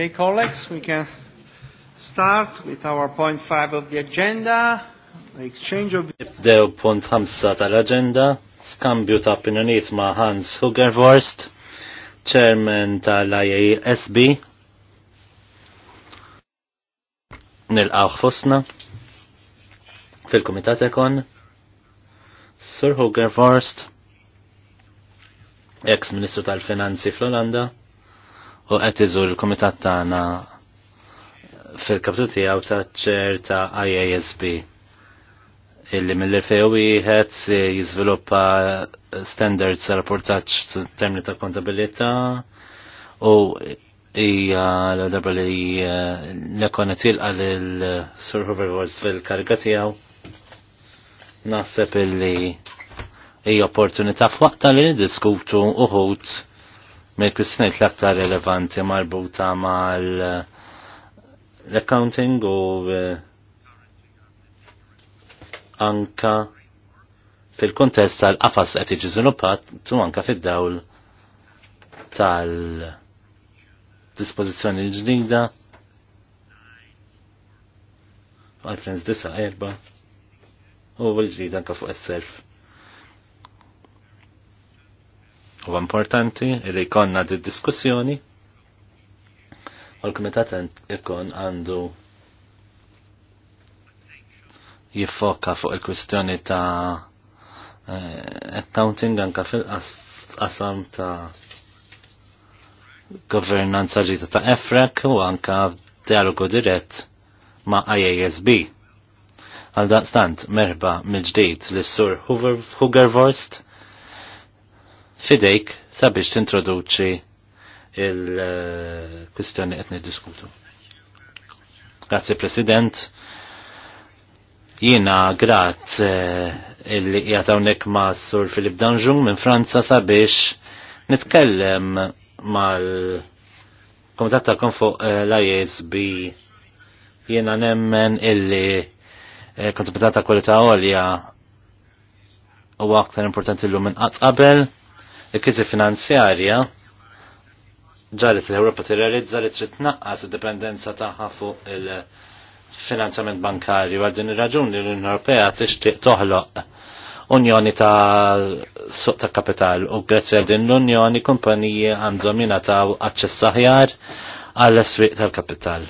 Okay, colleagues, we can start with our point five of the agenda, the exchange of... Dew punt 5 tal-agenda, skambju ta' opinjoniet ma' Hans Hugervorst, chairman tal-IASB, nil-qawħ fosna, fil-komitat ekon, Sir Hugervorst, ex-ministru tal-finanzi fl-Olanda, u qed iżur il-kumitat tagħna fil-kaptu tiegħu ta' ċer ta' IASB illi mill-2001 se jiżviluppa standards għal rapportaġġ termini ta' kontabilità u hija l-darba li l-ekona tilqa lil-Sur Hoverwards fil-karga tiegħu naħseb illi hija opportunità f'waqta li niddiskutu uħud mill kwistjoniet l-aktar relevanti marbuta mal eh, l-accounting u eh, anka fil-kontest tal-qafas qed jiġi żviluppat tu anka fid-dawl tal-dispożizzjoni ġdida għal-friends disa erba u l-ġdida anka fuq is-self. U importanti li konna di diskussjoni u l-Komitat ikon għandu jiffoka fuq il-kwistjoni ta' eh, accounting anka fil-qasam ta' governanza ġita ta' EFREC u anka dialogu dirett ma' IASB. Għal daqstant merba mill-ġdijt l-sur Hugervorst fidejk sabiex tintroduċi il kustjoni qed niddiskutu. Grazzi President. Jiena grat eh, il qiegħed hawnhekk ma' Sur Filip Danjung minn Franza sabiex nitkellem mal-Komitat ta' konfu eh, l-ISB jiena nemmen illi eh, kontributat ta' kwalità għolja u aktar importanti l-lum minn qatt qabel il-kriżi finanzjarja ġaret l-Europa tirrealizza li trid tnaqqas id-dipendenza tagħha fuq il-finanzjament bankarju għal din ir-raġun li l-Unjoni Ewropea tixtieq toħloq unjoni ta' suq ta' kapital u grazzi għal din l-unjoni kumpaniji għandhom jingħataw aċċess aħjar għall iswieq tal-kapital.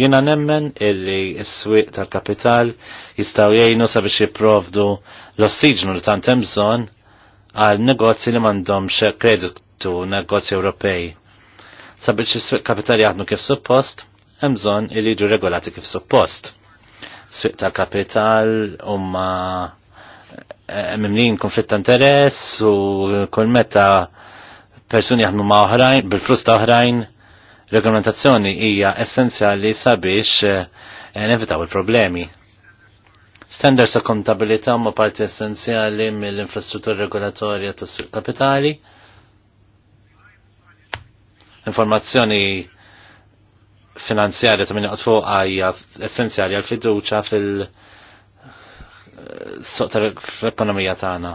Jiena nemmen illi s-swieq tal-kapital jistgħu jgħinu sabiex jipprovdu l-ossiġnu li tant hemm bżonn għal negozji li m'għandhomx kreditu negozji Ewropej. Sabiex is-swieq kapitali jaħdmu kif suppost, hemm bżonn jiġu regolati kif suppost. Swieq tal-kapital huma eh, mimlin konflitt ta' interess u kull meta persuni jaħdmu ma' oħrajn, bil-flus ta' oħrajn, regolamentazzjoni hija essenzjali sabiex eh, nevitaw il-problemi. Standards ta' kontabilità huma parti essenzjali mill-infrastruttura regolatorja tas kapitali. Informazzjoni finanzjarja ta' minn fuq għajja essenzjali għal fiduċa fil- eh, sotar fil ekonomija tagħna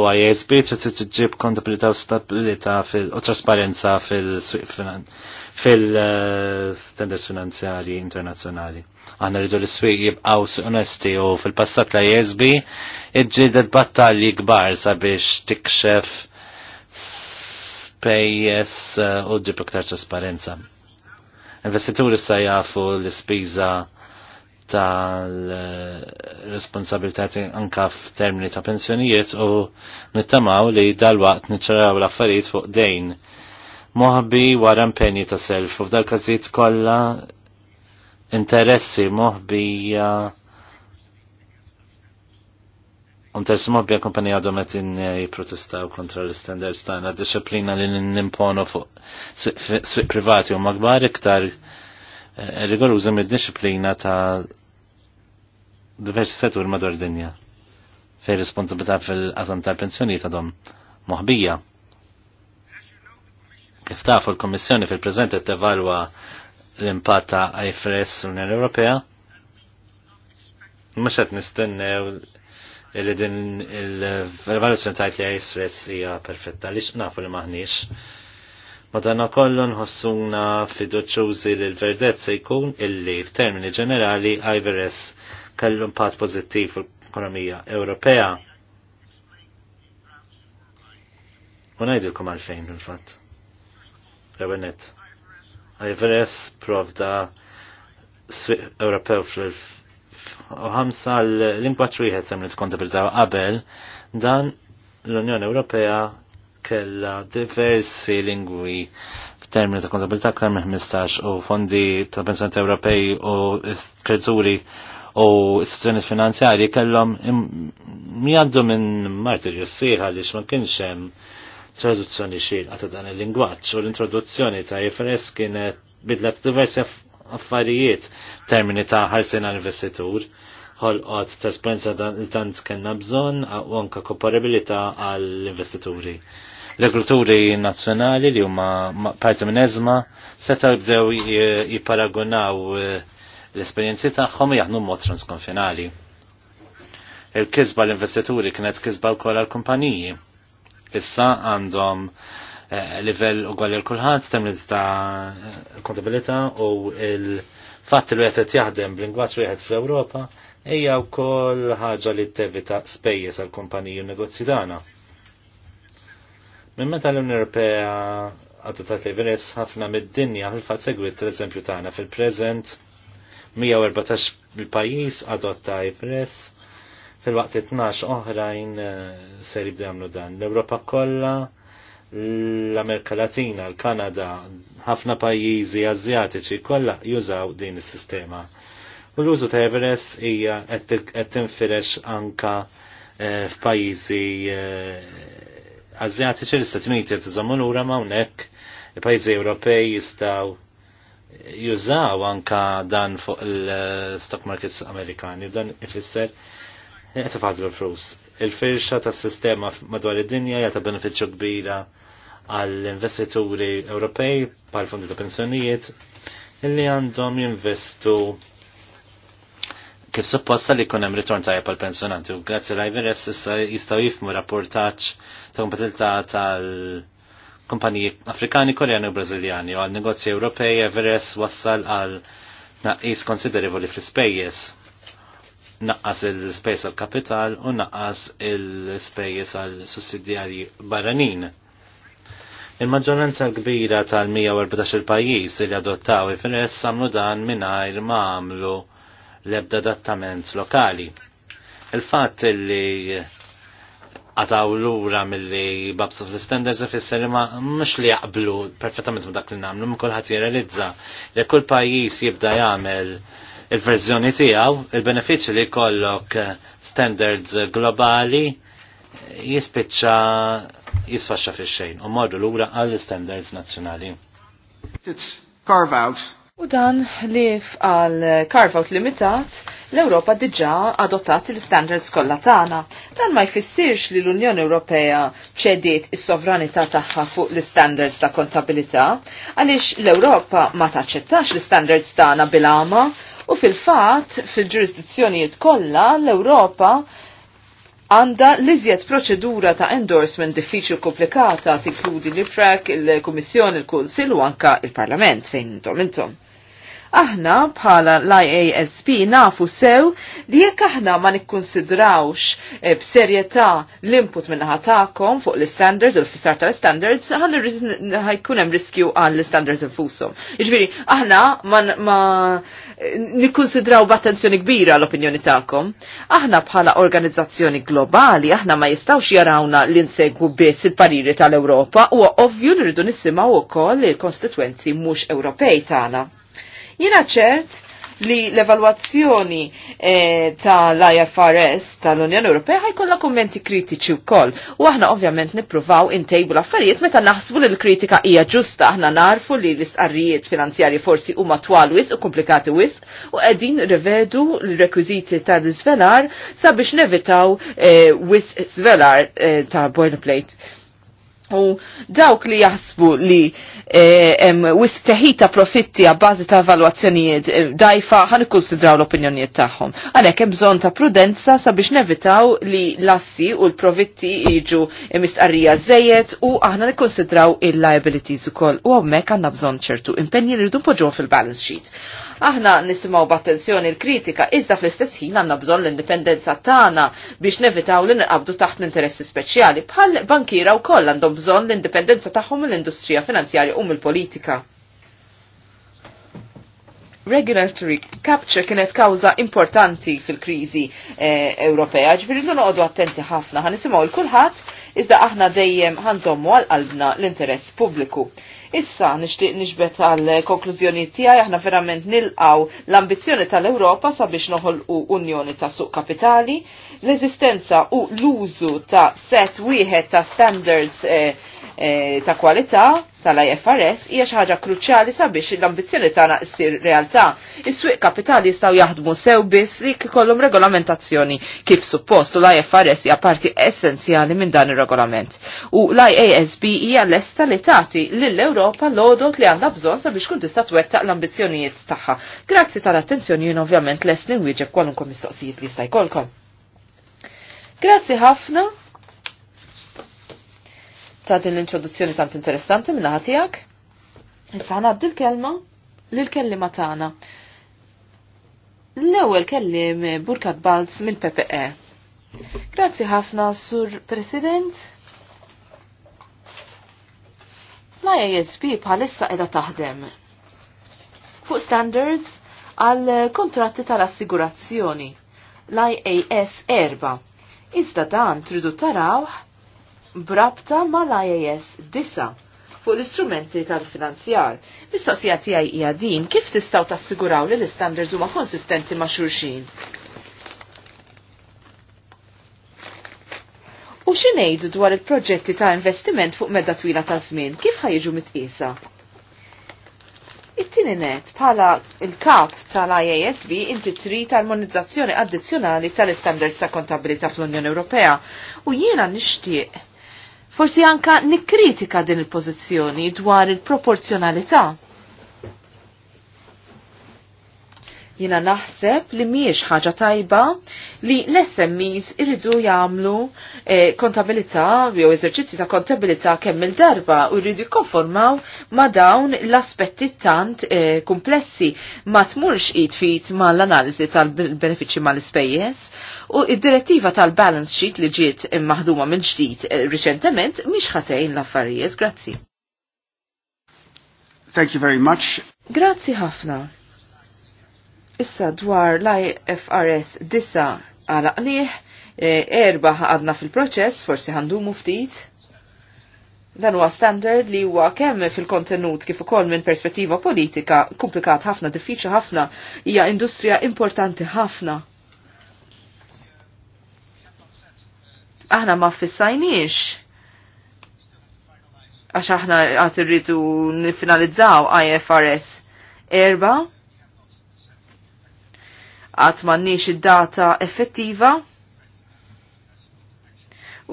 u ISB trid tiġib kontabilità u stabilità u trasparenza fil-standards eh, finanzjari internazzjonali. Aħna rridu l swieq s onesti u fil-passat l ISB iġġieldet battalji kbar sabiex tikxef spejjes eh, u ġib iktar trasparenza. Investituri sa jafu l-ispiża tal-responsabilità anka f'termini ta' pensjonijiet u nittamaw li dal-waqt niċċaraw l-affarijiet fuq dejn. Moħbi wara impenji ta' self u f'dal każijiet kollha interessi moħbija Unters mobbja kompanija għadhom qed jipprotestaw kontra l-standards tagħna disciplina li nimponu fuq privati u magbar iktar rigorużi mid-disciplina ta' diversi settur madwar dinja fej responsabilità fil-qasam tal-pensjoni ta' dom moħbija. Kif tafu l-Kommissjoni fil-preżenti tevalwa l-impatt ta' IFRS l-Unjoni Ewropea. Mhux qed nistennew li din il-valutazzjoni tajt li IFRS hija perfetta li nafu li maħniex. Madana kollu nħossuna fiduċjużi li l verdezza se jkun illi f'termini ġenerali IFRS kellu impatt pożittiv fl ekonomija Ewropea. U ngħidilkom għalfejn il-fatt. Rewenet. IFRS provda Ewropew fl-2005 l lingwa wieħed semmi kontabilta qabel dan l-Unjoni Ewropea kella diversi lingwi f'termini ta' kontabilità aktar minn 15 u fondi ta' pensjonijiet Ewropej u kreduri u istituzzjoni finanzjarji kellhom jgħaddu minn martir s għaliex li ma kienx hemm traduzzjoni xilqa ta' dan il-lingwaġġ u l-introduzzjoni ta' IFRS kienet bidlet diversi affarijiet termini ta' ħarsina investitur ħolqot ta' spensa tant kena bżonn u anke komparabilita għall-investituri. l Regoluturi nazzjonali li huma parti minn eżma seta' jibdew jiparagunaw eh, l-esperjenzi tagħhom jaħnu mod transkonfinali. Il-kisba l-investituri kienet kisba wkoll għall-kumpaniji. Issa għandhom eh, livell ugwali l-kulħadd temm ta' kontabilità u il-fatt li qed jaħdem b'lingwaġġ wieħed fl-Ewropa u wkoll ħaġa li tevita spejjeż għall kumpaniji u negozji tagħna. Minn meta l-Unjoni Ewropea għadu ta' Everest ħafna mid-dinja fil-fatt segwit per eżempju tagħna fil-preżent 114 il-pajis adotta IFRS fil-waqt 12 oħrajn eh, ser jibdu jagħmlu dan. L-Ewropa kollha l-Amerika Latina, l-Kanada, ħafna pajjiżi Azjatiċi kollha jużaw din is-sistema. U l-użu ta' Everest hija qed tinfirex anka eh, f'pajjiżi eh, Azjatiċi l-Istati Uniti qed iżommu ma' hawnhekk il-pajjiżi Ewropej jistgħu jużaw anka dan fuq il-stock markets Amerikani, dan ifisser jgħata fadlu l-flus. Il-firxa tas sistema madwar id-dinja jgħata benefiċċju kbira għall-investituri Ewropej pal fondi ta' pensjonijiet illi għandhom jinvestu kif supposta li jkun hemm ritorn tajjeb għal pensjonanti u grazzi l-IVRS jistaw jistgħu jifmu rapportaġġ ta' kompetilità tal- ta kumpaniji Afrikani, Koreani u Brażiljani u għal negozji Ewropej Everest wassal għal naqis konsiderevoli fl-ispejjeż. Naqqas il spejjes għal kapital u naqqas il spejjes għal sussidjarji barranin. Il-maġġoranza kbira tal-114 pajjiż li adottaw Everest samlu dan mingħajr ma għamlu l-ebda adattament lokali. Il-fatt li għataw l-ura mill-li of fl-standards ifisser the cinema mux li jaqblu perfettament ma dak li namlu, ma ħat jirrealizza li kull pajis jibda jagħmel il-verżjoni tiegħu, il-benefiċċji li jkollok standards globali jispiċċa jisfaxxa fix-xejn u morru lura għall-standards nazzjonali. Carve out U dan li fqal carve-out limitat, l-Europa diġa adottat l-standards kollha tagħna. Dan ma jfissirx li l-Unjoni Ewropea ċediet is-sovranità tagħha fuq l-standards ta' kontabilità, għaliex l-Ewropa ma taċċettax l-standards tagħna bil-għama u fil-fatt fil-ġurisdizzjonijiet kollha l-Ewropa għanda liżjed proċedura ta' endorsement diffiċil komplikata tinkludi l-IPRAC, il-Kummissjoni, il-Kunsil u anka il-Parlament fejn intom intom. Aħna bħala l-IASP nafu sew li jekk aħna ma nikkonsidrawx eh, b'serjetà l-input minn ħatakom fuq l-standards u l-fissar tal-standards, ħajkun hemm riskju għall-standards infushom. Jiġifieri, aħna ma nikkonsidraw b'attenzjoni kbira l-opinjoni tagħkom. Aħna bħala organizzazzjoni globali, aħna ma jistgħux jarawna li nsegwu biss il-pariri tal-Ewropa u ovvju li rridu nisimgħu wkoll il-konstituenzi mhux Ewropej tagħna. Jina ċert li l-evalwazzjoni eh, tal-IFRS tal-Unjoni Ewropea ħajkollha kummenti kritiċi wkoll. U aħna ovvjament nippruvaw intejbu l-affarijiet meta naħsbu li l-kritika hija ġusta aħna narfu li l-istqarrijiet finanzjarji forsi huma twal wis u komplikati wis u qegħdin rivedu l-rekwiżiti ta' l svelar sabiex nevitaw eh, wis svelar eh, ta' boilerplate U dawk li jaħsbu li eh, wisteħita profitti għal bazi ta' evalwazzjonijiet eh, dajfa ħan ikkunsidraw l-opinjonijiet tagħhom. Għalhekk hemm bżonn ta' prudenza sabiex nevitaw li l-assi u l-profitti jiġu mistqarrija żejjed u aħna nikkonsidraw il-liabilities ukoll u hawnhekk għandna bżonn ċertu impenji li rridu fil-balance sheet. Aħna nisimgħu b'attenzjoni l-kritika iżda fl-istess ħin għandna bżonn l-indipendenza tagħna biex nevitaw li nqabdu taħt l-interessi speċjali bħal bankira wkoll għandhom bżonn l-indipendenza tagħhom mill-industrija finanzjarja u mill-politika. Regulatory capture kienet kawza importanti fil-krizi eh, Ewropea, ġifiri n-noqodu attenti ħafna, ħanisimaw il-kulħat, iżda aħna dejjem ħanżommu għal-qalbna l-interess pubbliku. Issa nixtieq nixbet għal konklużjoni tiegħi aħna verament nilqaw l-ambizzjoni tal-Ewropa sabiex noħolqu Unjoni ta' Suq Kapitali l-eżistenza u l-użu ta' set wieħed ta' standards eh, eh, ta' kwalità tal-IFRS hija xi ħaġa kruċjali sabiex l-ambizzjoni tagħna ssir realtà. Is-swieq kapitali jistgħu jaħdmu sew biss li kollhom regolamentazzjoni kif suppost u l-IFRS hija parti essenzjali minn dan ir-regolament. U l-IASB hija lesta li tagħti lill-Ewropa l-għodot li għandha bżonn sabiex kun tista' twettaq l-ambizzjonijiet tagħha. Grazzi tal-attenzjoni jien ovvjament lesni wieġeb nwieġeb kwalunkwe mistoqsijiet li jista' jkollkom. Grazzi ħafna ta' din l-introduzzjoni tant interessanti minna ħatijak. Issa ħanad l-kelma l-kellima tagħna. L-ewwel kellim Burkat Balz mill-PPE. Grazzi ħafna, Sur President. L-IASB bħalissa qiegħda taħdem fuq standards għal kontratti tal-assigurazzjoni, l-IAS Erba'. Iżda dan tridu taraw brabta mal-IAS disa fuq l-istrumenti tal-finanzjar. Mistoqsija tiegħi hija din kif tistgħu tassiguraw li l-istandards huma konsistenti ma' xulxin. U ngħidu dwar il-proġetti ta' investiment fuq medda twila ta' żmien kif ħajġu mitqiesa? It-tini net, bħala il-kap tal-IASB inti trid armonizzazzjoni addizzjonali tal-istandards ta' kontabilità fl-Unjoni Ewropea u jiena nixtieq. Forsi anka nikkritika din il-pożizzjoni dwar il-proporzjonalità. Jina naħseb li miex ħaġa tajba li l-SMEs irridu jagħmlu eh, kontabilità jew eżerċizzi ta' kontabilità kemm il-darba u jridu jikkonformaw ma' dawn l-aspetti tant e, komplessi ma tmurx id fit ma' l-analiżi tal-benefiċċji mal-ispejjeż u id-direttiva tal-balance sheet li ġiet maħduma mill-ġdid e, riċentement miex ħatejn l-affarijiet. Grazzi. Thank you very much. Grazzi ħafna. Issa dwar l-IFRS disa għala qliħ, e, erba għadna fil-proċess, forsi għandu ftit. Dan huwa standard li huwa kemm fil-kontenut kif ukoll minn perspettiva politika komplikat ħafna, diffiċli ħafna, hija industrija importanti ħafna. Aħna ma fissajniex għax aħna għat irridu nifinalizzaw IFRS erba' għat mannix id-data effettiva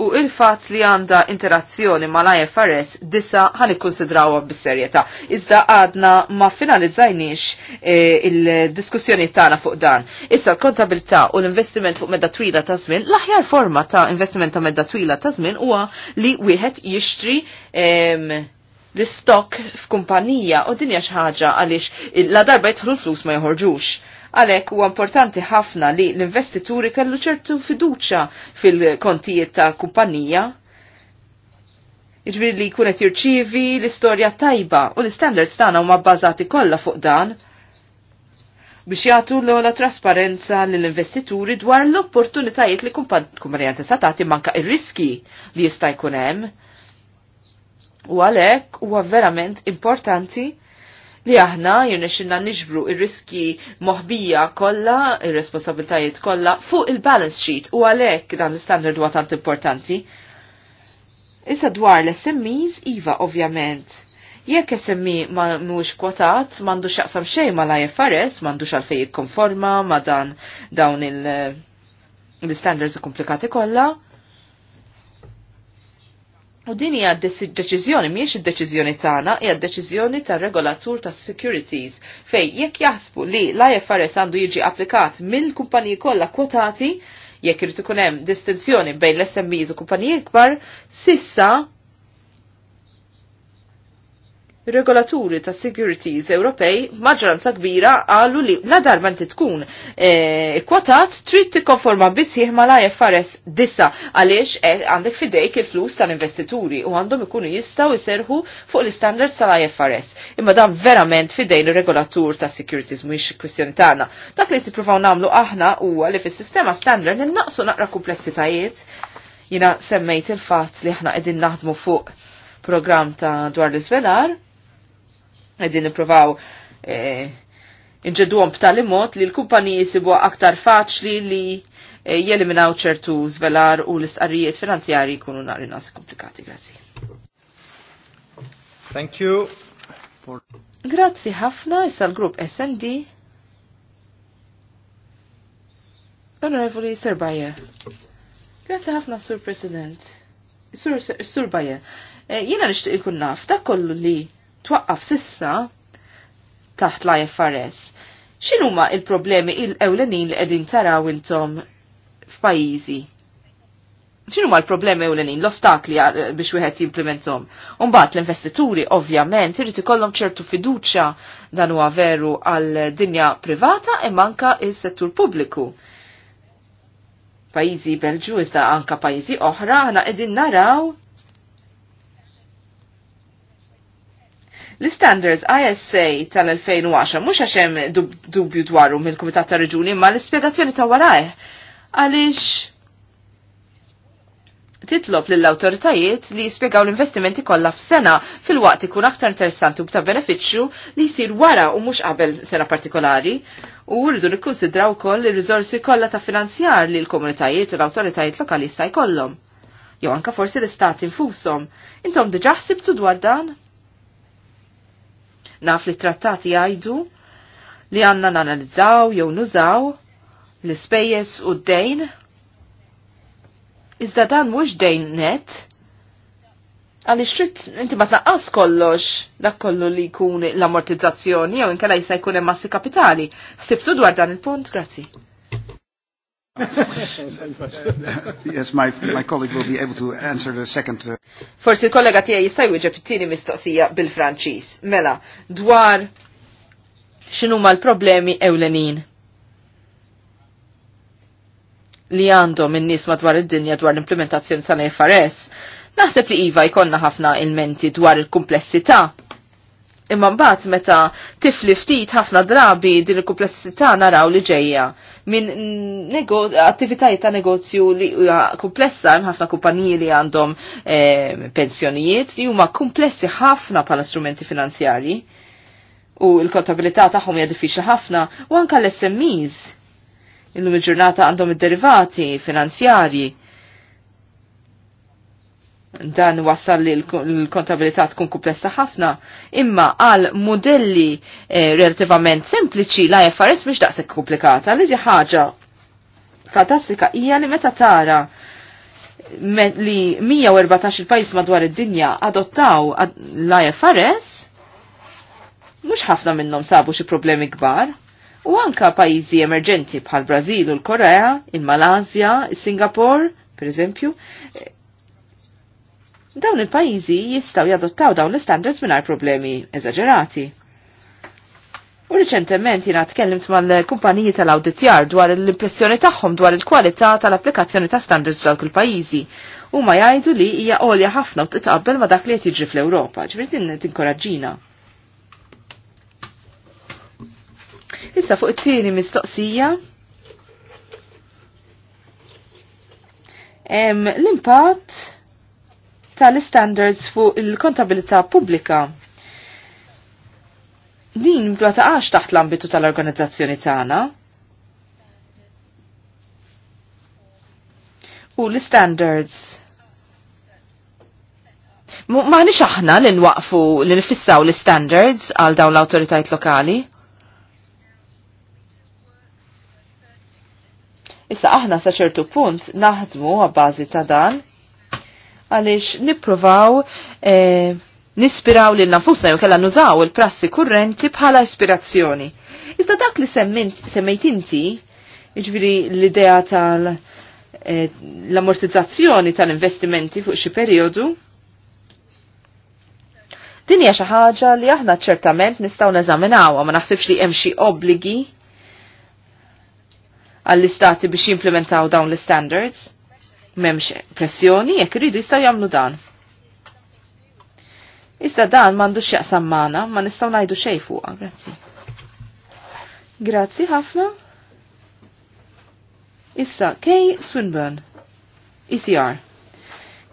u il-fat li għanda interazzjoni mal ifrs disa ħan ikkonsidrawa bis-serjetà. Iżda għadna ma finalizzajniex e, il-diskussjoni tagħna fuq dan. Issa l-kontabilità u l-investiment fuq medda twila ta' żmien, l-aħjar forma ta' investiment ta' medda twila ta' żmien huwa li wieħed jixtri e, l-stock f'kumpanija u dinja xi għalix għaliex la darba jitħlu l-flus ma jħorġux Għalek huwa importanti ħafna li l-investituri kellu ċertu fiduċa fil-kontijiet ta' kumpanija. Iġbiri li kunet jirċivi l-istorja tajba u l-standards tagħna huma bbażati kollha fuq dan biex jagħtu l-ola trasparenza lill-investituri dwar l-opportunitajiet li kumpanija tista' tagħti manka ir-riski li jista' jkun hemm. U għalhekk huwa verament importanti li aħna jirnexxinna niġbru ir-riski moħbija kollha, ir-responsabiltajiet kollha fuq il-balance sheet u għalhekk dan l-standard huwa tant importanti. Issa dwar l-SMEs iva ovvjament. Jekk SMI e ma mhux kwotat, mandu x'aqsam xejn ma l-IFRS, m'għandux għalfejn jikkonforma ma dan dawn il- standards standards komplikati kollha, U din hija deċiżjoni mhijiex id-deċiżjoni tagħna, hija d-deċiżjoni tar-regolatur tas-securities fejn jekk jaħsbu li l-IFRS għandu jiġi applikat mill-kumpaniji kollha kwotati, jekk irid ikun hemm distinzjoni bejn l-SMEs u kumpaniji kbar, sissa regolaturi ta' securities Ewropej maġranza kbira għallu li la darba titkun tkun e, kwotat trid tikkonforma biss jieħma la IFRS dissa għaliex e, għandek fidejk il-flus tal-investituri u għandhom ikunu jistaw iserħu fuq l-standards tal-IFRS. Imma dan verament fidejn ir regolatur ta' securities mhix kwestjoni tagħna. Dak li tippruvaw nagħmlu aħna huwa li fis-sistema standard innaqsu naqra kumplessitajiet jina semmejt il-fatt li aħna qegħdin naħdmu fuq program ta' dwar l-izvelar Għedin niprofaw eh, inġeddu għom b'tali mod li l kumpani jisibu aktar faċli li eh, jeliminaw ċertu zvelar u l-istqarrijiet finanzjari kunu nari nas komplikati. Grazzi. Thank you. For... Grazzi ħafna issa l-grupp SND. Onorevoli Serbaje. Grazzi ħafna, Sur President. Sur, Sur Baje. Eh, jena nishtiq ikun naf, dak kollu li twaqqaf sissa taħt l-IFRS. X'inhuma il-problemi il-ewlenin li qegħdin taraw intom f'pajjiżi? ċinu ma l-problemi u l-enin, l-ostakli biex wieħed jimplementom. Umbat l-investituri, ovvjament, irrit ikollhom ċertu fiduċa dan huwa veru għal dinja privata e manka il-settur pubbliku. Pajizi Belġu iżda anka pajizi oħra ħana qegħdin naraw L-standards ISA tal-2010 mhux għax hemm dubju dwaru mill-Kumitat ta' Reġuni, ma l-ispjegazzjoni ta' warajh għaliex titlob lill awtoritajiet li jispiegaw l-investimenti kollha f'sena fil-waqt ikun aktar interessanti u b'ta' benefiċċju li jsir wara u mhux qabel sena partikolari. U rridu nikkunsidraw ukoll ir-riżorsi kollha ta' finanzjar li l-komunitajiet u l-awtoritajiet lokali jista' jkollhom. Jew anka forsi l-istat infushom. Intom diġà ħsibtu dwar dan? Naf li trattati jgħidu li għanna nanalizzaw jew nużaw l-ispejjeż u d-dejn. Iżda dan mhux dejn net, Għalli xrit inti ma tnaqqas kollox dak kollu li jkun l-ammortizzazzjoni jew inkella jisa jkun hemm massi kapitali. Sibtu dwar dan il-punt, grazzi. yes, my, my colleague will be able to answer the second. Uh... Forsi il-kollega tiegħi jista' jwieġeb it-tieni mistoqsija bil-Franċiż. Mela, dwar x'inhuma l-problemi ewlenin li għandhom in-nies madwar id-dinja dwar l-implementazzjoni tal-IFRS, naħseb li iva jkollna ħafna ilmenti dwar il-kumplessità Imma mbagħad meta tifli ftit ħafna drabi din il-kumplessità naraw li ġejja minn attivitajiet ta' negozju li huwa komplessa hemm ħafna kumpaniji li għandhom eh, pensjonijiet li huma komplessi ħafna bħala strumenti finanzjarji u l-kontabilità tagħhom hija diffiċli ħafna u anke l-SMEs illum il-ġurnata għandhom id-derivati finanzjarji dan wasal li l-kontabilità tkun kumplessa ħafna, imma għal modelli eh, relativament sempliċi la IFRS biex daqsek komplikata, li ħaġa fantastika hija li meta tara li 114 il-pajis madwar id-dinja adottaw ad l-IFRS, mux ħafna minnom sabu xi problemi kbar, u anka pajizi emerġenti bħal Brazil u l-Korea, il-Malazja, il-Singapur, per eżempju, dawn il-pajizi jistaw jadottaw dawn l-standards minar problemi eżagerati. U riċentement jina tkellimt mal-kumpaniji tal-auditjar dwar l-impressjoni tagħhom dwar il-kwalità tal-applikazzjoni ta' standards f'dawk pajizi. U Huma jgħidu li hija għolja ħafna u titqabbel ma' dak li qed jiġri fl-Ewropa, ġifieri tinkoraġġina. Issa fuq it-tieni mistoqsija. L-impatt tal-standards fuq il-kontabilità pubblika. Din ma għax taħt l-ambitu tal-organizzazzjoni tagħna. U l-standards Maħnix aħna li nwaqfu li nfissaw l-standards għal dawn l-autoritajt lokali? Issa aħna sa ċertu punt naħdmu għabbażi ta' dan għaliex nippruvaw eh, nispiraw lil nafusna jew kellha nużaw il-prassi kurrenti bħala ispirazzjoni. Iżda dak li semmejt inti, jiġifieri l-idea tal- eh, l tal-investimenti fuq xi perjodu, din hija xi ħaġa li aħna ċertament nistgħu neżaminawha, ma naħsibx li hemm xi obbligi għall-istati biex jimplementaw dawn l-standards memx pressjoni, jekk iridu jistaw jamlu dan. Iżda dan mandu xieqsam mana, ma nistaw najdu xej fuqa, grazzi. Grazzi ħafna. Issa, Kay Swinburne, ECR.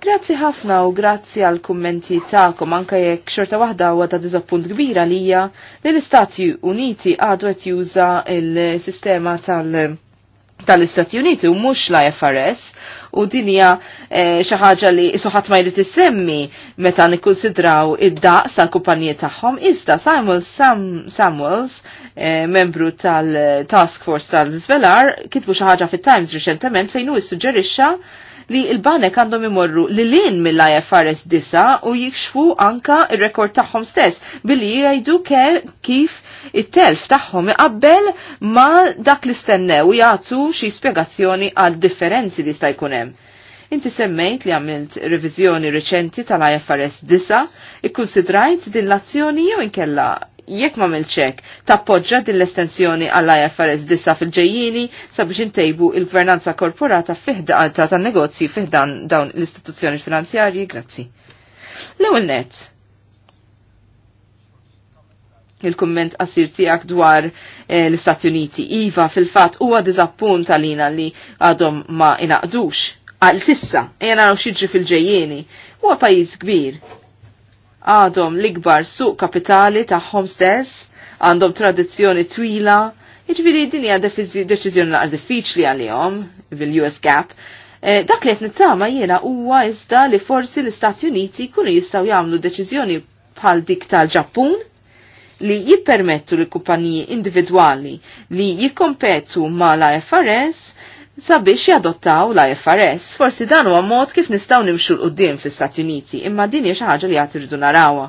Grazzi ħafna u grazzi għal kummenti ta'kom anka jekk xorta waħda huwa ta' diżappunt kbira lija li l-Istati Uniti għadu qed juża il-sistema tal- tal-Istati Uniti u mhux l-IFRS u dinja hija eh, xi ħaġa li suħat ma jrid isemmi meta nikkunsidraw id-daqs tal-kumpaniji tagħhom iżda Samuel Sam, Samuels eh, membru tal-Task Force tal-Zvelar kitbu xi ħaġa fit-Times riċentement fejn hu jissuġġerixxa li il-banek għandhom imorru li lin mill-IFRS Disa u jikxfu anka il-rekord tagħhom stess billi jgħidu kif it-telf tagħhom iqabbel ma dak li stennew jagħtu xi spjegazzjoni għal differenzi li sta jkun hemm. Inti semmejt li għamilt revizjoni reċenti tal-IFRS Disa, ikkonsidrajt din l-azzjoni jew inkella jekk ma milċek tappoġġa din l-estensjoni għall ifrs disa fil-ġejjini sabiex intejbu il-gvernanza korporata fiħdan ta' tan negozji fiħdan dawn l-istituzzjoni finanzjarji, grazzi. L-ewwel net. Il-kumment għasir tiegħek dwar eh, l-Istati Uniti. Iva fil-fatt huwa diżappunt għalina li għadhom ma inaqdux għal sissa, jena għaw xieġi fil-ġejjeni, huwa pajis kbir, għadhom l-ikbar suq kapitali tagħhom stess, għandhom tradizzjoni twila, jiġifieri din hija deċiżjoni naqra diffiċli għalihom bil-US Gap. E, dak li qed nittama jiena huwa iżda li forsi l-Istati Uniti jkunu jistgħu jagħmlu deċiżjoni bħal dik tal-Ġappun li jippermettu l kumpaniji individwali li jikkompetu ma ifrs sabiex jadottaw la FRS. Forsi dan huwa mod kif nistgħu nimxu l qoddim fl-Istati Uniti, imma din hija xi ħaġa li għad irridu narawha.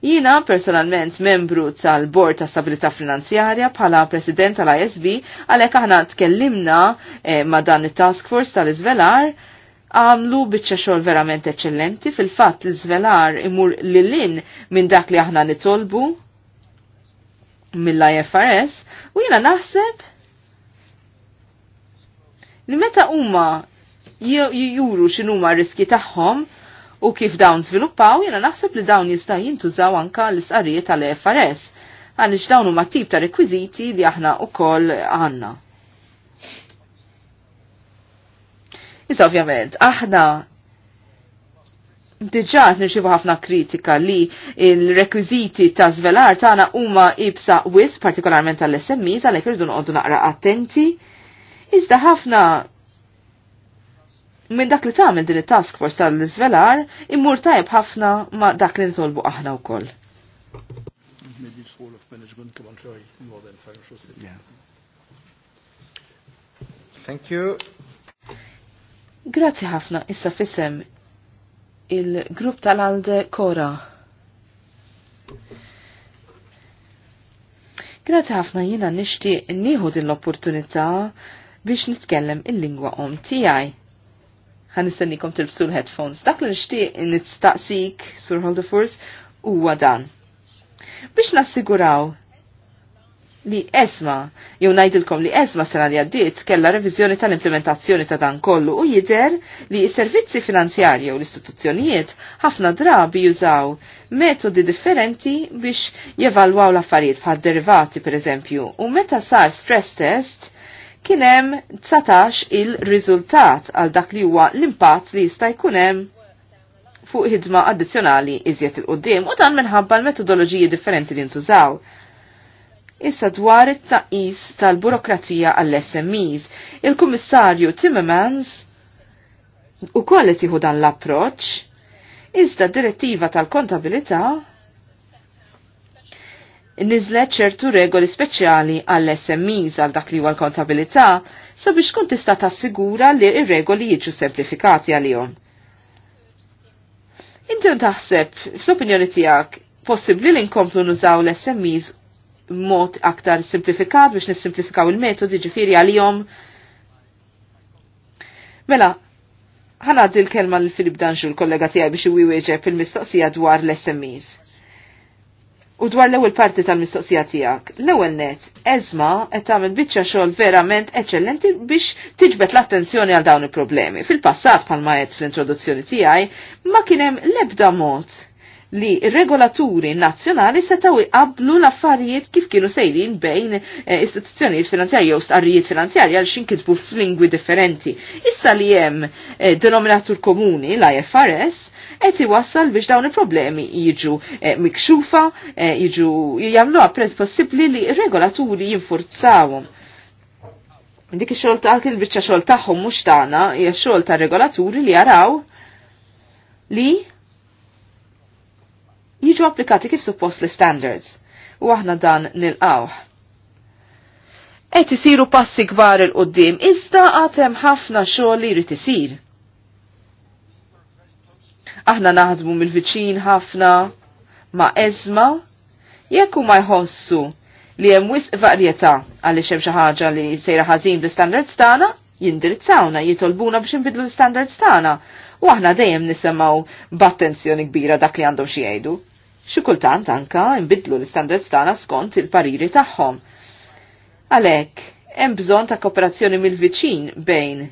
Jina personalment membru tal-Bord ta' Stabilità Finanzjarja bħala President tal-ISB għalhekk aħna tkellimna eh, ma' dan it-Task Force tal-Iżvelar għamlu bieċa xol verament eccellenti fil-fat l-Zvelar imur lilin minn dak li aħna nitolbu mill-IFRS u jina naħseb li meta huma juru x'inhuma r-riski tagħhom u kif dawn żviluppaw jiena naħseb li dawn jista' jintużaw anka l-isqarijiet tal-FRS għaliex dawn huma tip ta' rekwiżiti li aħna wkoll għandna. Issa ovvjament, aħna diġà nirċivu ħafna kritika li il-rekwiziti ta' zvelar tagħna huma ibsa wis partikolarment tal-SMI tal irridu noqogħdu naqra attenti Iżda ħafna minn dak li tagħmel din it-task force tal-iżvelar immur tajb ħafna ma' dak li nitolbu aħna wkoll. of management financial Yeah. Thank you. Grazzi ħafna issa fisem il-grupp tal-Alde Kora. Grazzi ħafna jina nishti nieħu din l-opportunità biex nitkellem il-lingwa om tiegħi. Ħan nistennikom tilbsu l-headphones. Dak li nixtieq nistaqsik sur Holdefors huwa dan. Biex nassiguraw li esma, jew ngħidilkom li esma sena li għaddiet kella reviżjoni tal-implementazzjoni ta' dan kollu u jidher li s-servizzi finanzjarji u l-istituzzjonijiet ħafna drabi jużaw metodi differenti biex jevalwaw l-affarijiet bħad derivati pereżempju u meta sar stress test kien hemm 19 il-riżultat għal dak li huwa l-impatt li jista' jkun hemm fuq ħidma addizzjonali iżjed il-qoddim u dan minħabba l-metodoloġiji differenti li ntużaw. Issa dwar it-tnaqqis tal-burokrazija għall-SMEs, il-Kummissarju Timmermans u kollet jieħu dan l-approċċ, iżda d direttiva tal-kontabilità nizlet ċertu regoli speċjali għall smis għal dak li huwa l-kontabilità sabiex kun tista' tassigura li r-regoli jiġu semplifikati għalihom. Inti taħseb, fl-opinjoni tiegħek, possibbli li nkomplu nużaw l-SMEs mod aktar simplifikat biex nissimplifikaw il-metodi ġifiri għalihom. Mela, ħanaddi l-kelma l-Filip Danġu l-kollega tiegħi biex iwieġeb il-mistoqsija dwar l-SMEs. U dwar l-ewwel parti tal-mistoqsija tiegħek, l-ewwel net, eżma qed tagħmel biċċa xogħol verament eċċellenti biex tiġbed l-attenzjoni għal dawn il-problemi. Fil-passat bħalma għedt fl-introduzzjoni tiegħi ma kien hemm l-ebda mod li regolaturi nazzjonali setaw iqablu l-affarijiet kif kienu sejrin bejn eh, istituzzjonijiet finanzjarji u stqarrijiet finanzjarji għal xinkitbu f'lingwi differenti. Issa li hemm eh, denominatur komuni l-IFRS, qed iwassal biex dawn il-problemi jiġu eh, mikxufa, eh, jiġu jagħmluha prezz possibbli li regolaturi jinfurzawhom dik i-xogħol ta' il biċċa xogħol tagħhom mhux tagħna hija xogħol ta' regolaturi li jaraw li jiġu applikati kif suppost l standards u aħna dan nilqawh. Qed isiru passi kbar il qudiem iżda għad hemm ħafna xogħol li jrid isir. Aħna naħdmu mill-viċin ħafna ma' ezma, jekk ma jħossu li hemm wisq varjetà għaliex hemm xi ħaġa li sejra ħażin bl-istandards tagħna, jindirizzawna, jitolbuna biex inbidlu l istandards tagħna. U aħna dejjem nisimgħu b'attenzjoni kbira dak li għandhom xi jgħidu. Xi kultant anka nbidlu l istandards tagħna skont il-pariri tagħhom. Għalhekk, hemm bżonn ta' kooperazzjoni mill-viċin bejn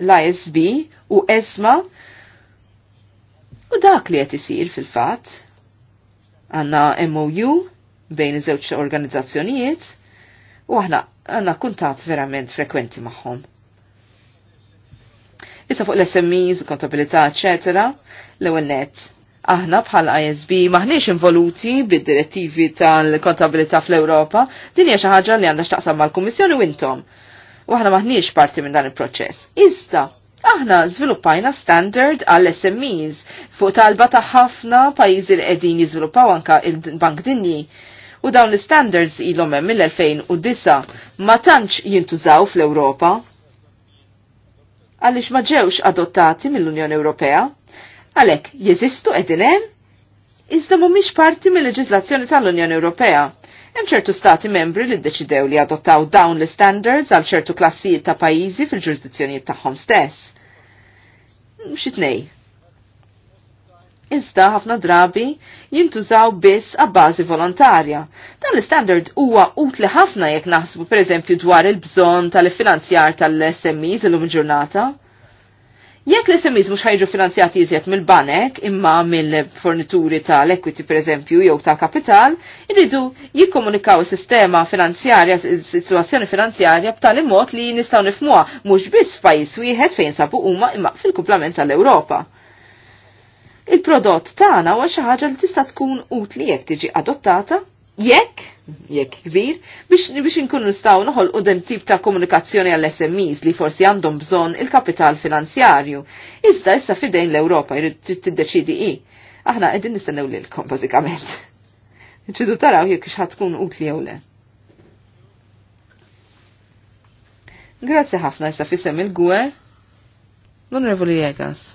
l-ISB u ESMA U dak li qed isir fil-fatt għandna MOU bejn iż-żewġ organizzazzjonijiet u aħna għandna kuntat verament frekwenti magħhom. Issa fuq l-SMEs, kontabilità, ecc. l-ewwel net aħna bħal ISB maħniex involuti bid-direttivi tal-kontabilità fl-Ewropa, din hija xi ħaġa li għandha x'taqsam mal-Kummissjoni u intom. U aħna maħniex parti minn dan il-proċess. Iżda Aħna żviluppajna standard għall SMEs fuq talba ta' ħafna pajjiżi li qegħdin jiżviluppaw anka il-Bank Dinji. U dawn l-standards ilhom hemm mill-2009 ma tantx jintużaw fl-Ewropa għaliex ma ġewx adottati mill-Unjoni Ewropea. Għalhekk jeżistu qegħdin hemm iżda mhumiex parti mill-leġiżlazzjoni tal-Unjoni Ewropea. Hemm ċertu stati membri li ddeċidew li adottaw dawn l-standards għal ċertu klassijiet ta' pajjiżi fil-ġurisdizzjonijiet tagħhom stess. Xitnej. Iżda ħafna drabi jintużaw biss bażi volontarja. Dan l-standard huwa utli ħafna jekk naħsbu pereżempju dwar il-bżonn tal-finanzjar tal-SMEs illum il-ġurnata. il il ġurnata Jekk l-SMEs mhux ħajġu finanzjati iżjed mill-banek imma mill-fornituri tal-equity eżempju jew ta' kapital, irridu jikkomunikaw is-sistema finanzjarja, situazzjoni sitwazzjoni finanzjarja b'tali mod li nistgħu nifmuha mhux biss f'pajjiż wieħed fejn sabu huma imma fil-kumplament tal-Ewropa. Il-prodott tagħna huwa xi ħaġa li tista' tkun utli jekk tiġi adottata jekk, jekk kbir, biex, nkunu nistaw noħol u dem tip ta' komunikazzjoni għall smes li forsi għandhom bżon il-kapital finanzjarju. Iżda issa fidejn l-Europa jrid tiddeċidi i. Aħna qegħdin nistennew lilkom bażikament. Ċidu taraw jekk xħat tkun utli jew le. Grazzi ħafna issa fisem il-gwe. Non revoli Jegas.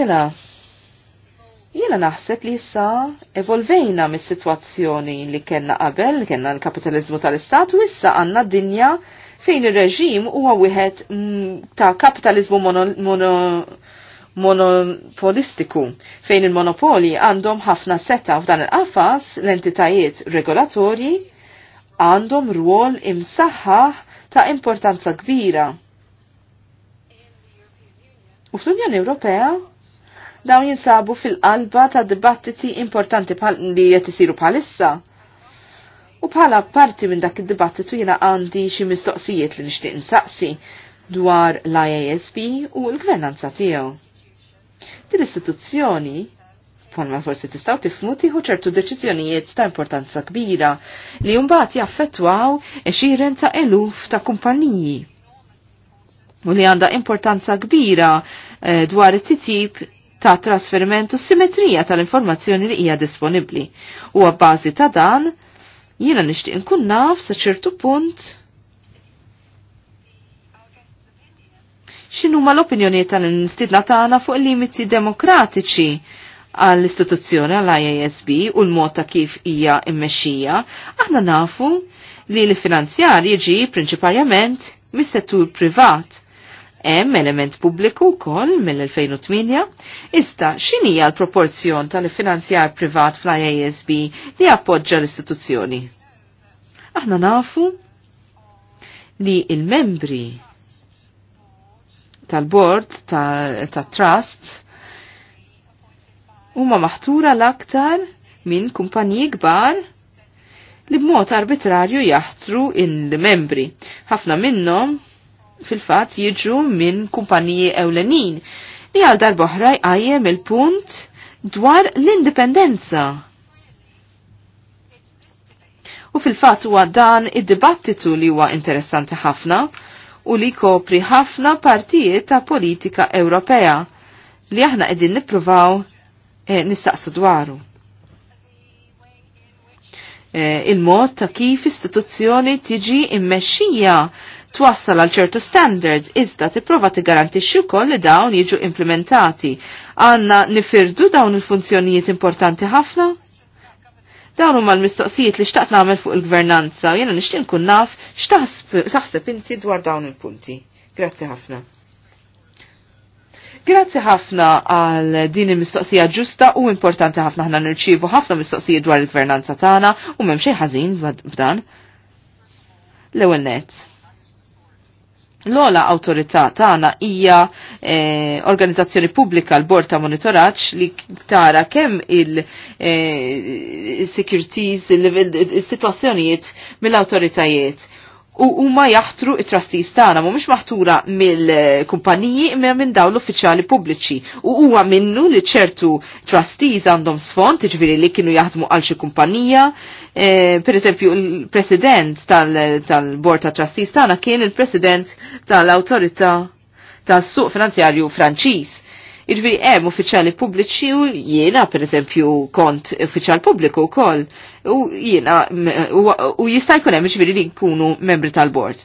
Mela, jiena naħseb li issa evolvejna mis situazzjoni li kena qabel, li kena l-kapitalizmu tal-istat, u issa għanna dinja fejn ir-reġim huwa wieħed mm, ta' kapitalizmu monopolistiku fejn il-monopoli għandhom ħafna seta f'dan il-qafas l-entitajiet regolatorji għandhom rwol imsaħħa ta' importanza kbira. U fl-Unjoni Ewropea dawn jinsabu fil-qalba ta' dibattiti importanti li qed isiru bħalissa. U bħala parti minn dak id-dibattitu jina għandi xi mistoqsijiet li nixtieq insaqsi dwar l-IASB u l-gvernanza tiegħu. Din istituzzjoni forma forsi tistaw tifmu ċertu deċiżjonijiet ta' importanza kbira li mbagħad jaffettwaw eċiren ta' eluf ta' kumpaniji u li għandha importanza kbira eh, dwar it-titjib ta' trasferiment u simetrija tal-informazzjoni li hija disponibbli. U għabbażi ta' dan, jiena nixtieq nkun naf sa' ċertu punt xinu ma l-opinjoni tal-instidna tagħna fuq il-limiti demokratiċi għall-istituzzjoni għall-IASB u l-mod ta' kif hija immexxija, aħna nafu li l-finanzjar jiġi prinċiparjament mis-settur privat Hemm element pubbliku wkoll mill-2008, iżda x'inhija l-proporzjon tal-finanzjar privat fl-IASB li appoġġa l-istituzzjoni? Aħna nafu li il-membri tal-bord tal-trust huma maħtura l-aktar minn kumpaniji kbar li b'mod arbitrarju jaħtru il-membri. Ħafna minnhom fil-fat jiġu minn kumpaniji ewlenin li għal darboħra jgħajem il-punt dwar l-indipendenza. U fil-fat huwa dan id-dibattitu li huwa interessanti ħafna u li kopri ħafna partijiet ta' politika Ewropea li aħna qegħdin nippruvaw e, nistaqsu dwaru. E, Il-mod ta' kif istituzzjoni tiġi immexxija twassal għal ċertu standards iżda tipprova tigarantixxi wkoll li dawn jiġu implementati. Għandna nifirdu dawn il-funzjonijiet importanti ħafna? Dawn huma l-mistoqsijiet li xtaqt nagħmel fuq il-gvernanza u jiena nixtieq nkun naf x'taħseb inti dwar dawn il-punti. Grazzi ħafna. Grazzi ħafna għal din il-mistoqsija ġusta u importanti ħafna ħna nirċievu ħafna mistoqsijiet dwar il-gvernanza tagħna u m'hemm xejn ħażin b'dan. L-ewwel nett. L-ola autorità tagħna hija eh, organizzazzjoni pubblika l-Bord ta' Monitoraġġ li tara kemm eh, il-securities, eh, il-situazzjonijiet mill-awtoritajiet u huma jaħtru it-trustees tagħna mhumiex maħtura mill-kumpaniji imma minn dawn l-uffiċjali pubbliċi. U huwa minnu li ċertu trustees għandhom sfond, jiġifieri li kienu jaħdmu għal xi kumpanija. E, per eżempju, il-president tal-bord ta' trustees tagħna kien il-president tal-awtorità tas-suq finanzjarju Franċiż Iġviri, hemm uffiċjali pubbliċi u jiena pereżempju kont uffiċjal pubbliku wkoll u jiena u jista' jkun hemm ġifieri li nkunu membri tal-bord.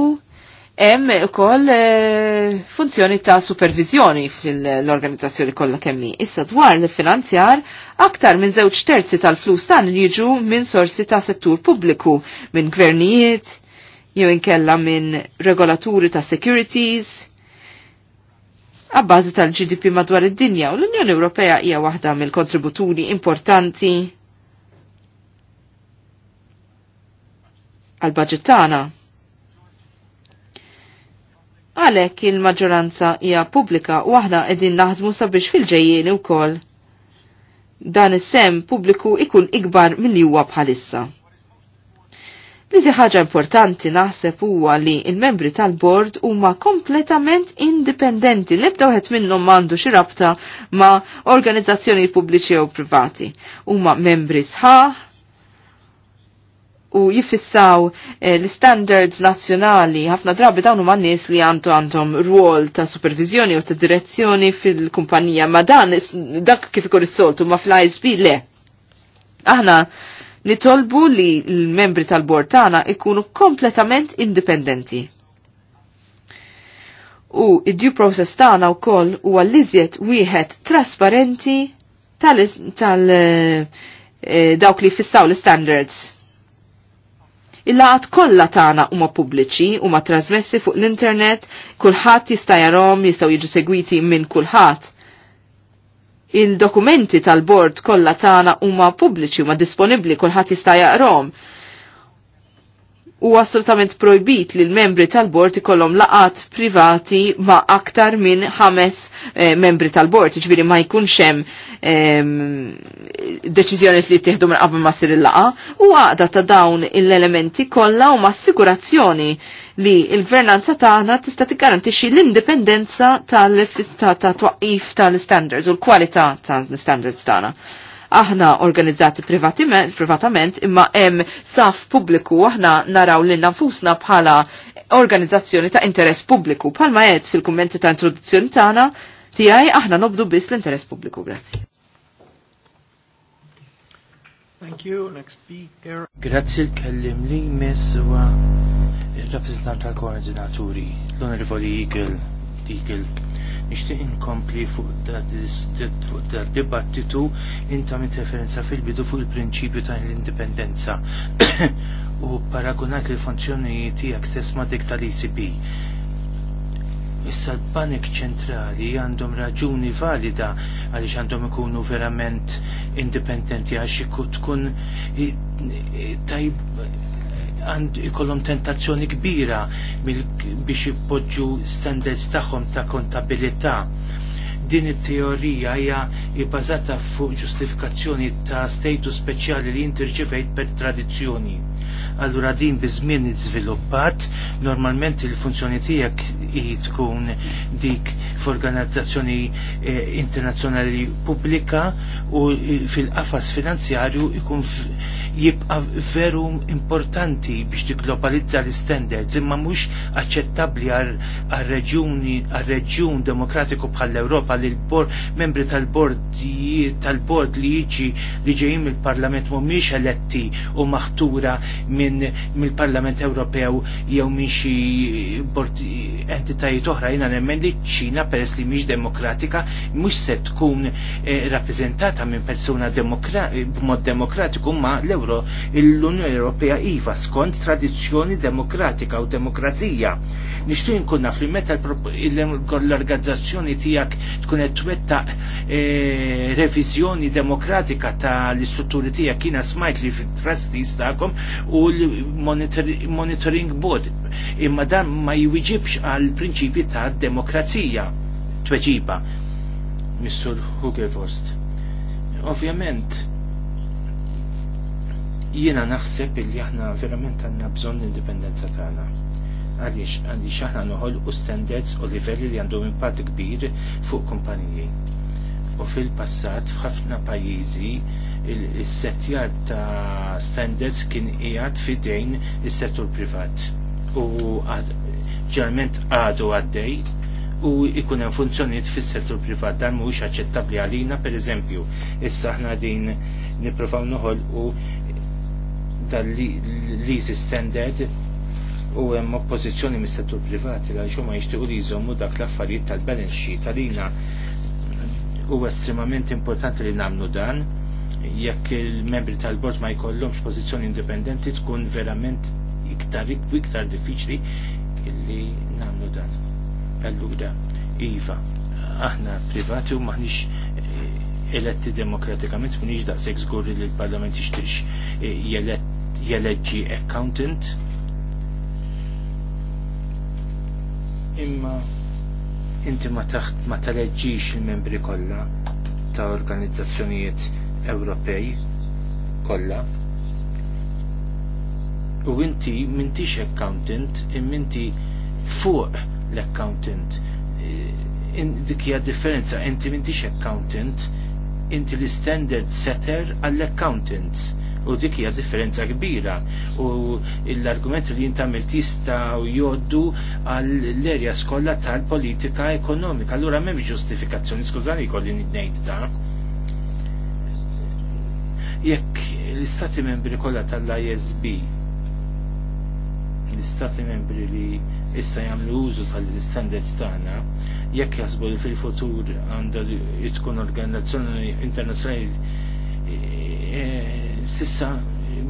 U hemm ukoll eh, funzjoni ta' supervizjoni fil-organizzazzjoni kollha kemmi. Issa dwar li finanzjar aktar minn żewġ terzi tal-flus tan jiġu minn sorsi ta' settur pubbliku, minn gvernijiet, jew inkella minn regolaturi ta' securities għabbażi tal-GDP madwar id-dinja u l-Unjoni Ewropea hija waħda mill-kontributuri importanti għal budget tagħna. Għalhekk il-maġġoranza hija pubblika u aħna qegħdin naħdmu sabiex fil ġejjien wkoll dan is-sem pubbliku ikun ikbar milli huwa bħalissa. Li ħaġa importanti naħseb huwa li il-membri tal-bord huma kompletament indipendenti li bdew minnhom m'għandu xi rabta ma' organizzazzjoni pubbliċi jew privati. Huma membri sħaħ, u jifissaw eh, l-standards nazzjonali ħafna drabi dawnu ma' nies li għandu għandhom ruol ta' supervizjoni u ta' direzzjoni fil-kumpanija ma' dan dak kif ikun is-soltu ma' fl-ISB le. Aħna nitolbu li l-membri tal-bord tagħna ikunu kompletament indipendenti. U id-due process tagħna wkoll huwa l-iżjed wieħed trasparenti tal, tal eh, eh, dawk li fissaw l-standards. Il-laqat kollha tagħna huma pubbliċi, huma trasmessi fuq l-internet, kulħadd jista' jarahom jistgħu jiġu segwiti minn kulħadd. Il-dokumenti tal-bord kollha tagħna huma pubbliċi huma disponibbli kulħadd jista' jaqrom u assolutament projbit li l-membri tal-bord ikollhom laqat privati ma' aktar minn ħames eh, membri tal-bord, ġbiri ma' jkunx hemm eh, deċiżjoni li jittieħdu minn qabel ma' sir il-laqa u għaqda ta' dawn l-elementi kollha u ma' assigurazzjoni li il-gvernanza tagħna tista' tiggarantixxi l-indipendenza tal-twaqqif tal-standards u l-kwalità tal-standards tagħna. Ta aħna organizzati privatament imma hemm saf pubbliku aħna naraw li nfusna bħala organizzazzjoni ta' interess pubbliku bħalma qed fil-kummenti ta' introduzzjoni tagħna tiegħi aħna nobdu biss l-interess pubbliku. Grazzi. Thank you, next speaker. Grazzi l-kellim li jmiss wa il-rappresentant tal-koordinaturi, l-onorevoli Eagle. Eagle nixtieq inkompli fuq dibattitu inta mit referenza fil-bidu fuq il-prinċipju ta' l-indipendenza u paragunat li funzjoni tiegħek stess ma' dik tal-ECB. Issa l-panik ċentrali għandhom raġuni valida għaliex għandhom ikunu verament indipendenti għax tkun tajb għand ikollhom tentazzjoni kbira biex ippoġġu standards tagħhom ta' kontabilità. Din it-teorija hija bbażata fuq ġustifikazzjoni ta' status speċjali li jinti rċivejt per tradizzjoni allura din bi żmien normalment il-funzjoni tiegħek tkun dik f'organizzazzjoni eh, internazzjonali pubblika u fil-qafas finanzjarju ikun jibqa veru importanti biex globalizza l-standards imma mhux aċċettabbli għal-reġjuni għal-reġjun demokratiku bħall-Ewropa li l-bord membri tal-bord tal-bord li jiġi li ġejjin il parlament mhumiex eletti u maħtura minn mill-Parlament Ewropew jew minn xi entitajiet oħra jiena nemmen li ċina peress li mhix demokratika mhux se tkun eh, rappreżentata minn persuna b'mod demokratiku ma l-Euro l-Unjoni Ewropea iva skont tradizzjoni demokratika u demokrazija. Nixtu nkun naf li meta l-organizzazzjoni tiegħek tkun qed twettaq eh, revizjoni demokratika ta' l-istrutturi tiegħek jiena smajt li fit-trustees tagħkom u u l-monitoring board imma dan ma jwiġibx għal prinċipi ta' demokrazija tweġiba Mr. Hugervost ovvjament jiena naħseb illi aħna verament għandna bżonn l-indipendenza tagħna għaliex għaliex aħna noħol u standards u livelli li għandhom impatt kbir fuq kumpaniji u fil-passat f'ħafna pajjiżi il-settjar ta' standards kien qiegħed fidejn is-settur privat u ġerment għadu għaddej u ikun hemm funzjonijiet fis-settur privat dan mhuwiex aċċettabbli għalina pereżempju issa aħna din nippruvaw noħolqu dal-leasy standard u hemm oppożizzjoni mis-settur privat li għaliex huma jixtiequ li jżommu dak l-affarijiet tal-balance sheet għalina huwa estremament importanti li nagħmlu dan jekk il-membri tal-bord ma jkollhomx pożizzjoni indipendenti tkun verament iktar iktar diffiċli illi nagħmlu dan. Allura, iva, aħna privati u maħniex eh, eletti demokratikament m'iniex daqshekk żgur li l-Parlament jixtiex eh, jeleġġi accountant. Imma inti ma taħt ma taleġġix il-membri kollha ta' organizzazzjonijiet Ewropej kollha. U inti m'intix accountant, imminti fuq l-accountant. Eh, dik hija differenza, inti m'intix accountant, inti l-standard setter għall-accountants u dik hija differenza kbira u l-argument li jintamil tista u joddu għall-erja skolla tal-politika ekonomika. Allura m'hemmx ġustifikazzjoni, skużani kolli ngħid dan jekk l-istati membri kollha tal-ISB l-istati membri li issa jagħmlu użu tal-istandards tagħna jekk jasbu li fil-futur għandu jitkun organizzazzjoni internazzjonali eh, eh, sissa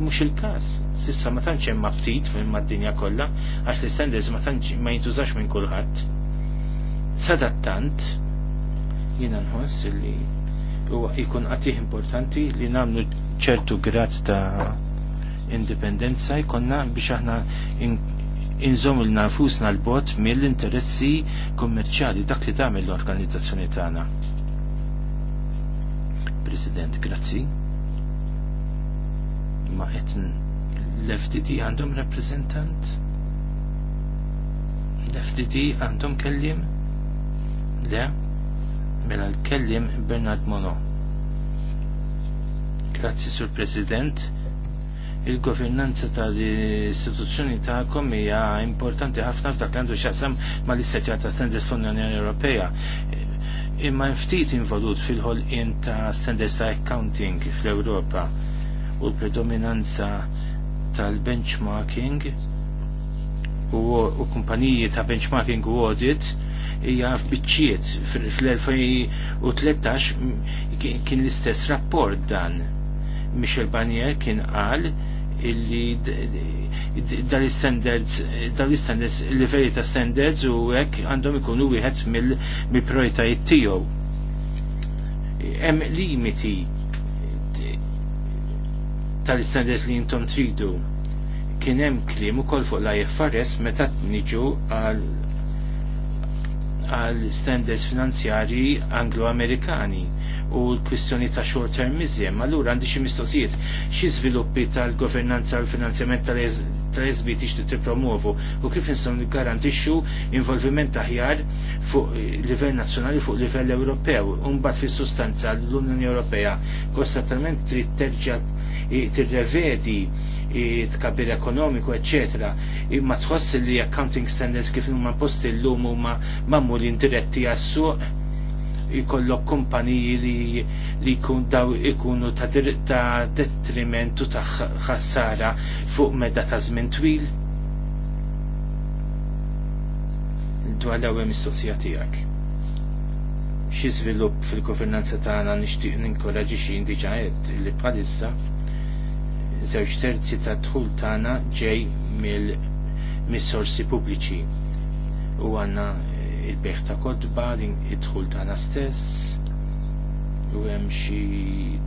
mhux il-każ, sissa ma tantx hemm ftit minn mad-dinja kollha għax l-istandards ma tantx ma jintużax minn kulħadd. Sadattant jiena nħoss li u jkun qatih importanti li namlu ċertu grad ta' indipendenza jkonna biex aħna inżom il nafusna l-bot mill-interessi kommerċali dak li tagħmel l-organizzazzjoni tagħna. President, grazzi. Ma qed l-FDD għandhom rappresentant? L-FDD għandhom kellim? Le? Mela l-kellim Bernard Mono. Grazzi sur President. Il-governanza tal-istituzzjoni ta'kom hija importanti ħafna f'dak għandu x'jaqsam mal-istatja ta' standards fl-Unjoni Ewropea imma ftit involut fil-ħolqien ta' standards ta' accounting fl-Ewropa u l-predominanza tal-benchmarking u, u kumpaniji ta' benchmarking u audit hija f'biċċiet fl-2013 kien l-istess rapport dan. Michel Barnier kien qal illi dal-standards dal-standards livelli ta' standards u hekk għandhom ikunu wieħed mill-prioritajiet tiegħu. Hemm limiti tal-standards li intom tridu kien hemm kliem ukoll fuq l-IFRS meta niġu għal għal standards finanzjari anglo-amerikani u l-kwistjoni ta' short termism. Allura għandi xi mistoqsijiet xi żviluppi tal-governanza l finanzjament tal-SB tixtu tippromovu u kif nistgħu niggarantixxu involviment aħjar fuq livell nazzjonali fuq livell Ewropew u mbagħad fis-sustanza l-Unjoni Ewropea kostatament trid terġa' tirrevedi tkabbir ekonomiku, eccetera. Imma tħoss li accounting standards kif huma posti llum huma li indiretti għas jikollok kumpaniji li li kun daw ikunu ta' ta' detrimentu ta' ħassara fuq medda ta' żmien twil? Dwar l-ewwel mistoqsija tiegħek. Xi żvilupp fil-governanza tagħna nixtieq ninkoraġixi diġà qed li bħalissa żewġ terzi ta' dħul tagħna ġej mill-missorsi pubbliċi u għanna eh, il-beħ ta' kodba id-dħul tagħna stess u hemm xi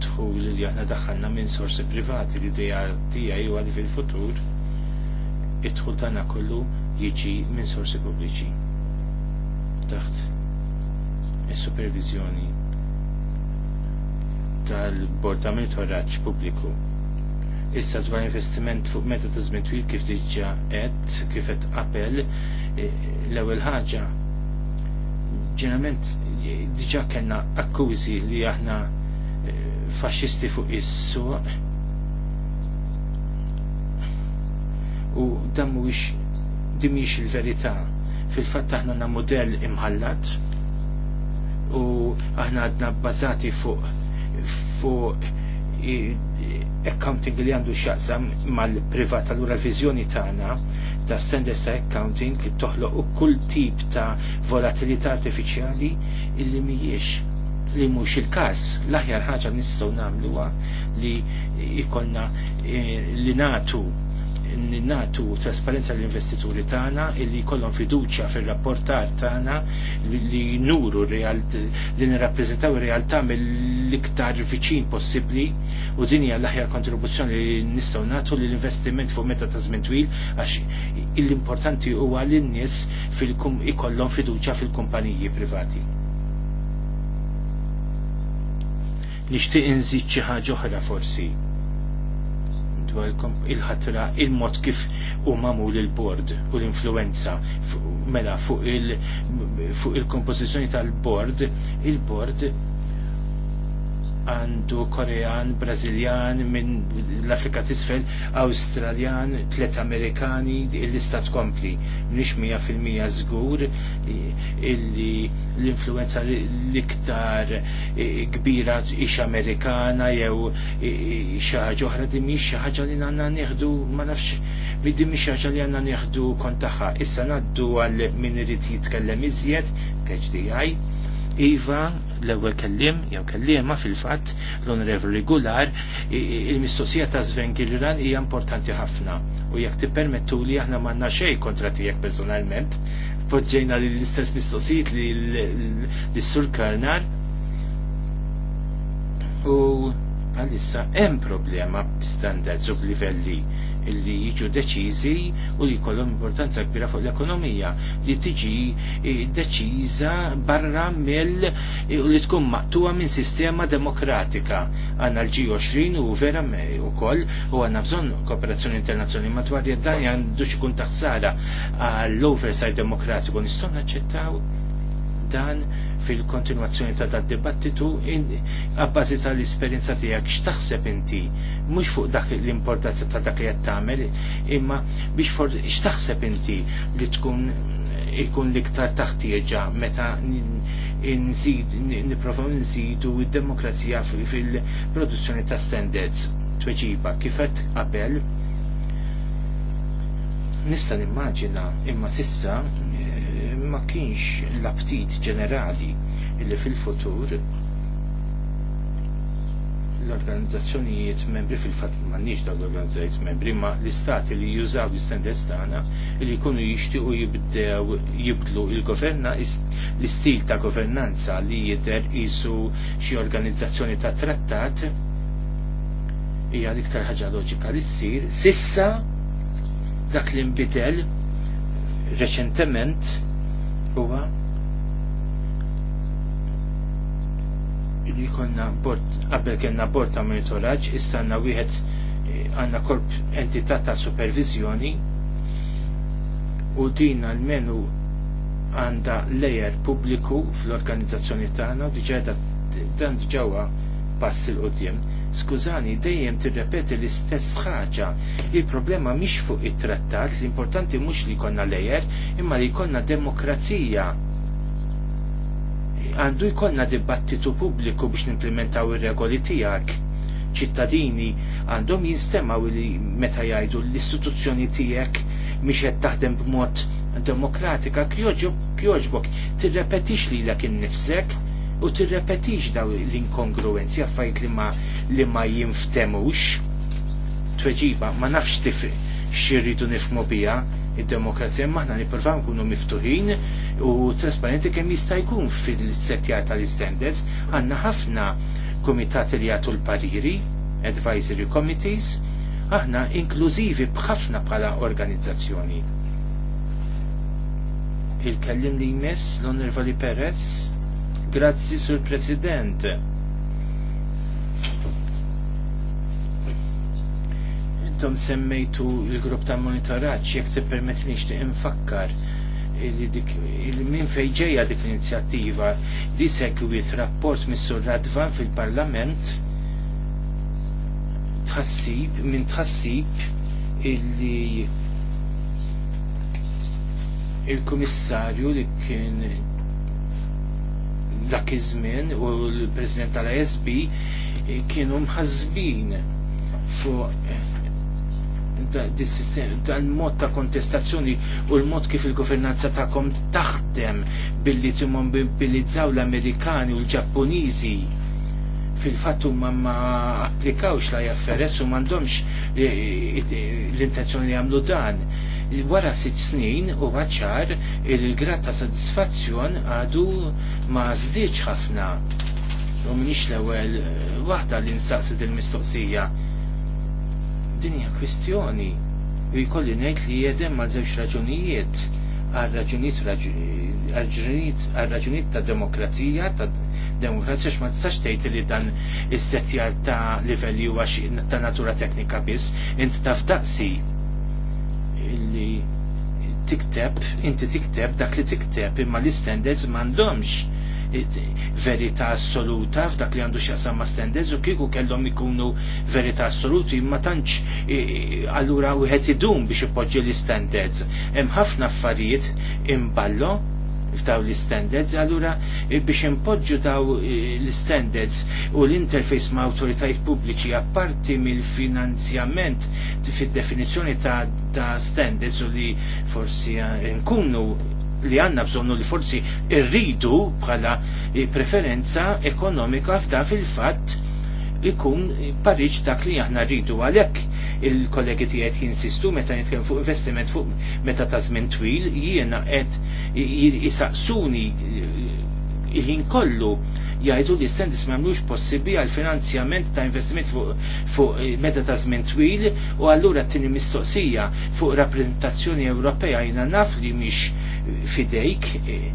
dħul li aħna daħħalna minn sorsi privati li dejja tiegħi u għalli fil-futur id-dħul tagħna kollu jiġi minn sorsi pubbliċi taħt is-supervizjoni tal-bord ta' pubbliku Issa dwar investiment fuq meta ta' żmien twil kif diġà qed kif qed qabel e, l-ewwel ħaġa ġenerament e, diġà kellna akkużi li aħna e, faxxisti fuq is-suq u dan mhuwiex dimix il-verità fil-fatt aħna na modell imħallat u aħna għadna bbażati fuq fuq accounting li għandu xaqsam mal-privat allura viżjoni tagħna ta' standards ta' accounting li toħloq kull tip ta' volatilità artifiċjali illi mhijiex li mhux il-każ l-aħjar ħaġa nistgħu nagħmluha li jkollna eh, li nagħtu natu trasparenza l-investituri tagħna illi jkollhom fiduċja fir-rapportar tagħna li nuru li nirrappreżentaw realtà mill-iktar viċin possibbli u din hija l-aħjar kontribuzzjoni li nistgħu nagħtu li l-investiment fuq meta ta' żmien twil għax l-importanti huwa li n-nies ikollhom fiduċja fil-kumpaniji privati. nixtieq inżid xi ħaġa oħra forsi dwar il-ħatra il-mod kif u mamul il-bord u l-influenza mela fuq il-kompożizzjoni tal-bord, bord għandu Korean, brazilian, minn l-Afrika tisfel, australian, tlet Amerikani, il-lista kompli. Mnix 100% żgur illi l-influenza l-iktar e, kbira ix Amerikana jew e, e, xi ħaġa oħra di mhix xi ħaġa li għandna nieħdu ma nafx biddi mhix ħaġa li għandna nieħdu kontaxa. tagħha. Issa ngħaddu għal min irid jitkellem iżjed, keġ Iva, l-ewwel kellim jew kellima fil-fatt l-Onorevoli Gular il-mistoqsija ta' Sven Gilran hija importanti ħafna u jekk tippermettu li aħna m'għandna xejn kontra tiegħek personalment poġġejna li l-istess mistoqsijiet li l-Sur Kalnar. u għalissa hemm problema b'standards u b'livelli illi jiġu deċiżi u li jkollhom importanza kbira fuq l-ekonomija li tiġi eh, deċiża barra mill eh, u li tkun maqtuwa minn sistema demokratika għandna l-G20 u vera ukoll u għandna bżonn kooperazzjoni internazzjonali madwar dan għandu xkun taħsara għall-oversight demokratiku nistgħu naċċettaw dan fil-kontinuazzjoni ta' dat dibattitu għabbażi tal-esperjenza tiegħek x'taħseb inti mhux fuq dak l-importanza ta' dak li qed tagħmel imma biex for x'taħseb inti li tkun ikun l-iktar taħtieġa meta niprofaw nżidu id-demokrazija fil-produzzjoni ta' standards tweġiba kifet qabel nista' nimmaġina imma sissa ma kienx l-aptit ġenerali illi fil-futur l-organizzazzjonijiet membri fil-fat m'għandniex dawn l-organizzazzjonijiet membri ma l-istati li jużaw l-istendess tagħna li jkunu jixtiequ jibdew jibdlu il-governa l-istil ta' governanza li jidher isu xi organizzazzjoni ta' trattat hija l-iktar ħaġa loġika li ssir sissa dak li nbidel reċentement huwa li konna bort, qabel kellna bord ta' monitoraġġ, issa għandna wieħed eh, għandna korp entità ta' supervizjoni u din għalmenu għanda lejer pubbliku fl-organizzazzjoni tagħna diġa diġà dan diġawa pass il qudiem Skużani, dejjem tirrepeti l-istess ħaġa. Il-problema mhix fuq it-trattat, l-importanti mhux li jkollna lejer, imma li jkollna demokrazija għandu jkollna dibattitu pubbliku biex nimplementaw ir-regoli tiegħek. ċittadini għandhom jinstemaw li meta jgħidu l-istituzzjoni tiegħek mhix qed taħdem b'mod demokratika kjoġbok tirrepetix li l-ek innifsek u tirrepetix daw l-inkongruenzi għaffajt li ma li ma jinftemux tweġiba ma nafx tifri xirritu nifmu bija il demokrazija maħna nippurvaw nkunu miftuħin u trasparenti kemm jista' jkun fil settja tal-istandards għanna ħafna komitati li jagħtu l-pariri, advisory committees, aħna inklużivi bħafna bħala organizzazzjoni. Il-kellim li jmiss l onervali Perez Grazzi sur President. Intom semmejtu il-grupp ta' monitoraġġ jekk permetni xti infakkar il-min fejġeja dik l-inizjattiva di segwit rapport mis-sur Radvan fil-Parlament tħassib, minn tħassib illi il-komissarju li kien dak iż-żmien u l-President tal-ISB eh, kienu mħazbin fuq eh, dan mod ta' kontestazzjoni u l-mod kif il-governanza kom taħdem billi timmobilizzaw l-Amerikani u l-Ġappuniżi fil-fattu ma ma applikawx la jafferess u mandomx eh, l-intenzjoni li għamlu dan wara sitt snin u ċar il grat ta' sadisfazzjon għadu ma zdiċ ħafna. U minix l-ewwel eh, waħda li nsaqsi il mistoqsija Din hija kwistjoni u jkolli ngħid li jedem ma' żewġ raġunijiet għal-raġunijiet ta' demokrazija, ta' demokrazija x'ma tistax tgħid li dan is-settjar ta' livelli huwa ta' natura teknika biss, int taf daqsi illi tikteb, inti tikteb dak li tikteb, imma li standards mandomx verita assoluta f'dak li għandu xaqsam ma' standards u kiku kellhom ikunu verita assoluti imma tantx allura wieħed idum biex ipoġġi l standards. Hemm ħafna affarijiet imballo f'daw l-standards, allura eh, biex impoġġu daw eh, l-standards u l-interface ma' autoritajt pubbliċi apparti mill-finanzjament fid-definizzjoni ta', ta standards u li forsi eh, nkunu li għanna bżonnu li forsi irridu bħala preferenza ekonomika f'da fil-fatt ikun Pariġ dak li aħna rridu għalhekk il-kollegi tiegħek jinsistu meta nitkellem fuq investiment fuq meta ta' żmien twil jiena qed jisaqsuni il-ħin kollu jgħidu li standards m'għamlux possibbli għal finanzjament ta' investiment fuq fu eh, meta ta' żmien twil u allura t-tieni mistoqsija fuq rappreżentazzjoni Ewropea jina naf li mhix fidejk eh,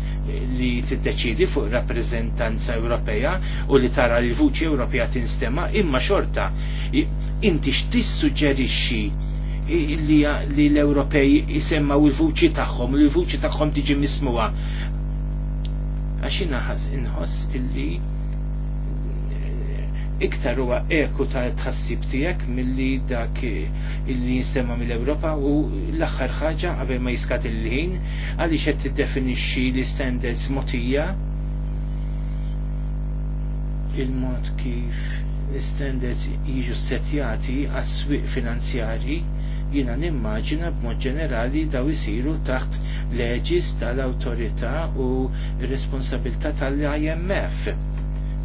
li t-deċidi fuq rappreżentanza Ewropea u li tara li vuċi Ewropea tinstema imma xorta inti x'tissuġġerixxi li, li l-Ewropej jisemmaw il-vuċi tagħhom, il-vuċi tagħhom tiġi mismuha għax inaħas inħoss illi eh, iktar huwa eku ta' tħassib tiegħek milli dak illi jinstema mill-Ewropa u l-aħħar ħaġa qabel ma jiskat il-ħin għaliex qed tiddefinixxi l-standards motija il-mod kif l-standards jiġu setjati għas-swieq finanzjari jina nimmaġina b'mod ġenerali daw isiru taħt leġis tal-autorità u responsabilità tal-IMF.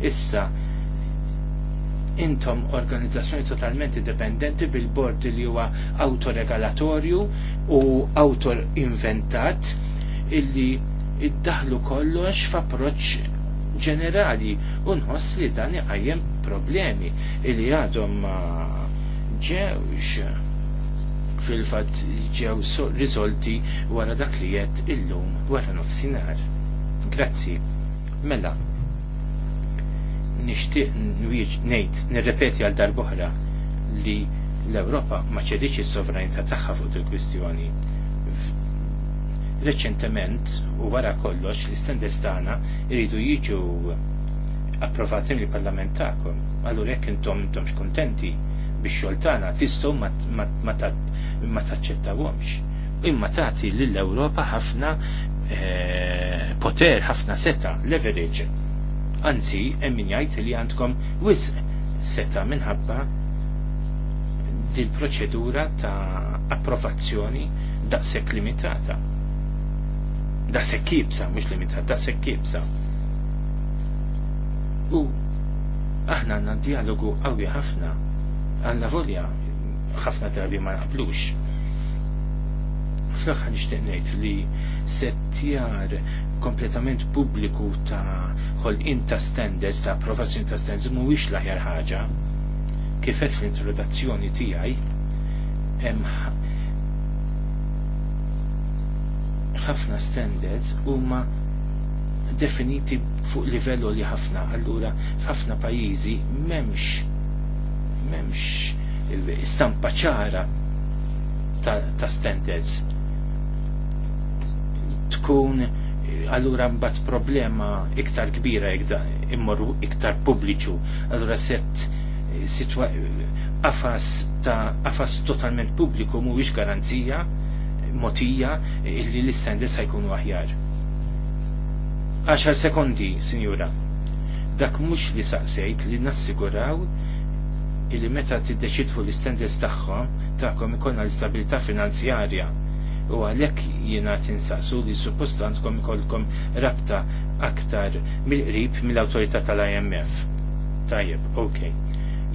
Issa, intom organizzazzjoni totalment indipendenti bil-bord li huwa autoregalatorju u autor inventat illi iddaħlu kollox f'approċċ ġenerali u nħoss li dan iqajjem problemi illi għadhom ġewx ġewx fil-fatt ġew riżolti wara dak li jett illum wara nofsinhar. Grazzi. Mela. Nixtieq ngħid nirrepeti għal darbohra li l-Ewropa ma ċedix is-sovranità tagħha fuq il-kwistjoni. Reċentement u wara kollox l-istendes tagħna iridu jiġu approvati mill-Parlament tagħkom. Allura jekk intom intom kontenti biex xoltana tistgħu ma imma taċċettawhomx. Imma tagħti lill-Ewropa ħafna eh, poter, ħafna seta, leverage. Anzi, hemm min jgħid li għandkom wisq seta minħabba din proċedura ta' approvazzjoni daqshekk limitata. Daqshekk kibsa, mhux limitata, daqshekk kibsa. U aħna għandna dialogu qawwi ħafna għalla volja ħafna drabi ma naqblux. Fl-aħħar nixtieq ngħid li settjar kompletament pubbliku ta' ħolqien ta' standards ta' approvazzjoni ta' standards mhuwiex l-aħjar ħaġa. Kifet fl-introduzzjoni tiegħi ħafna standards huma definiti fuq livello li ħafna. Allura f'ħafna pajjiżi m'hemmx m'hemmx stampa ċara ta', ta standards tkun allura mbagħad problema iktar kbira immorru iktar pubbliċu allura set eh, sitwa qafas ta' qafas totalment pubbliku mhuwiex garanzija motija illi l-istandards ħajkunu aħjar. 10 sekondi, sinjura. Dak mhux li saqsejt li nassiguraw illi meta tiddeċid fuq l-istendis tagħhom tagħkom ikollna l-istabilità finanzjarja u għalhekk jiena tinsaqsu li suppost għandkom ikollkom rabta aktar mill-qrib mill-awtorità tal-IMF. Tajjeb, ok.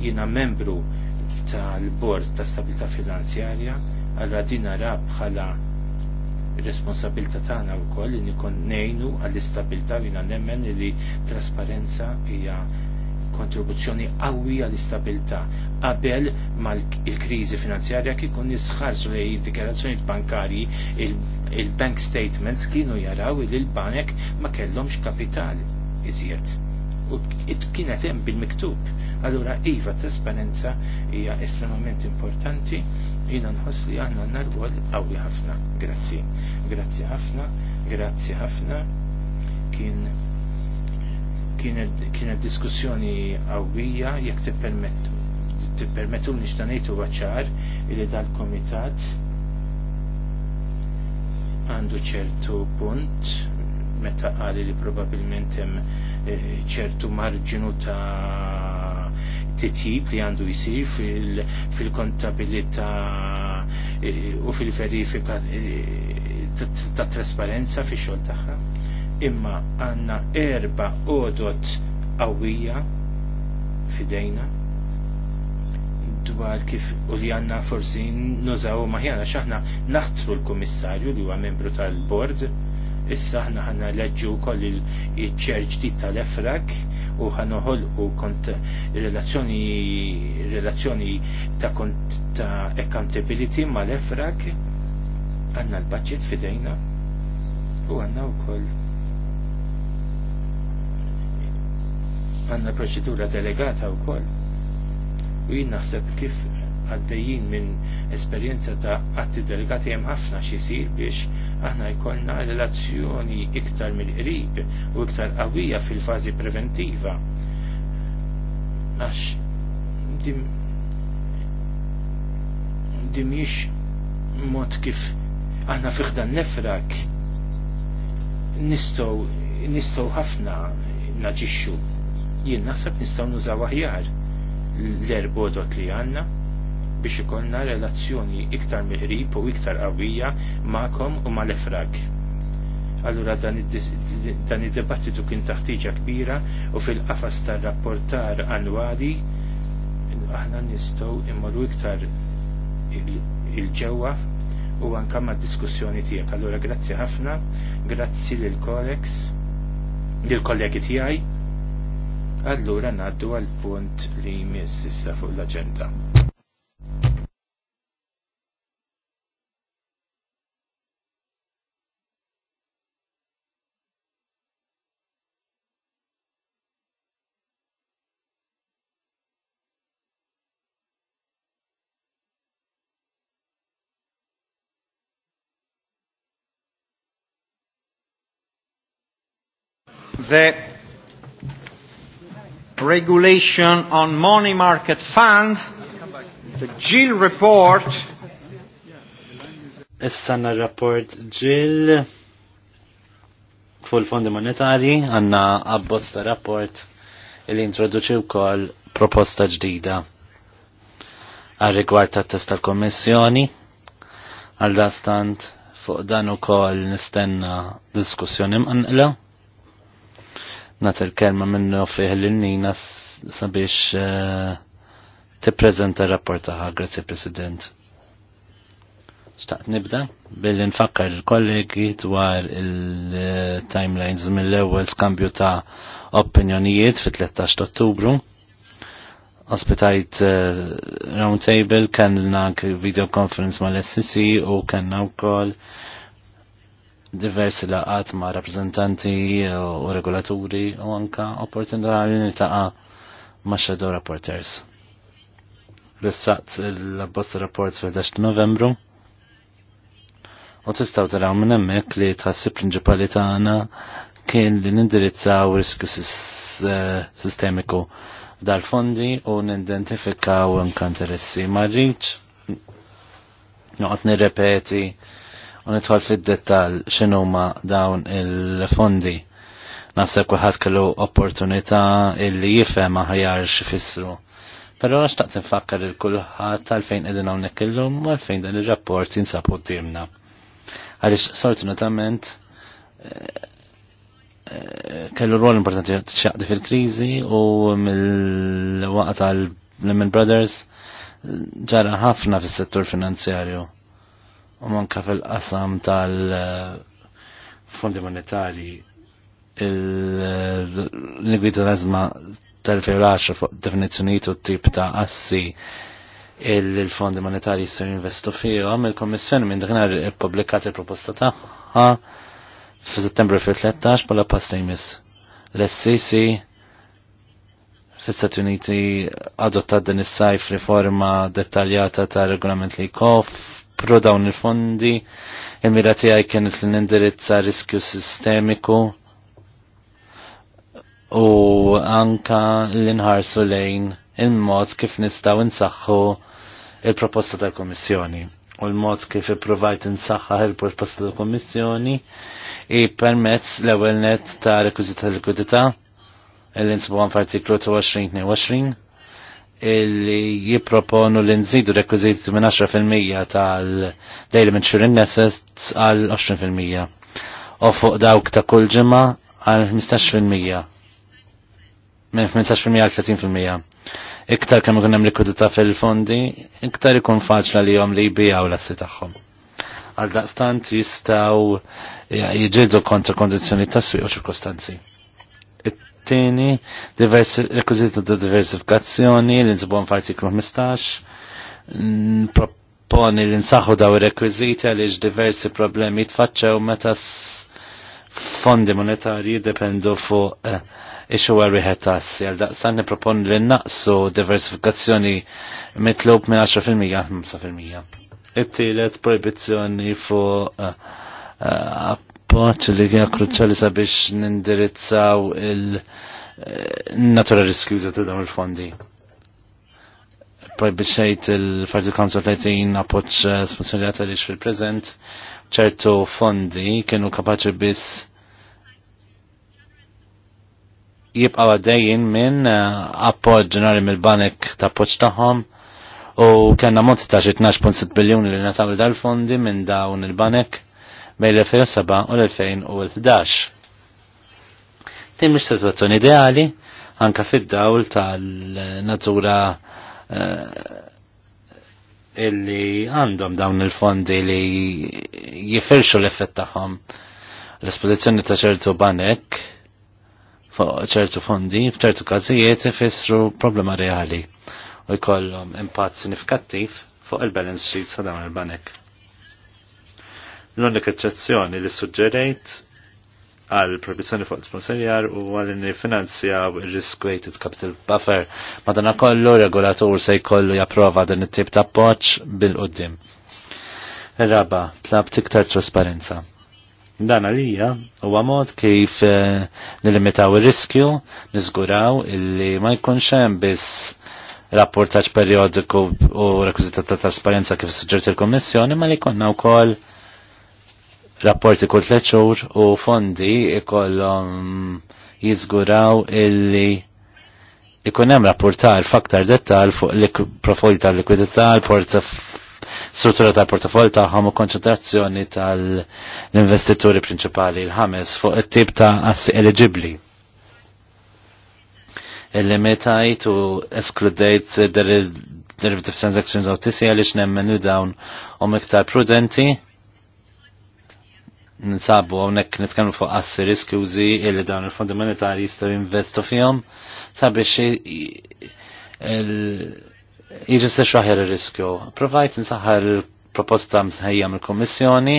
Jiena membru tal-Bord ta' Stabilità Finanzjarja għalra din nara bħala ir-responsabilità tagħna wkoll li nkun ngħinu għall-istabilità jiena nemmen li trasparenza hija kontribuzzjoni qawwi għall-istabilità qabel mal-kriżi finanzjarja kif kun nisħarsu li dikjarazzjoni bankari il-bank statements kienu jaraw li l-banek ma kellhomx kapital iżjed. U kienet hemm bil-miktub. Allura iva trasparenza hija estremament importanti jina nħoss li għanna narwol għawi ħafna. Grazzi. Grazzi ħafna, grazzi ħafna. Kien kienet diskussjoni qawwija jekk T-permettu li xtanejtu għacċar li dal-komitat għandu ċertu punt meta qali li probabilment hemm eh, ċertu marġinu ta' titjib li għandu jisir fil-kontabilità eh, u fil-verifika eh, ta' trasparenza fi xogħol tagħha imma għanna erba odot qawwija fidejna dwar kif u li għanna forsi nużaw maħjana xaħna naħtru l-komissarju li huwa membru tal-bord issa ħna ħanna leġġu koll il-ċerġ dit tal-efrak u ħanoħol u kont relazzjoni relazzjoni ta' kont ta' accountability ma' l-efrak għanna l-budget fidejna u għanna u koll għanna proċedura delegata u koll. U jien naħseb kif għaddejjin minn esperjenza ta' atti delegati hemm ħafna xisir biex aħna jkollna relazzjoni iktar mill-qrib u iktar qawwija fil-fażi preventiva. Għax dim jix mod kif aħna fiħda nefrak nistow nistgħu ħafna naġixxu jien naħseb nistgħu nużaw aħjar l-erbodot li għandna biex ikollna relazzjoni iktar miħrib u iktar qawwija ma'kom u mal-efrag. Allura dan id-dibattitu kien taħtiġa kbira u fil-qafas tar-rapportar annwali aħna nistgħu immorru iktar il-ġewwa u anka ma' diskussjoni tiegħek. Allura grazzi ħafna, grazzi lil Korex, lil kollegi tiegħi Allura naddu għal punt li jmiss issa fuq l-agenda. The regulation on money market fund, the Jill report. Issana rapport Jill full fondi monetari għanna abbozz rapport il introduċi wkoll proposta ġdida għal rigward ta' testa l-Kommissjoni għal dastant fuq dan ukoll nistenna diskussjoni mqanqla nat il-kelma minnu fiħ l innina sabiex eh, tippreżenta r-rapport taħħa, grazie President. Xtaqt nibda billi nfakkar il-kollegi dwar il-timelines mill-ewwel skambju ta' opinjonijiet fit-13 Ottubru. Ospitajt eh, roundtable kellna video conference mal-SCC u kellna wkoll diversi laqat ma' rappresentanti u regolaturi u anka opportunità li niltaqa' ma' shadow rapporters. Ressaqt l-abbozz rapport fil-10 novembru u tistaw taraw minn hemmhekk li tħassib l-inġipali tagħna kien li nindirizzaw riskju eh, sistemiku dal-fondi u nidentifikaw interessi Ma rridx noqgħod nirrepeti u nidħol fid-dettal x'inhuma dawn il-fondi. Naħseb kulħadd kellu opportunità illi jifhem aħjar x'ifissru. Però taqt nfakkar il kulħadd għalfejn qegħdin hawnhekk illum u għalfejn dan ir-rapport jinsab qudiemna. Għaliex sfortunatament eh, kellu rol importanti xaqdi fil-kriżi u mill-waqt tal lemon Brothers eh, ġara ħafna fis-settur finanzjarju u manka fil-qasam tal-fondi eh, monetari il-gwida l-azma tal-2010 fuq definizjoniet u tip ta' assi il-fondi monetari jistgħu jinvestu fihom, il-Kommissjoni minn dak ippubblikat il-proposta tagħha f'Settembru fil-13 bħala pass jmiss. L-SCC fl-Istati Uniti adottat din is-sajf riforma dettaljata ta' regolament li kof Pro dawn il-fondi. Il-mira tiegħi kienet li nindirizza riskju sistemiku u anka l-inħarsu lejn il-mod kif nistaw insaħħu il-proposta tal-Komissjoni u l-mod kif ipprovajt insaħħa il-proposta tal-Komissjoni i permezz l-ewwel net ta' rekwiżita tal-likwidità l-insibu għan f'artiklu 22-22 illi jiproponu li nżidu rekwiziti minn 10% tal-daily insurance assets għal 20% u fuq dawk ta' kull ġimma għal 15% minn 15% għal 30%. Iktar kemm ikun hemm likwidità fil-fondi, iktar ikun faċla li jom li jbijaw l-assi tagħhom. Għal daqstant jistgħu jġildu kontra kondizzjoni tas-swieq u ċirkostanzi. Tieni, rekwiziti ta' diversifikazzjoni li nsibhom f'artiklu 15, proponi li nsaħħu daw ir-rekwiżiti għaliex diversi problemi tfaċċew meta fondi monetarji jiddependu fuq ixu għarri ħetassi. Għal daqsan niproponi li naqsu diversifikazzjoni mitlub minn 10% 5%. Ittilet tielet proibizzjoni fuq eh, eh, appoċ li kien kruċali sabiex nindirizzaw il-natura eh, riskjuża ta' dawn il-fondi. Projbiċejt il-Farti Council 30 appoċ sponsorjata li eh, fil-prezent, ċertu fondi kienu kapaċi biss jibqa' għaddejjin minn eh, appoġġ ġenerali mill-banek ta' appoġġ tagħhom u kellna monti ta' xi 12.6 biljun li nataw dal-fondi minn dawn il-banek bejn l-2007 u l-2011. Tim mhix sitwazzjoni ideali anka fid-dawl tal-natura eh, illi għandhom dawn il-fondi li jifirxu l-effett tagħhom. L-espożizzjoni ta' ċertu banek fuq ċertu fondi f'ċertu każijiet ifissru problema reali u jkollhom impatt sinifikattiv fuq il-balance sheet sa' dawn il-banek. L-unika eċċezzjoni li suġġerejt għal proibizzjoni fuq sponsorjar u għal u risk weighted capital buffer. Madana kollu regolatur se jkollu japprova din it-tip ta' poċ bil-qoddim. Raba, tlab tiktar trasparenza. Dan għalija huwa mod kif eh, nilimitaw ir-riskju, niżguraw illi ma jkunx hemm biss rapportaġġ periodiku u rekwiżita ta' trasparenza kif suġġerti l-Kommissjoni ma li konna wkoll rapporti kull tliet xhur u fondi ikollhom jiżguraw illi ikun hemm rapportar f'aktar dettal fuq il-profil tal-likwidità, struttura tal-portafol tagħhom u konċentrazzjoni tal-investituri prinċipali l-ħames fuq it-tip ta' assi eligibbli. Il-limitajt u eskludejt derivative transactions u tisi għaliex nemmen dawn u miktar prudenti ninsabu nek nitkanu fuq assir riskjużi illi dawn il-fondi jistaw investu fihom sabiex jiġi se xaħir il-riskju. Provajt nsaħar il-proposta mħajja mill komissjoni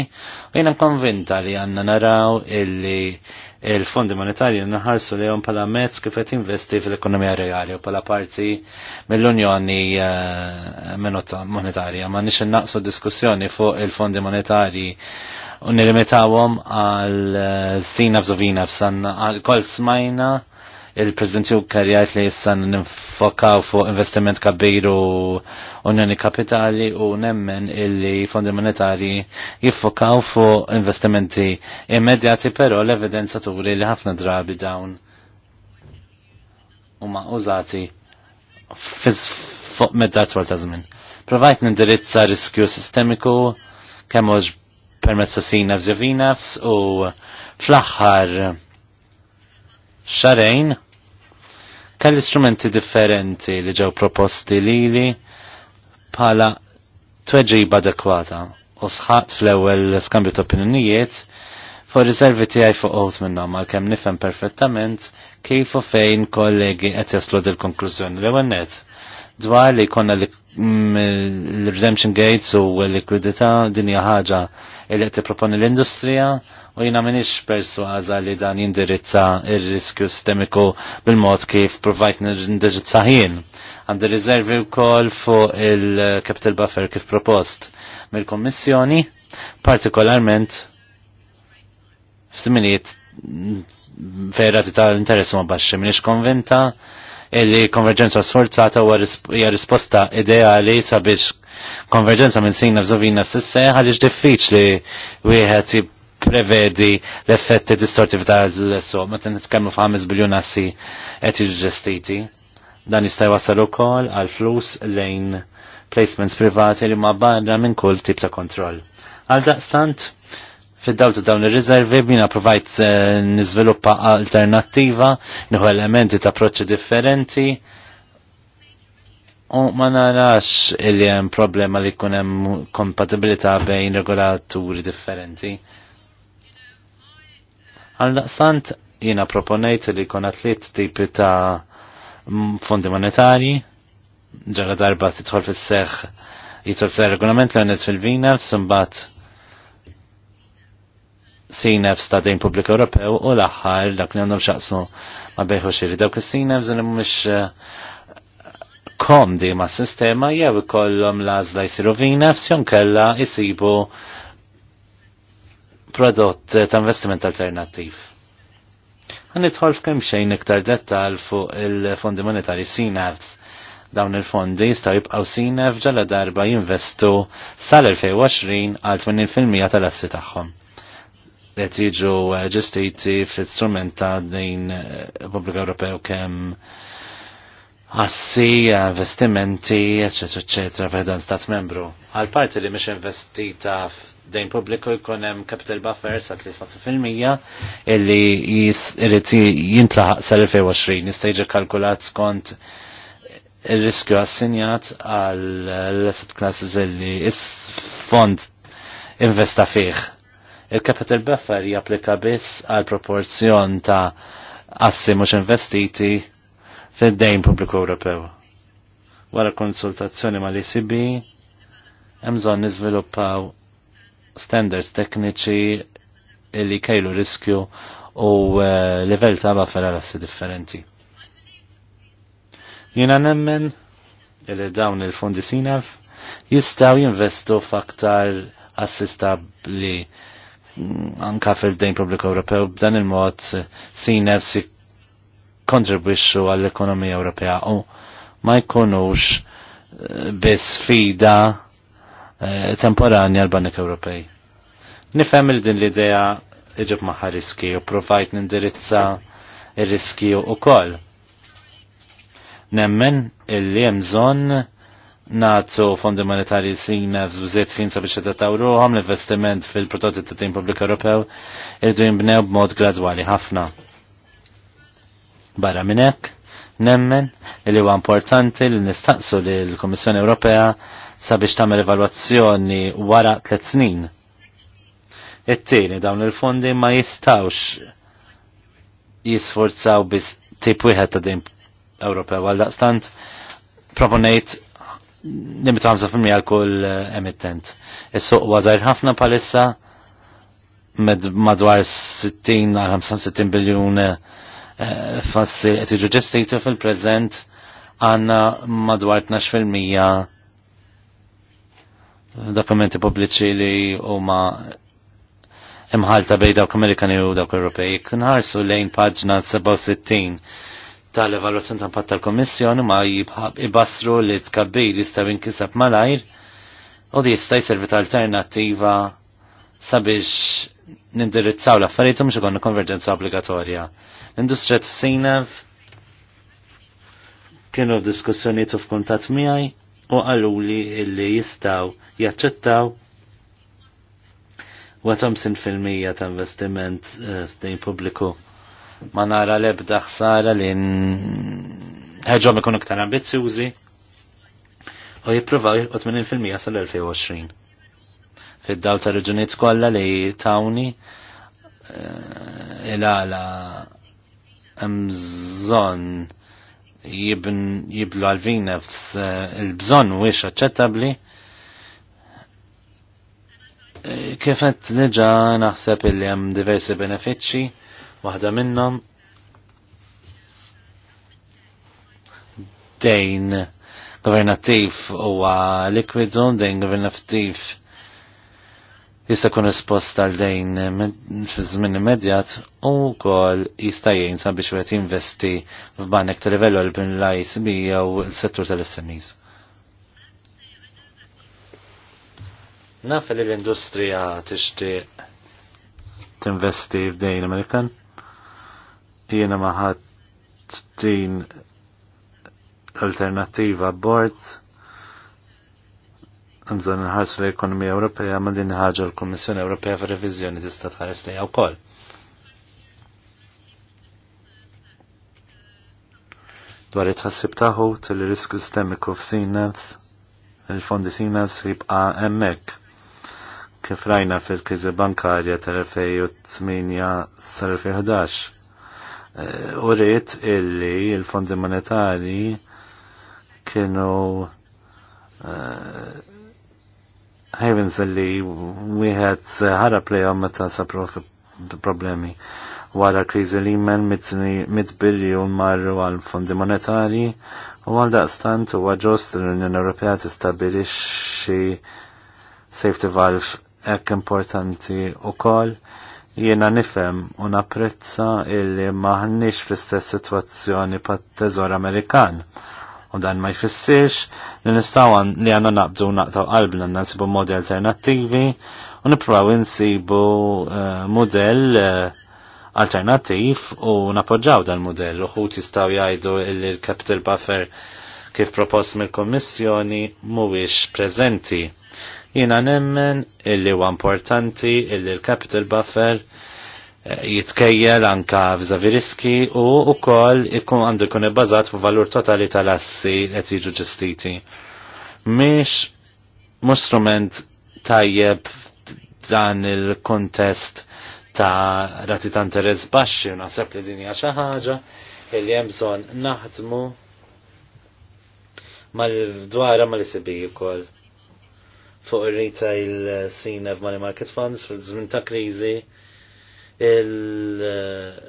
u jena konvinta li għanna naraw illi il-fondi monetarji naħarsu li jom pala mezz kif qed investi fil-ekonomija reali u pala parti mill-Unjoni eh, Monetarja. Ma nix naqsu diskussjoni fuq il-fondi monetarji u nirimitawhom għal sina eh, f'żovina f'sanna għal kol smajna il-President Juncker jgħid li issa ninfokaw fuq investiment kabiru unjoni kapitali u nemmen illi fondi monetari jiffokaw fuq investimenti immedjati però l-evidenza turi li ħafna drabi dawn huma użati fuq medda twal ta' żmien. Provajt nindirizza riskju sistemiku kemm permezz ta' Sina f'Zevinavs u fl-aħħar xarejn kell istrumenti differenti li ġew proposti lili bħala tweġiba adekwata u sħat fl-ewwel skambju ta' opinjonijiet fuq riservi tiegħi fuq qowt minnhom għalkemm nifhem perfettament kif u fejn kollegi qed jaslu dil konklużjoni li wennet, dwar li konna li l-redemption gates u l-likwidità dinja ħaġa li qed tipproponi l-industrija u jiena m'iniex persważa li dan jindirizza r riskju sistemiku bil-mod kif provajt nindirizza ħin. Għandi riservi wkoll fuq il-capital buffer kif propost mill-Kommissjoni, partikolarment f'żminijiet vera ta' l-interess ma' baxxi, m'iniex konvinta illi konverġenza sforzata hija risposta ideali sabiex konverġenza minn sinna f'żovina s-sisse għaliex diffiċli wieħed prevedi l-effetti distortivi tal-so, ma t-nitkemmu f'5 biljon assi qed ġestiti. Dan jista' jwassal ukoll għal flus lejn placements privati li ma barra minn kull tip ta' kontroll. Għal daqstant, fid-dawl ta' dawn ir-riservi bina provajt eh, niżviluppa alternattiva, nieħu elementi ta' approċċi differenti. U ma narax illi hemm problema li jkun hemm kompatibilità bejn regolaturi differenti. Għal daqsant jiena proponejt li jkun atlit tipi ta' fondi monetarji, ġara darba titħol fis-seħħ jitħol sa' regolament għandet fil-vina, f'sumbat CNF stadin pubbliku Ewropew u l-aħħar dak li għandhom xaqsmu ma bejħu xiri. Dawk is-CNF li mhumiex eh, komdi ma' sistema jew ikollhom l-għażla jsiru VNF jon kella jisibu prodott ta' investiment alternattiv. Għanitħol f'kem xejn iktar dettal fuq il-fondi monetari CNFs. Dawn il-fondi jistaw jibqaw sinef ġala darba jinvestu sal-2020 għal 80% tal-assi tagħhom qed jiġu eh, ġestiti fl-istrument ta' din eh, Republika Ewropew kemm assi, eh, investimenti, ecc. eccetera, f'dan stat membru. Għal parti li mhix investita f'dejn pubbliku jkun hemm capital buffers sa' 3% illi jrid jintlaħaq sal-2020 jista' jiġi kalkulat skont ir-riskju assinjat għal asset classes illi is-fond investa fih Il-capital buffer japplika biss għal proporzjon ta' assi mhux investiti fid-dejn pubbliku Ewropew. Wara konsultazzjoni l ecb hemm bżonn niżviluppaw standards tekniċi li kajlu riskju u eh, livell ta' buffer għal assi differenti. Jiena nemmen li dawn il-fondi sinaf jistaw jinvestu f'aktar assistabli anka fil-dejn pubbliku Ewropew b'dan il-mod sinef nefsi kontribwixxu għall-ekonomija Ewropea u ma jkunux eh, biss fida eh, temporanja l-Banek Ewropej. Nifhem il din l-idea iġib maħħa riski u provajt nindirizza ir-riski u koll. Nemmen illi li bżonn natu fondi monetari sina f'żbiżiet fin sabiex jadattaw ruħom l-investiment fil-prodotti ta' tim pubbliku Ewropew irdu jimbnew b'mod gradwali ħafna. Barra minn hekk, nemmen li huwa importanti li nistaqsu li l-Kummissjoni Ewropea sabiex tagħmel evalwazzjoni wara tliet snin. It-tieni dawn il-fondi ma jistawx jisforzaw biss tip wieħed ta' din Ewropew għal daqstant proponejt limit 5% għal kull eh, emittent. Is-suq ważajr ħafna palissa madwar 60 għal 65 biljun eh, fassi qed iġuġestitu fil-preżent għandna madwar 12% dokumenti pubbliċi li huma imħalta bej dawk Amerikani u dawk Ewropej. Nħarsu lejn paġna 67 tal-evaluazzjoni tal impatt tal-Kommissjoni ma jibasru li tkabbir jista' jinkisab malajr u di jista' jservi tal alternattiva sabiex nindirizzaw l-affarijiet mhux ikun konverġenza obbligatorja. L-industrija t-sinev kienu diskussjoni u f'kuntat miegħi u qaluli illi jistaw jaċċettaw fil-mija ta' investiment eh, f'din pubbliku ma nara lebda ħsara li ħeġom ikun iktar ambizzjużi u jippruvaw jilqot minn il-filmija sal-2020. Fid-daw ta' reġunijiet kollha li tawni eh, il-għala mżon jiblu għalvin nefs eh, il-bżon u ix aċċettabli eh, kifet neġa naħseb il hemm diversi benefiċċji Waħda minnhom dejn governattiv huwa likwidu, dejn governattiv jista' kun espost għal dejn fi żmien immedjat u wkoll jista' jgħin sabiex wieħed jinvesti f'banek ta' livellu għal bin l-ISB jew l-settur tal-SMEs. Naf li l-industrija tixtieq tinvesti f'dejn Amerikan? Jiena maħat din alternativa bord nżon nħarsu l-ekonomija Ewropea ma din ħaġa l-Kommissjoni Ewropea fir reviżjoni tista' tħares lejha wkoll. Dwar it-ħassib tagħhu tal risk sistemiku f'sinefs, il-fondi sinefs jibqa' hemmhekk kif rajna fil-kriżi bankarja tal-2008 sal-2011 Eh, uriet illi il-fondi monetari kienu eh, havens illi wieħed ħarab lejhom meta sabru problemi wara kriżi li men mit biljun marru għal fondi monetari u għal daqstant huwa ġost l-Unjoni Ewropea tistabilixxi safety valve hekk importanti u koll Jiena nifhem u napprezza illi maħniex fl-istess sitwazzjoni pat-teżor Amerikan. U dan ma jfissirx li nistgħu li għandna naqbdu naqtaw qalbna nsibu modi alternattivi u nippruaw insibu eh, mudell eh, alternattiv u napoġġaw dan mudell u ħut jistgħu jgħidu li l-capital buffer kif propost mill-Kommissjoni mhuwiex preżenti Jina nemmen illi huwa importanti illi l-capital buffer eh, jitkejjel anka vizavi riski u kol ikun għandu jkun ibbażat fuq valur totali tal-assi qed jiġu ġestiti. Miex mhux strument tajjeb dan il-kontest ta' rati ta' interes baxxi u naħseb li din hija xi ħaġa li hemm bżonn naħdmu mal-dwara mal-isibi wkoll fuq il-retail eh, scene of money market funds fil-żmien ta' kriżi il- eh,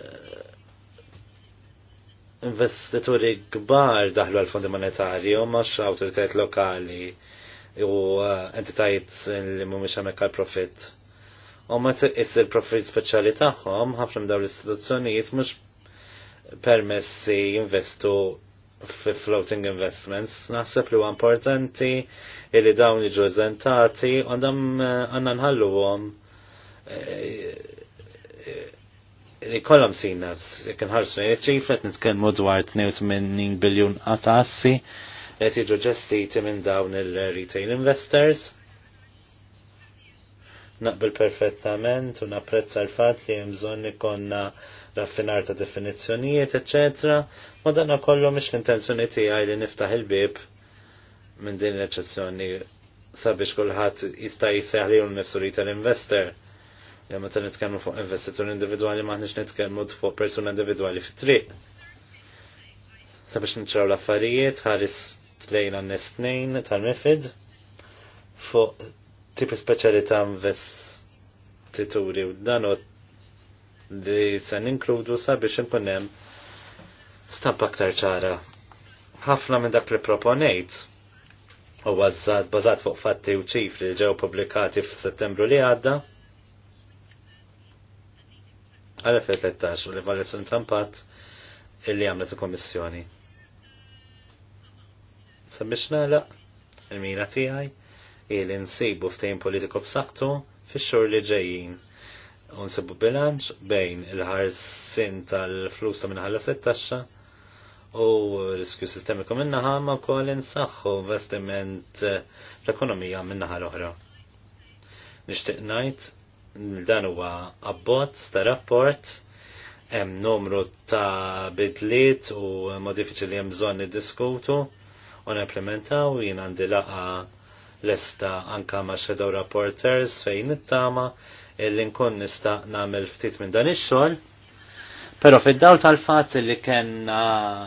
investituri kbar daħlu għal fondi monetarju mhux autoritajt lokali u eh, entitajiet li mumiex għamek għal profit. U ma t il profit speċjali tagħhom ħafna dawn l-istituzzjonijiet mhux permessi jinvestu fi floating investments. Naħseb li huwa importanti li dawn jiġu eżentati u eh, għandna nħalluhom li eh, eh, kollhom sin nafs jekk inħarsu ċifret nitkellmu dwar 82 biljun qatassi qed jiġu ġestiti minn dawn il-retail investors. Naqbel perfettament u napprezza l-fatt li hemm bżonn ikonna raffinar ta' definizzjonijiet, etc. Ma dan kollu mish l-intenzjoni tiegħi li niftaħ il-bib minn din l-eċezzjoni sabiex kulħadd jista' li lilu nifsu li tal-investor. Jemma meta nitkellmu fuq investitur individwali maħniex nitkellmu fuq persuna individwali fit-triq. Sabiex nċraw l-affarijiet t tlejna n tal-mifid fuq tipi speċjali ta' investituri u dan u li se ninkludu sabiex biex hemm stampa aktar ċara. Ħafna minn dak li proponejt u għazzat bazat fuq fatti u ċifri li ġew publikati f'Settembru li għadda. Għal 2013 u l-evaluazzjoni ta' illi għamlet il-Kommissjoni. Sabiex nalaq il-mira tiegħi il nsibu tejn politiku b'saqtu fix-xhur li ġejjin unsibu bilanċ bejn il-ħarsin tal-flus ta' minnaħalla settaxxa u riskju sistemiku minnaħa ma' kol insaxħu investiment l-ekonomija minnaħa l-oħra. Nishtiq najt, dan huwa abbozz ta' rapport hemm numru ta' bidliet u modifiċi li hemm bżonn diskutu u implementaw jien għandi laqa lesta anka ma' shadow rapporters fejn it-tama illi nkun nista' nagħmel ftit minn dan ix-xogħol. Però fid-dawl tal-fatt li kien eh,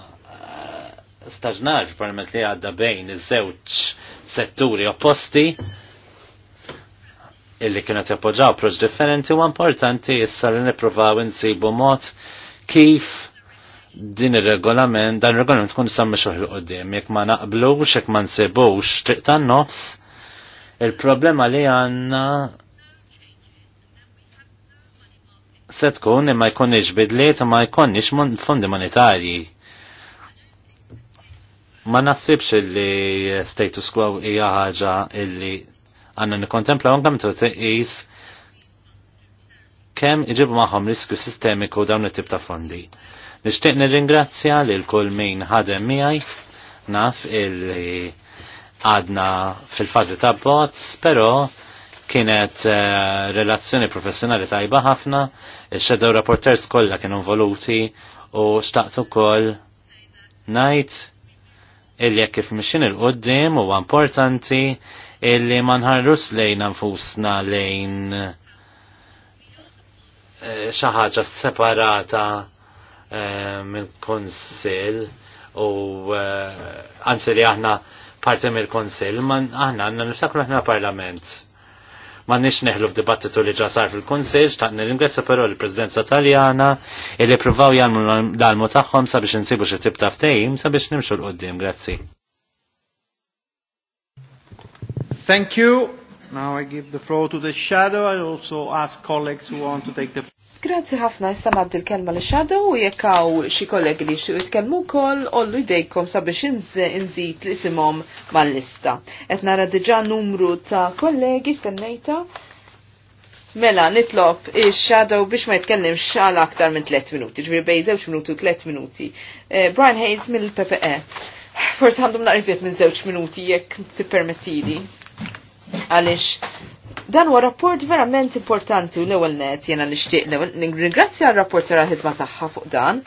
staġnar permet li għadda bejn iż-żewġ setturi opposti illi kienu jappoġġaw proġ differenti u importanti issa li nippruvaw insibu mod kif din ir regolament dan ir regolament tkun sammi xoħi l-qoddim, jekk ma naqblux, jekk ma nsibux, triq tan nofs, il-problema li għanna se tkun imma jkunniex bidliet imma jkunniex fondi monetarji. Ma naħsibx li status quo hija ħaġa illi għandna nikkontempla anke meta tqis kemm iġibu magħhom riskju sistemiku dawn it-tip ta' fondi. Nixtieq nirringrazzja lil kull min ħadem miegħi naf illi għadna fil-fazi ta' bots, pero Kienet eh, relazzjoni professjonali tajba ħafna, il-shadow rapporters kollha kienu voluti u xtaqt ukoll ngħid illi jek kif mixin il-qoddim huwa importanti illi ma lejn nfusna lejn eh, xi ħaġa separata eh, mill-Kunsill u anzi li aħna parti mill-Konsil, ma aħna għanna niftakru aħna parlament ma nix neħlu f'dibattitu li ġa sar fil-Kunsiġ, ta' nirringrazzja però l-Presidenza Taljana illi provaw jagħmlu l-almu tagħhom sabiex insibu xi tibta ftehim sabiex nimxu l qoddim Grazzi. Thank you. Now I give the floor to the shadow. I also ask colleagues who want to take the floor. Grazzi ħafna issa naddi l-kelma li xadu u jekk hawn xi kollegi li xtiequ jitkellmu wkoll ollu jdejkom sabiex inżid l-isimhom mal-lista. Qed nara diġà numru ta' kollegi stennejta. Mela nitlob ix-shadow biex ma jitkellimx għal aktar minn 3 minuti, ġifieri bej żewġ minuti u 3 minuti. Eh, Brian Hayes mill-PPE. Forsi għandhom naqriżiet minn żewġ minuti jekk tippermettili. Għaliex Dan huwa rapport verament importanti u l-ewwel net jiena nixtieq l-ewwel ningrazzja r-rapporter ħidma tagħha fuq dan.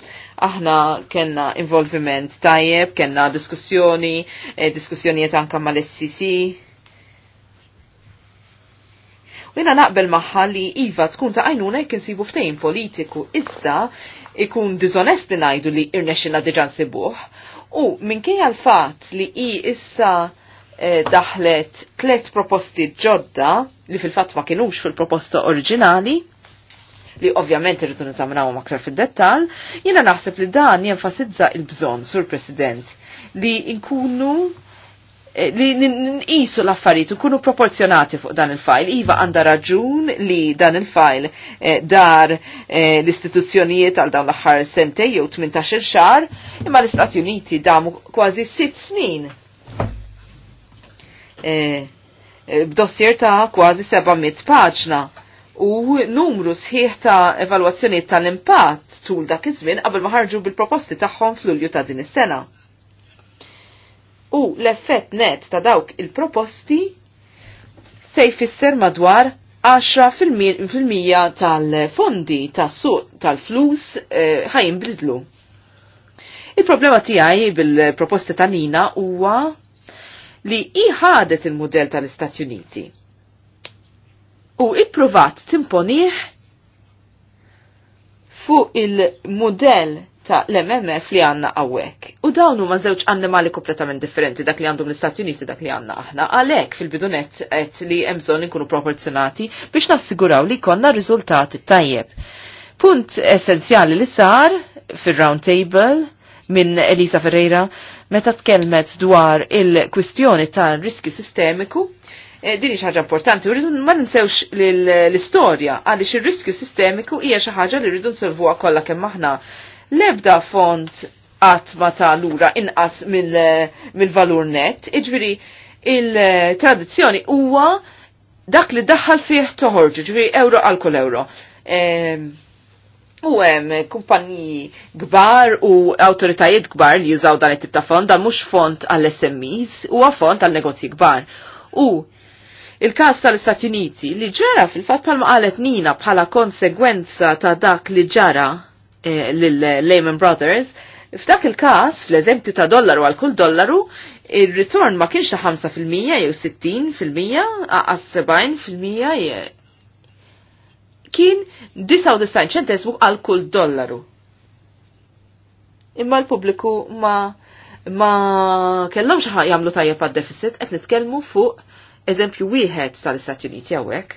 Aħna kellna involviment tajjeb, kellna diskussjoni, eh, diskussjonijiet anke mal-SCC. U jiena naqbel magħha li iva tkun ta' għajnuna jekk insibu ftehim politiku iżda ikun dizonest li ngħidu li irnexxinha diġà nsibuh. U minkejja l-fatt li hi issa Eh, daħlet tlet proposti ġodda li fil-fatt ma kienux fil-proposta oriġinali li ovvjament irridu niżaminawhom aktar fid-dettall, jiena naħseb li dan jenfasizza il-bżonn sur President li nkunu eh, li nqisu l-affarijiet ikunu proporzjonati fuq dan il-fajl. Iva għandha raġun li dan il-fajl eh, dar l-istituzzjonijiet għal dawn l-aħħar sentej jew 18 xar, imma l-Istati Uniti damu kważi sitt snin E, e, b'dossier ta' kważi 700 paġna u numru sħiħ ta' evalwazzjoni tal-impatt tul dak iż-żmien qabel ma ħarġu bil-proposti tagħhom fl-Ulju ta' din is-sena. U l-effett net ta' dawk il-proposti se jfisser madwar 10% tal-fondi tas-suq tal-flus e, ħajinbidlu. Il-problema tiegħi bil-proposti Nina huwa li iħadet il-modell tal-Istati Uniti u ippruvat timponiħ fuq il-modell ta' l-MMF li għanna għawek. U dawn huma żewġ annimali kompletament differenti dak li għandhom l-Istati Uniti dak li għanna aħna. Għalhekk fil-bidunet qed li hemm bżonn inkunu proporzjonati biex nassiguraw li konna riżultati tajjeb. Punt essenzjali li sar fil-round table minn Elisa Ferreira meta tkellmet dwar il-kwistjoni ta' riskju sistemiku, eh, din hija ħaġa importanti, u ma ninsewx l-istorja għaliex ir-riskju sistemiku hija xi ħaġa li rridu nservuha kollha kemm aħna. L-ebda font qatt ma ta' lura inqas mill-valur net, iġviri il-tradizzjoni huwa dak li daħħal fih toħorġu, ġviri euro għal kull euro. Ehm, U hemm kumpaniji kbar u awtoritajiet kbar li jużaw dan it-tip ta' fond, dan mhux fond għall-SMEs, huwa fond għall-negozji kbar. U il-każ tal-Istati Uniti li ġara fil-fatt bħalma qalet nina bħala konsegwenza ta' dak li ġara eh, lil Lehman Brothers, f'dak il-każ, fl-eżempju ta' dollaru għal kull dollaru, il-return ma kienx ta' 5% jew 60% għas 70% kien 99 ċentesmu għal kull dollaru. Imma l-pubbliku ma ma xaħ jagħmlu tajjeb għad-deficit qed nitkellmu fuq eżempju wieħed tal-Istati Uniti għawek.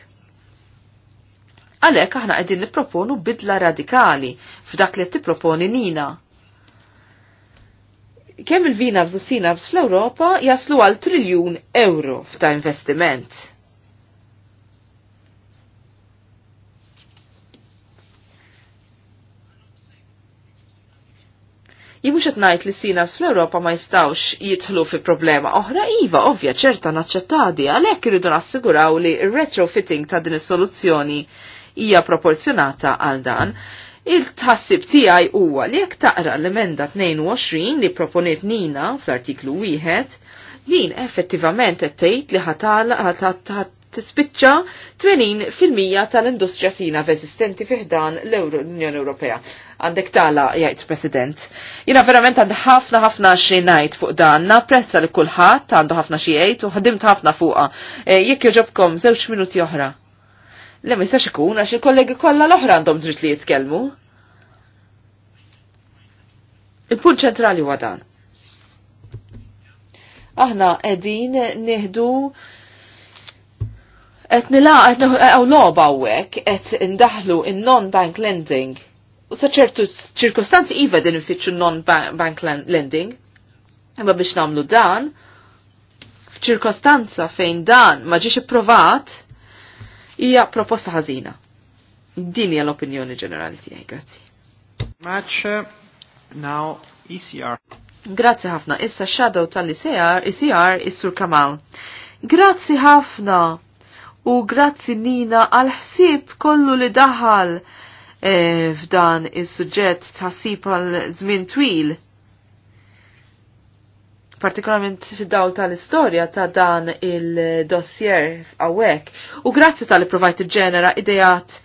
Għalhekk aħna qegħdin nipproponu bidla radikali f'dak li t tipproponi nina. Kemm il-vina u sinabs fl-Ewropa jaslu għal triljun euro f'ta' investiment Jimux etnajt li sina fl-Europa ma jistawx jitħlu fi problema oħra iva ovvja ċerta naċċettadi għalhekk irridu nassiguraw li retrofitting ta' din is-soluzzjoni hija proporzjonata għal dan. Il-tħassib tiegħi huwa li jekk taqra l-emenda 22 li proponiet Nina fl-artiklu 1 din effettivament qed tgħid li ħatal tispiċċa 80% tal-industrija sina eżistenti fiħdan l-Unjoni Ewropea. Għandek tala, jgħid President. Jina verament għandi ħafna ħafna xinajt fuq dan, prezza li kulħadd għandu ħafna xijajt u ħdimt ħafna fuqa. E, jekk joġobkom żewġ minuti oħra. Le ma jistax ikun għax il-kollegi kollha l-oħra għandhom dritt li jitkellmu. Il-punt ċentrali huwa dan. Aħna qegħdin nieħdu qed nilaq qed loba hawnhekk qed indaħlu in non-bank lending U ċertu ċirkostanzi iva din ifittxu non-bank lending. Imma biex namlu dan, f'ċirkostanza fejn dan ma ġiex ipprovat, hija proposta ħażina. Din hija l-opinjoni ġenerali tiegħi, grazzi. Match uh, now ECR. Grazzi ħafna, issa shadow tal-ICR, ICR e is-Sur Kamal. Grazzi ħafna u grazzi Nina għal ħsieb kollu li daħal E, f'dan is-suġġett tħassib għal żmien twil. Partikolarment fid-dawl tal-istorja ta' dan il-dossier għawek. U grazzi tal-provajt ġenera idejat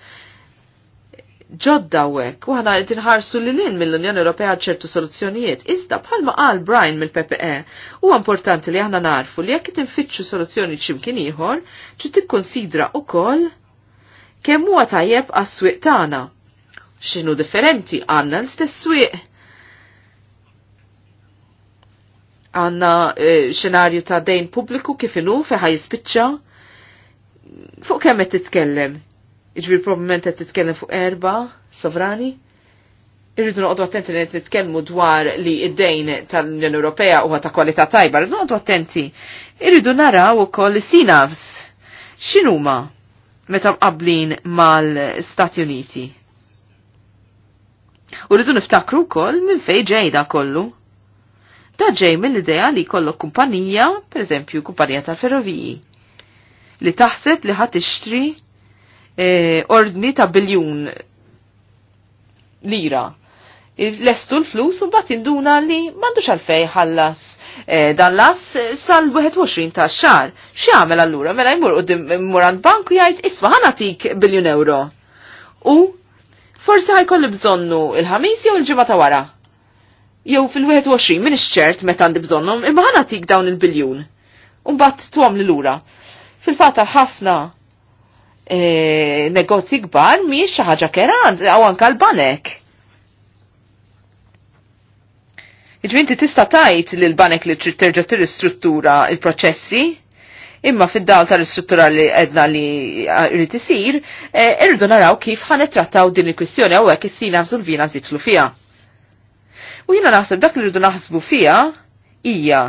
ġodda għek, u għana tinħarsu li l-in mill-Unjoni Ewropea ċertu soluzzjonijiet. Iżda bħalma qal Brian mill-PPE, u importanti li għana narfu li jekk tinfittxu soluzzjoni ċimkien ieħor, ċi tikkonsidra u koll kemm huwa tajjeb għas-swieq tagħna xinu differenti għanna l-istess wieq. Għanna eh, xenarju ta' dejn pubbliku kif inhu feħa jispiċċa. Fuq kemm qed titkellem? Iġbir jiġifieri probabbilment qed titkellem fuq erba' sovrani? Irridu noqgħodu attenti li qed nitkellmu dwar li id-dejn tal-Unjoni Ewropea huwa ta' kwalità tajba, irridu noqgħodu attenti. Irridu naraw ukoll is-sinavs. X'inhuma meta mqablin mal-Stati Uniti? U rridu niftakru wkoll minn fejn ġej da kollu. Da ġej mill-idea li jkollok kumpanija, pereżempju kumpanija tal-ferroviji, li taħseb li ħadd ixtri eh, ordni ta' biljun lira. Lestu l-flus u bat induna li mandu xalfej ħallas eh, dan las sal-21 ta' xar. X'jagħmel allura mela jmur u mur għand banku jgħid isma' ħanatik biljun euro. U Forsi ħajkolli bżonnu il-ħamis jew il-ġimgħa ta' wara. Jew fil-21 min ċert meta għandi bżonnhom imma ħana tik dawn il-biljun. Umbat tuhom lil lura. Fil-fatta ħafna e, negozji kbar mhijiex xi ħaġa kerant għaw anke l-banek. Iġvinti tista' tajt lil banek li trid terġa' tiristruttura il-proċessi Imma fid-dawl tar istruttura li edna li irrid isir, e, irridu naraw kif trattaw din il-kwistjoni hawnhekk is-sina f'żulvina żitlu fiha. U jiena naħseb dak li rridu naħsbu fiha hija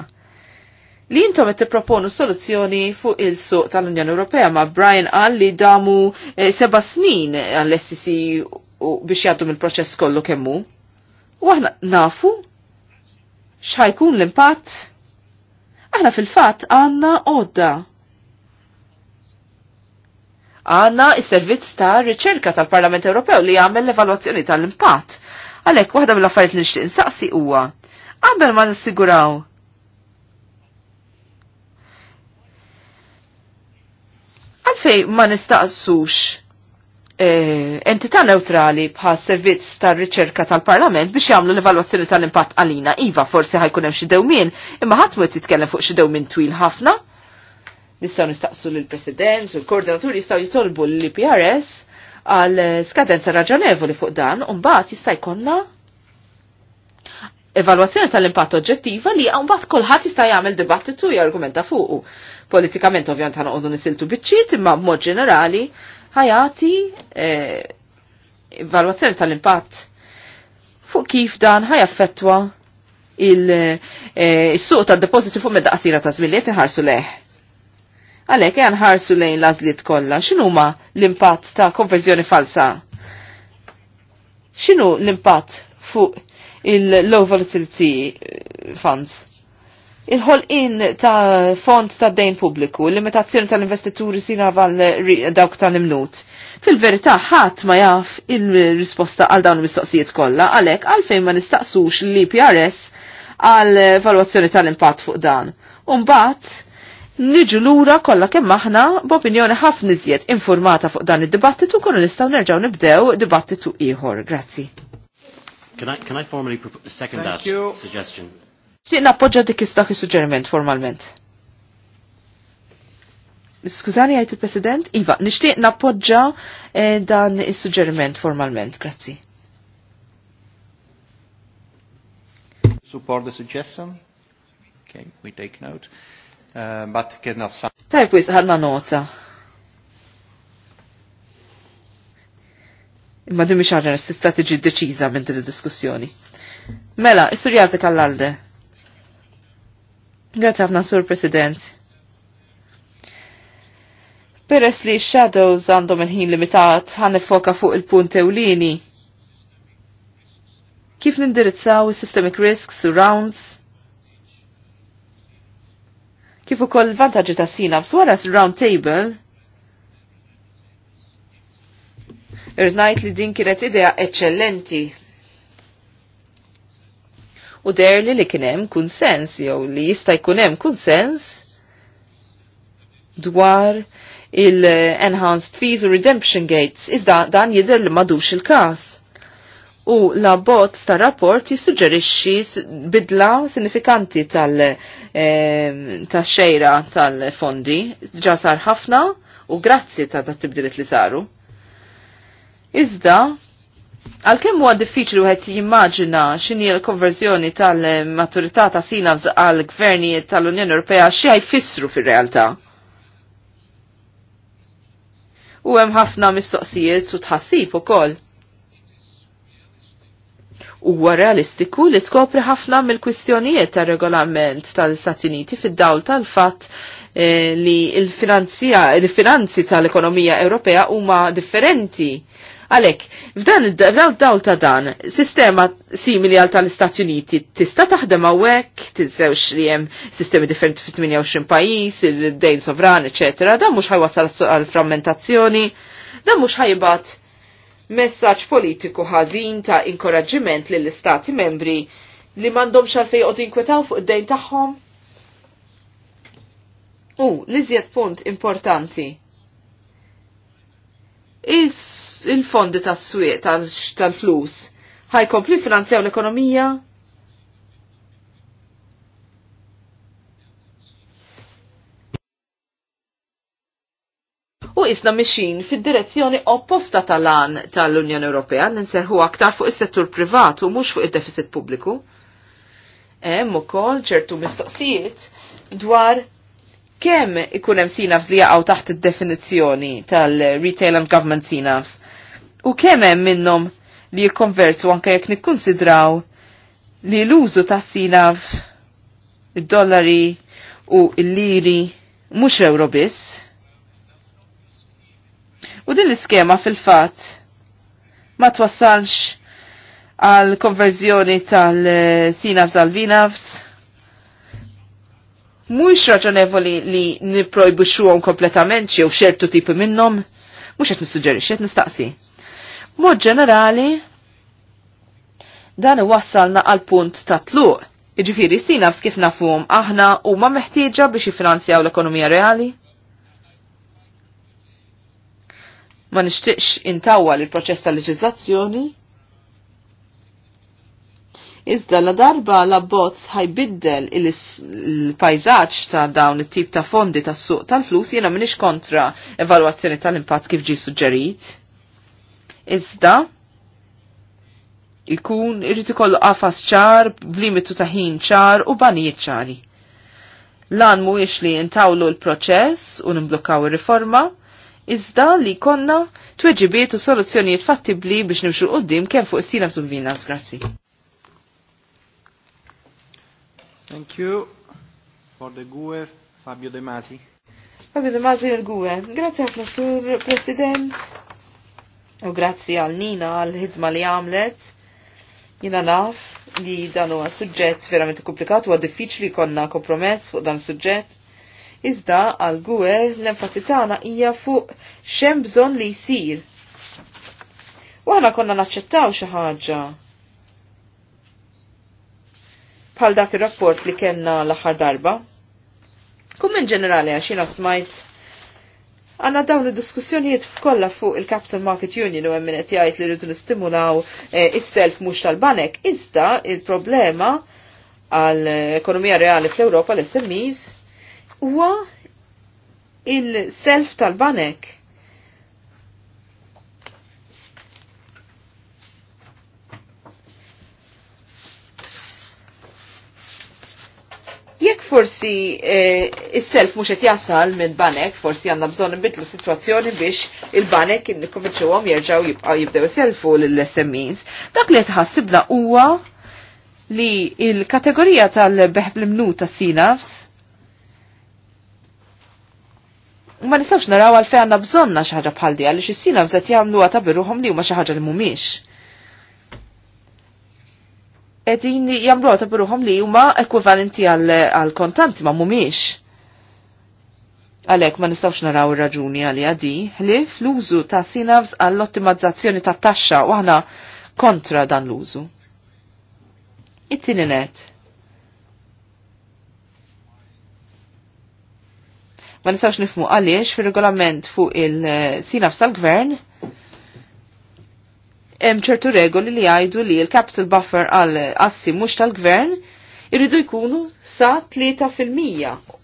li jintom qed tipproponu soluzzjoni fuq il-suq tal-Unjoni Ewropea ma' Brian qal li damu e, seba' snin għall-SCC biex jgħaddu mill-proċess kollu kemmu. U aħna nafu x'ħajkun l-impatt Aħna fil-fatt għanna odda. Għanna is-servizz ta' riċerka tal-Parlament Ewropew li jagħmel l-evalwazzjoni tal-impatt. Għalhekk waħda mill-affarijiet li nixtieq insaqsi huwa qabel ma nissiguraw għalfej ma nistaqsux eh, entità neutrali bħal servizz tar riċerka tal-Parlament biex jagħmlu l-evalwazzjoni tal-impatt għalina. Iva, forsi ħajkun hemm xi dewmien, imma ħadd wet jitkellem fuq xi dewmien twil ħafna. Nistgħu nistaqsu lill-President u l-Koordinaturi jistgħu jitolbu l iprs għal skadenza raġonevoli fuq dan, u mbagħad jista' jkollna evalwazzjoni tal-impatt oġġettiva li mbagħad kulħadd jista' jagħmel dibattitu jargumenta fuqu. Politikament ovvjament ħanoqogħdu nisiltu biċċiet imma b'mod ġenerali ħajati eh, valwazzjoni tal-impatt fuq kif dan ħajaffettwa il-suq e, tad-depositi fuq medda qasira ta' zmilliet inħarsu leħ. Għalhekk għan nħarsu lejn l-għażliet kollha, x'inhuma l-impatt ta' konverżjoni falsa? X'inhu l-impatt fuq il-low volatility eh, funds? il-ħolqin ta' fond ta' dejn pubbliku, limitazzjoni tal-investituri sina għal dawk tal-imnut. Fil-verità, ħadd ma jaf il-risposta għal dawn il-mistoqsijiet kollha, għalhekk għalfejn ma nistaqsux l-IPRS għal valwazzjoni tal-impatt fuq dan. Umbat, niġu lura kollha kemm aħna b'opinjoni ħafna iżjed informata fuq dan id-dibattitu kunu nistgħu nerġgħu nibdew dibattitu ieħor. Grazzi. Can I, can I formally second Thank that you. suggestion? Xie nappoġġa dik istaħ suġġeriment formalment. Skużani għajt il-President? Iva, nishtiq nappoġġa eh, dan is suġġeriment formalment, grazzi. Support the suggestion? Okay, we take note. Uh, but not some... Tajb, wis, ħadna nota. Imma dimmi xarra, s-istati d deċiza minn din diskussjoni Mela, is-surjati alde Grazie ħafna, Sur President. Peress li shadows għandhom il-ħin limitat ħan foka fuq il-punt ewlini. Kif nindirizzaw is-systemic risks, surrounds, kif ukoll vantaġġi ta' sinaps wara round table irnajt li din kienet idea eccellenti u der li kienem kunsens jew li jista' jkunem kunsens dwar il-enhanced fees u redemption gates, iżda dan jidher li madux il-kas. U la bot ta' rapport jissuġġerixxi bidla sinifikanti tal ehm, ta xejra tal-fondi ġa sar ħafna u grazzi ta' dat tibdilet li saru. Iżda Għal-kemm huwa diffiċli wieħed jimmaġina x'inhi l-konverżjoni tal-maturità ta' sina għal gverni tal-Unjoni Ewropea xi jfissru fir-realtà. U hemm ħafna mistoqsijiet u tħassib ukoll. Huwa realistiku li tkopri ħafna mill-kwistjonijiet tar-regolament tal-Istati Uniti fid-dawl tal-fatt eh, li il-finanzi tal-ekonomija Ewropea huma differenti Għalek, f'dan dawl ta' dan, sistema simili għal tal-Istati Uniti tista' taħdem hawnhekk, tinsewx li hemm sistemi differenti fit-28 pajjiż, il-dejn sovran, eċetera, dan mhux ħajwasal għal frammentazzjoni, dan mhux ħajbat messaġġ politiku ħażin ta' inkoraġġiment lill istati membri li m'għandhomx xarfej joqgħdu jinkwetaw fuq id-dejn tagħhom. U, l-iżjed punt importanti il-fondi tas-swieq tal-flus ħajkompli finanzjaw l-ekonomija? U isna mixin fid-direzzjoni opposta tal-an tal-Unjoni Ewropea li nserħu aktar fuq is-settur privat u mhux fuq id-deficit pubbliku. Hemm ukoll ċertu mistoqsijiet dwar kemm ikun hemm sinafs li jaqgħu taħt id-definizzjoni tal-retail and government sinafs? U kemm hemm minnhom li jikkonvertu anke jekk nikkunsidraw li l-użu tas sinaf id-dollari u l-liri mhux euro biss? U din l-iskema fil-fatt ma twassalx għal konverżjoni tal-sinafs għal-vinafs? mux raġonevoli li niprojbu xuħom kompletament jew xertu tipi minnom, mux jett nissuġġeri, xet nistaqsi. Mod ġenerali, dan wassalna għal punt ta' tluq, iġifiri si nafs kif nafum aħna u ma meħtieġa biex jifinanzjaw l-ekonomija reali? Ma nishtiqx intawwa l-proċess tal-leġizzazzjoni? Iżda la darba la bozz ħajbiddel il pajzaċ ta' dawn it-tip ta' fondi tas suq tal-flus jiena minix kontra evalwazzjoni tal-impatt kif ġi suġġerit. Iżda ikun irrid ikollu qafas ċar, b'limitu ta' ħin ċar u banijiet ċari. Lan mhuwiex li ntawlu l-proċess u nimblokkaw ir-riforma, iżda li konna tweġibiet u soluzzjonijiet fattibli biex nimxu qoddim kemm fuq is-sina f'Subvinas, grazzi. Thank you for the GUE, Fabio De Masi. Fabio De Masi il GUE. Grazie ħafna sur President. U grazzi għal Nina al ħidma li għamlet. Jina naf li dan huwa suġġett verament komplikat huwa diffiċli konna kompromess fuq dan suġġett. Iżda għal GUE l-enfasi tagħna hija fuq xemm bżonn li jsir. U aħna konna naċċettaw xi ħaġa bħal dak ir-rapport li kellna l-aħħar darba. Kummen ġenerali għax jiena smajt għanna dawn id-diskussjonijiet f'kollha fuq il-Capital Market Union u hemm qed jgħid li rridu nistimulaw eh, is-self mhux tal-banek, iżda il-problema għall-ekonomija reali fl-Ewropa l-SMEs huwa il-self tal-banek forsi eh, is-self mhux qed jasal minn banek, forsi għandna bżonn nbidlu sitwazzjoni biex il-banek nikkonvinċuhom jerġgħu jibqgħu jibdew iselfu lill-SMEs. Dak li tħassibna huwa li il-kategorija tal-beħb l-mnu ta' sinafs ma nistawx naraw għal għanna bżonna xaħġa bħal di għalix is-sinafs qed jagħmlu għata li huma xi ħaġa li mhumiex edin jamlu għata buruħom li huma ekwivalenti għal kontanti ma mumiex. Għalek ma nistawx naraw raġuni għali għadi li fl-użu ta' sinavs għall-ottimizzazzjoni ta' taxxa u għana kontra dan l-użu. It-tini Ma nistawx nifmu għaliex fil-regolament fuq il-sinavs tal-gvern hemm ċertu regoli li jgħidu li l-capital buffer għal assi mhux tal-gvern irridu jkunu sa 3%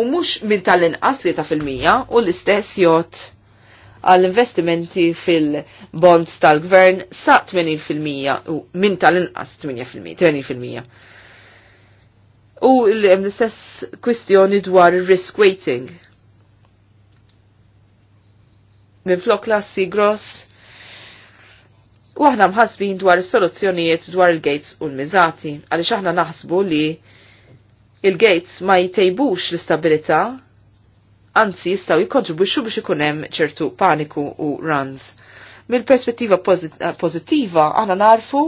u mhux minn tal-inqas 3% u l-istess jgħod għall-investimenti fil-bonds tal-gvern sa 80% u minn tal-inqas 80%. U l-istess kwistjoni dwar risk weighting. Minn flok klassi gross u aħna mħasbin dwar is-soluzzjonijiet dwar il-gates u l-miżati, għaliex aħna naħsbu li il-gates ma jtejbux l-istabilità, anzi jistaw jikontribuxxu biex ikun hemm ċertu paniku u runs. Mill-perspettiva pożittiva eh, aħna narfu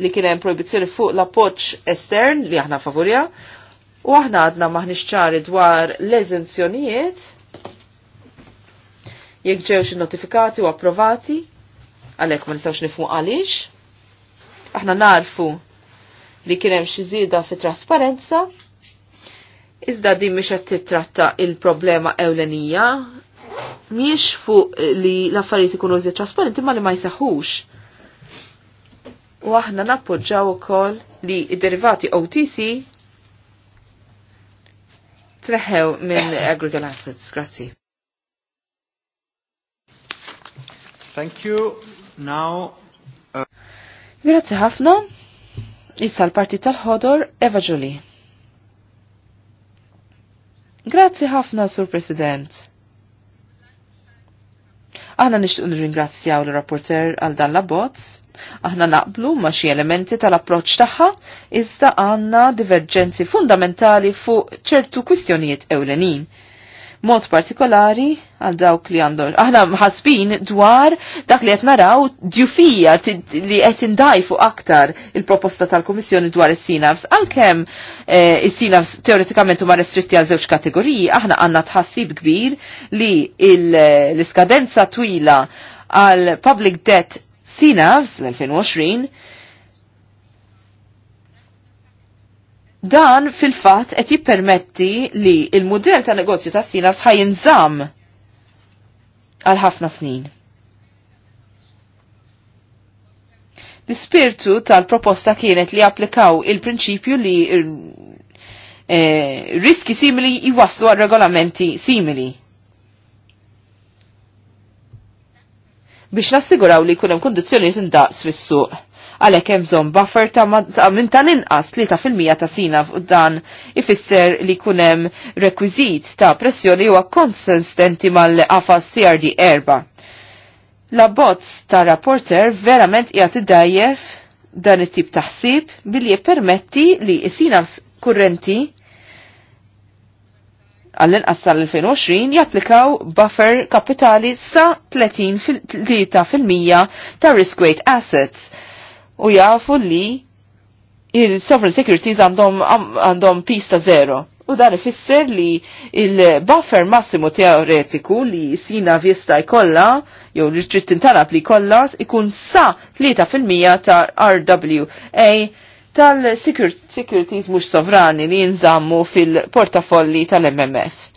li kien hemm fuq l-appoġġ estern li aħna favurja u aħna għadna maħniex ċari dwar l-eżenzjonijiet jekk ġewx notifikati u approvati għalhekk ma nistgħux nifmu għaliex. Aħna narfu li kien hemm xi żieda fi trasparenza, iżda din miex qed titratta il-problema ewlenija, mhijiex fuq li l-affarijiet ikunu iżjed trasparenti ma li ma jsaħux. U aħna nappoġġaw ukoll li id-derivati OTC treħew minn aggregate assets. Grazzi. Thank you. Now... Uh... Grazzi ħafna. Issa l-parti tal-ħodor Eva Julie. Grazzi ħafna, Sur President. Aħna nixtieq nirringrazzjaw l-rapporter għal dan l-abbozz. Aħna naqblu ma' xi elementi tal-approċċ tagħha, iżda għandna diverġenzi fundamentali fuq ċertu kwistjonijiet ewlenin mod partikolari għal dawk li għandhom. Aħna ħasbin dwar dak li qed naraw djufija li qed indajfu aktar il-proposta tal-Kummissjoni dwar is-sinafs. Għalkemm eh, is-sinafs teoretikament huma restritti għal żewġ kategoriji, aħna għandna tħassib kbir li l-iskadenza twila għal public debt sinafs l-2020 Dan fil-fat qed jippermetti li il-mudell ta' negozju ta' Silas ħajinżamm għal ħafna snin. L-ispirtu tal-proposta kienet li applikaw il-prinċipju li eh, riski simili jwaslu għal regolamenti simili. Biex nassiguraw li kunem kondizjoni tindaqs fis-suq għalhekk hemm bżonn buffer ta' minn ta' inqas li ta' fil-mija ta' sina dan ifisser li jkun hemm rekwiżit ta' pressjoni huwa konsistenti mal-qafas CRD erba. La abbozz ta' rapporter verament qiegħed dajjef dan it-tip taħsib billi jippermetti li s-sina kurrenti għall-inqas tal-2020 japplikaw buffer kapitali sa 33% ta' risk weight assets u jafu li il-sovereign securities għandhom għandhom pista zero. U dan ifisser li il-buffer massimo teoretiku li sina vista jkolla, jew li trid tintalab li jkollha ikun sa 3% ta' RWA tal-securities mhux sovrani li jinżammu fil-portafolli tal-MMF.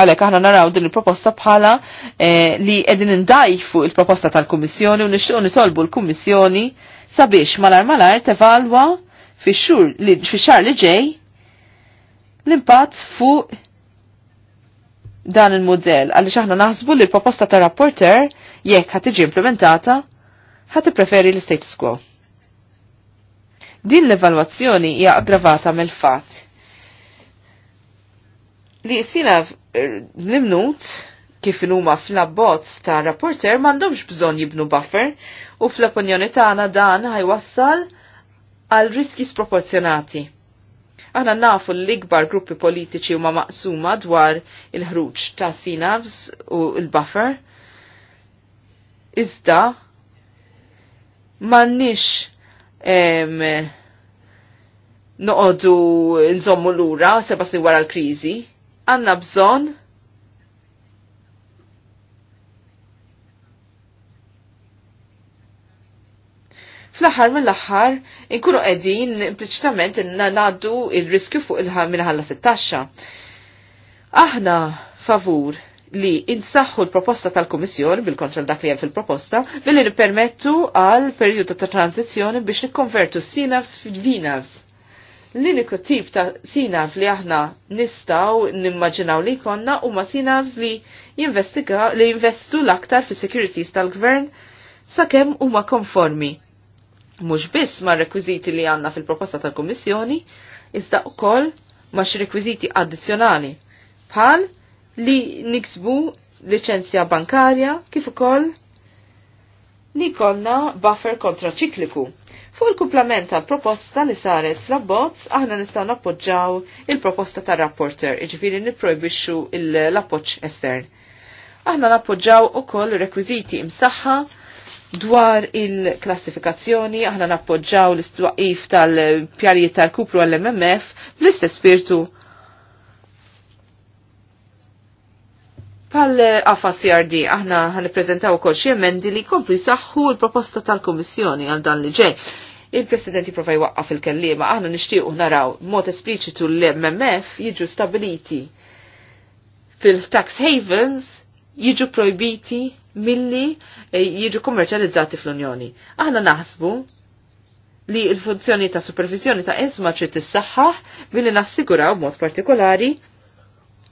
Għalek aħna naraw din il-proposta bħala eh, li edin indajfu il-proposta tal-Kummissjoni u nixtiequ nitolbu l-Kummissjoni sabiex malar malar tevalwa fi xhur li xar li ġej l-impatt fuq dan il-modell għaliex aħna naħsbu li l-proposta tal rapporter jekk ħad tiġi implementata ħad preferi l-status quo. Din l-evalwazzjoni hija aggravata mill-fatt li jisina er, l-imnut kif huma fl-abbozz ta' rapporter m'għandhomx bżonn jibnu buffer u fl-opinjoni tagħna dan ħajwassal għal riski sproporzjonati. Aħna nafu l-ikbar gruppi politiċi huma maqsuma dwar il-ħruġ ta' sinavs u l-buffer. Iżda m'għandniex noqogħdu nżommu lura seba' snin wara l-kriżi għanna bżon fl-aħħar mill-aħħar inkunu qegħdin impliċitament ngħaddu il-riskju fuq il-ħalla 16. Aħna favur li insaħħu l-proposta tal-Komissjoni bil kontrol dak li hemm fil-proposta billi nippermettu għal perjodu ta' tranzizzjoni biex nikkonvertu s-sinavs fil-vinavs l iniku tip ta' sinavs li aħna nistaw nimmaġinaw li konna huma sinavs li jinvestiga li jinvestu l-aktar fi securities tal-gvern sakemm huma konformi. Mhux biss ma' rekwiżiti li għandna fil-proposta tal-Kummissjoni, iżda wkoll ma' x rekwiżiti addizzjonali bħal li niksbu liċenzja bankarja kif ukoll li konna buffer kontraċikliku Fuq il-kumplament tal-proposta li saret fl-abbozz, aħna nistgħu nappoġġaw il-proposta tar-rapporter, iġifieri nipprojbixxu l-appoġġ estern. Aħna nappoġġaw ukoll rekwiżiti imsaħħa dwar il-klassifikazzjoni, aħna nappoġġaw l-istwaqif tal-pjalijiet tal-kupru għall-MMF bl-istess spirtu Pal għafas CRD, aħna għan prezentaw kol xie emendi li komplu jisaxħu l-proposta tal-Komissjoni għal dan li ġej. Il-President jiprofa jwaqqa fil-kellima, aħna nishtiqu naraw mod espliċitu l-MMF jiġu stabiliti fil-tax havens jiġu projbiti milli eh, jiġu kommerċalizzati fl-Unjoni. Aħna naħsbu li il-funzjoni ta' supervizjoni ta' ezma trid saxħa billi nassiguraw mod partikolari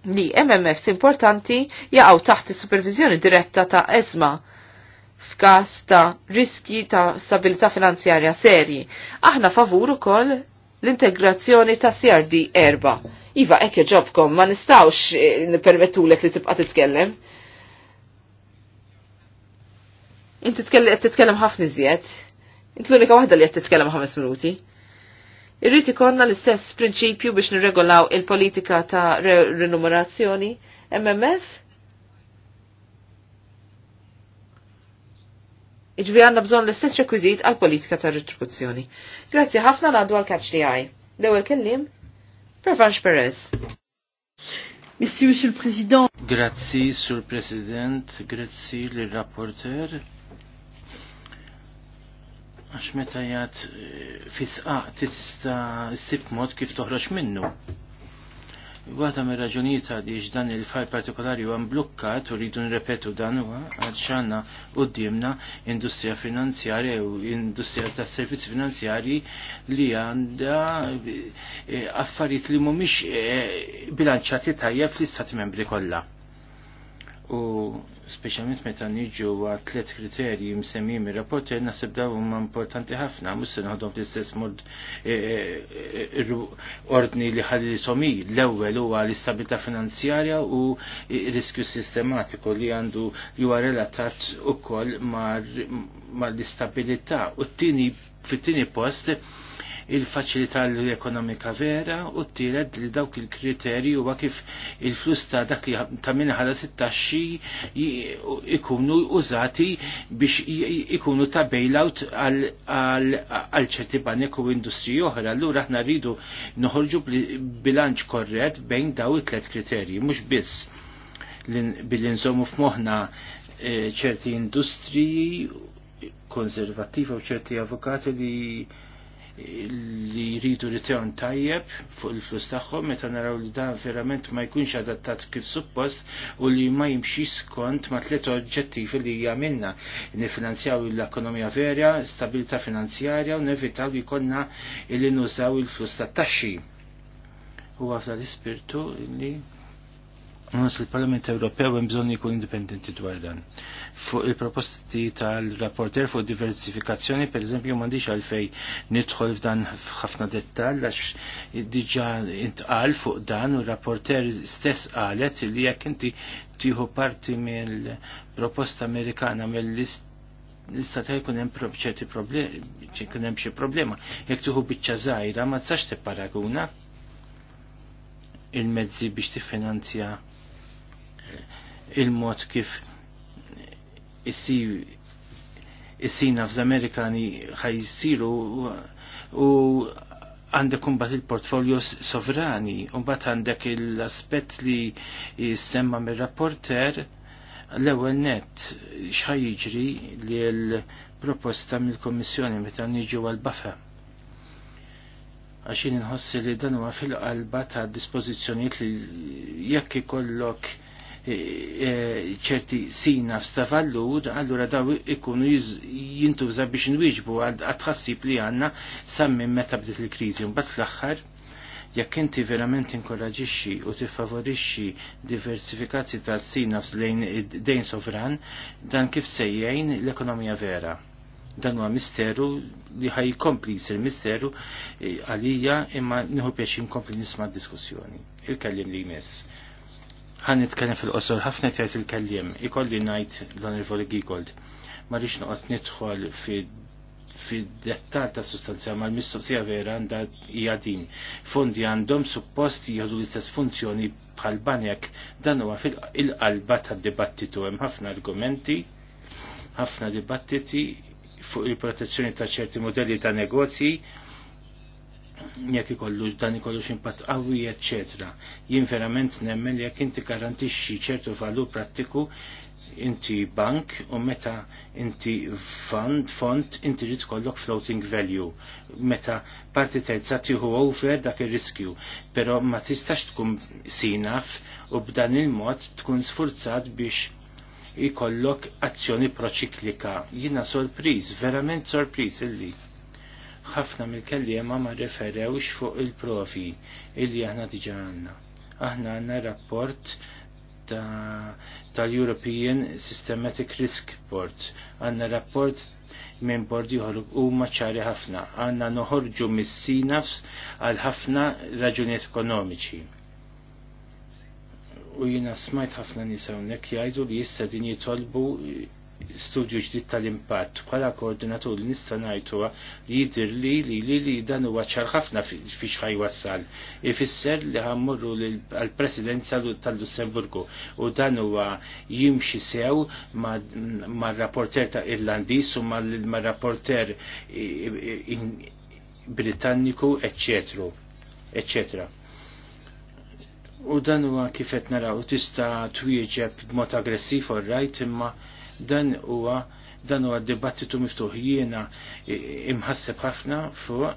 li MMFs importanti jaqgħu taħt is-supervizjoni diretta ta' ESMA f'każ ta' riski ta' stabilità finanzjarja serji. Aħna favur ukoll l-integrazzjoni ta' CRD erba. Iva, ekke ġobkom, ma nistawx eh, nipermettulek li tibqa titkellem. Inti titkellem ħafna iżjed. Inti l-unika waħda li qed titkellem ħames minuti. Irrid ikonna l-istess prinċipju biex nirregolaw il-politika ta' renumerazzjoni MMF? Iġvi għanna bżon l-istess rekwizit għal politika ta' retribuzzjoni. Grazzi ħafna għaddu għal kaċ li għaj. L-ewel kellim, Pervanx Perez. Merci, Monsieur le Président. Grazzi, Sur President. Grazzi l-rapporter Għax meta jgħat eh, fisqa tista ssib mod kif toħroġ minnu. Għata me raġunijiet għaliex dan il-fajl partikolari huwa mblukkat u rridu nrepetu dan huwa u d-dimna industrija finanzjarja u industrija tas servizzi finanzjarji li għandha eh, affarijiet li mhumiex eh, bilanċati tajjeb fl-istati membri kollha. U speċjalment meta niġu għal tliet kriterji msemmijin mir-rapport naħseb dawn huma importanti ħafna mhux se naħdhom fl-istess mod e, e, e, ordni li ħallithom l-ewwel huwa l-istabilità finanzjarja u riskju sistematiku li għandu li huwa relatat ukoll mal-istabilità u t-tieni fit-tieni post il-faċilità l-ekonomika vera u t-tielet li dawk il-kriterji u kif il-flus ta' dak li ta' minħala sittaxi ikunu użati biex ikunu ta' bailout għal ċerti banek u industriji oħra. Allura aħna rridu noħorġu bilanċ korret bejn daw it-tlet kriterji, mhux biss bil-inżomu f'moħna e, ċerti industriji konservativa u ċerti avukati li li jridu return tajjeb fuq il-flus tagħhom meta naraw li dan verament ma jkunx adattat kif suppost u li ma jimxi skont ma tliet oġġettivi li jagħmilna nifinanzjaw l-ekonomija vera, stabilità finanzjarja u nevitaw li konna li nużaw il-flus tat-taxxi. U għafna l-ispirtu li Unus il-Parlament Ewropew hemm bżonn jkun indipendenti dwar dan. Fuq il-proposti tal-rapporter fuq diversifikazzjoni, per eżempju, m'għandix għalfej nidħol f'dan f'ħafna dettall għax diġà intqal fuq dan u rapporter stess qalet li jekk inti tieħu parti mill-proposta Amerikana mill-list nista ta' jkun hemm ċerti problemi, jkun hemm xi problema. Jekk tieħu biċċa żgħira ma tistax tipparaguna il-mezzi biex tiffinanzja il-mod kif is-sina f'Amerikani ħaj jissiru u għandek umbat il-portfolios sovrani, umbat għandek l-aspet li semma mir rapporter l-ewel net xħaj jiġri li l-proposta mill-Komissjoni meta niġu għal-bafa. Għaxin nħossi li dan huwa fil-qalba ta' dispożizzjonijiet li jekk ikollok E, e, ċerti sina f'sta vallur, allura daw ikunu jintuża biex nwieġbu għat ħassib li għanna sammi meta bdiet il-kriżi. Mbagħad fl-aħħar jekk inti verament inkoraġixxi u tiffavorixxi diversifikazzi tas-sina lejn dejn sovran, dan kif sejjejn l-ekonomija vera dan huwa misteru li ħajkompli jisir misteru e, għalija imma nieħu pjaċin kompli nisma' diskussjoni. Il-kellim li jmiss ħan nitkellem fil-qosor ħafna tgħid il-kelliem, ikolli ngħid l-Onorevoli Gigold. Ma rix noqgħod nidħol fid-dettal ta' sustanzja ma l-mistoqsija vera għandha hija din. Fondi għandhom suppost jieħdu l-istess funzjoni bħal banjak dan huwa fil-qalba tad-dibattitu hemm ħafna argumenti, ħafna dibattiti fuq il-protezzjoni ta' ċerti modelli ta' negozji jekk ikollux dan ikollux impatt qawwi, eċċetra, Jien verament nemmen li jekk inti garantixxi ċertu valur prattiku inti bank u meta inti fund, font inti li tkollok floating value. Meta parti terza tieħu over dak ir-riskju, però ma tistax tkun sinaf u b'dan il-mod tkun sfurzat biex ikollok azzjoni proċiklika. Jina sorpriż, verament sorpriż illi ħafna mill-kellima ma referewx fuq il-profi illi aħna diġa għanna. Aħna għanna rapport tal-European ta Systematic Risk Board. Għanna rapport minn bordi u maċċari ħafna. Għanna noħorġu mis-sinafs għal ħafna raġunijiet ekonomiċi. U jina smajt ħafna nisa unnek jgħidu li jissa din jitolbu studju ġdid tal-impatt bħala koordinatur li nista' ngħidu li jidir li li li li dan huwa ċar ħafna fi xħaj wassal. Ifisser li ħammurru għall presidenza tal-Lussemburgu u dan huwa jimxi sew mar-rapporter ta' Irlandis u mar-rapporter Britanniku, eccetera. Eccetera u dan huwa kif qed naraw tista' twieġeb b'mod aggressiv orrajt imma Dan huwa dan huwa dibattitu miftuħ jiena imħasseb ħafna fuq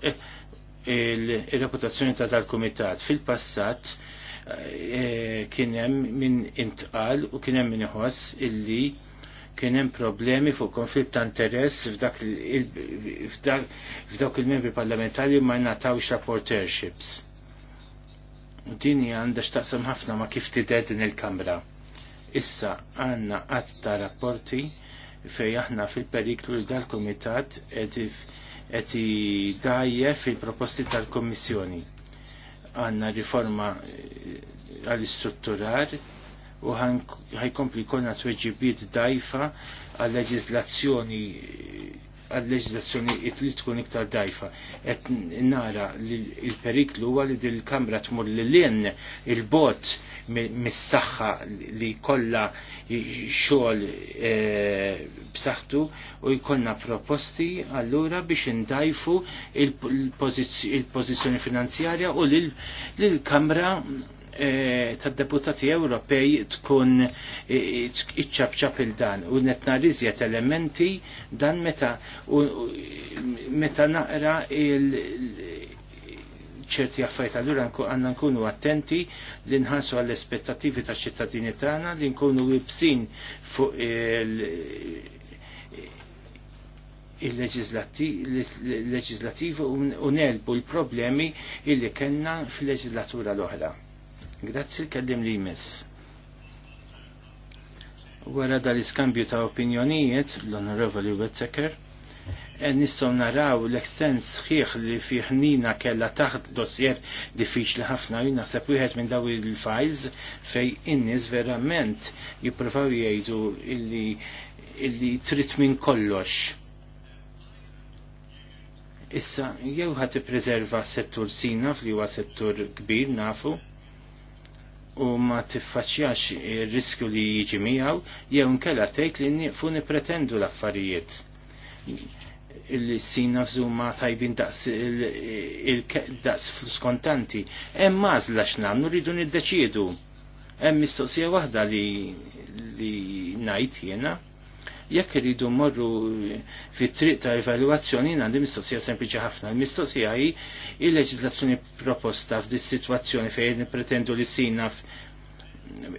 il-reputazzjoni ta' dal-kumitat. Fil-passat eh, kien hemm min intqal u kien hemm min iħoss illi kien hemm problemi fuq konflitt ta' interess f'dawk il-membri parlamentari ma jnatawx rapporterships. U din hija għandha x'taqsam ħafna ma kif tidher din il-Kamra. Issa għanna għat ta' rapporti fej aħna fil-periklu li dal-komitat et dajje fil-proposti tal-komissjoni. Għanna riforma eh, għal-istrutturar u ħajkompli konna tweġibiet dajfa għal-leġizlazzjoni għal-leġizzazzjoni li tkun iktar dajfa. Et nara li il-periklu għal li il kamra tmur l-len il-bot mis-saħħa li kollha xogħol e, b'saħħtu u jkollna proposti allura biex indajfu il-pożizzjoni finanzjarja u lill-Kamra e, tad deputati Ewropej tkun e, iċċabċab il-dan u netna rizjet elementi dan meta u meta naqra il ċerti affarijiet allura għandna nkunu attenti li nħansu għall espettattivi ta' ċittadini tagħna li nkunu wibsin fuq il-leġislativu u nelbu l-problemi illi kellna fil-leġislatura l-oħra. Grazzi kellim li jmiss. Wara dal-iskambju ta' opinjonijiet l-Onorevoli Wetzeker, Eh, nistgħu naraw l-ekstens sħiħ li fiħnina kella kellha taħt dossier diffiċli ħafna u naħseb wieħed minn daw il-files fej in-nies verament jippruvaw jgħidu illi illi trid minn kollox. Issa jew ħad tippreserva settur sina fli huwa settur kbir nafu u ma tiffaċċjax ir-riskju li jiġi miegħu jew nkella tgħid li nieqfu nippretendu l-affarijiet il nafżu ma tajbin daqs flus kontanti. Hemm mażla x'namlu rridu niddeċiedu. Hemm mistoqsija waħda li li ngħid jiena. Jekk irridu mmorru fit-triq ta' evalwazzjoni għandi mistoqsija sempliċi ħafna. Il-mistoqsija hi il leġislazzjoni proposta f'dis sitwazzjoni fejn nippretendu li sina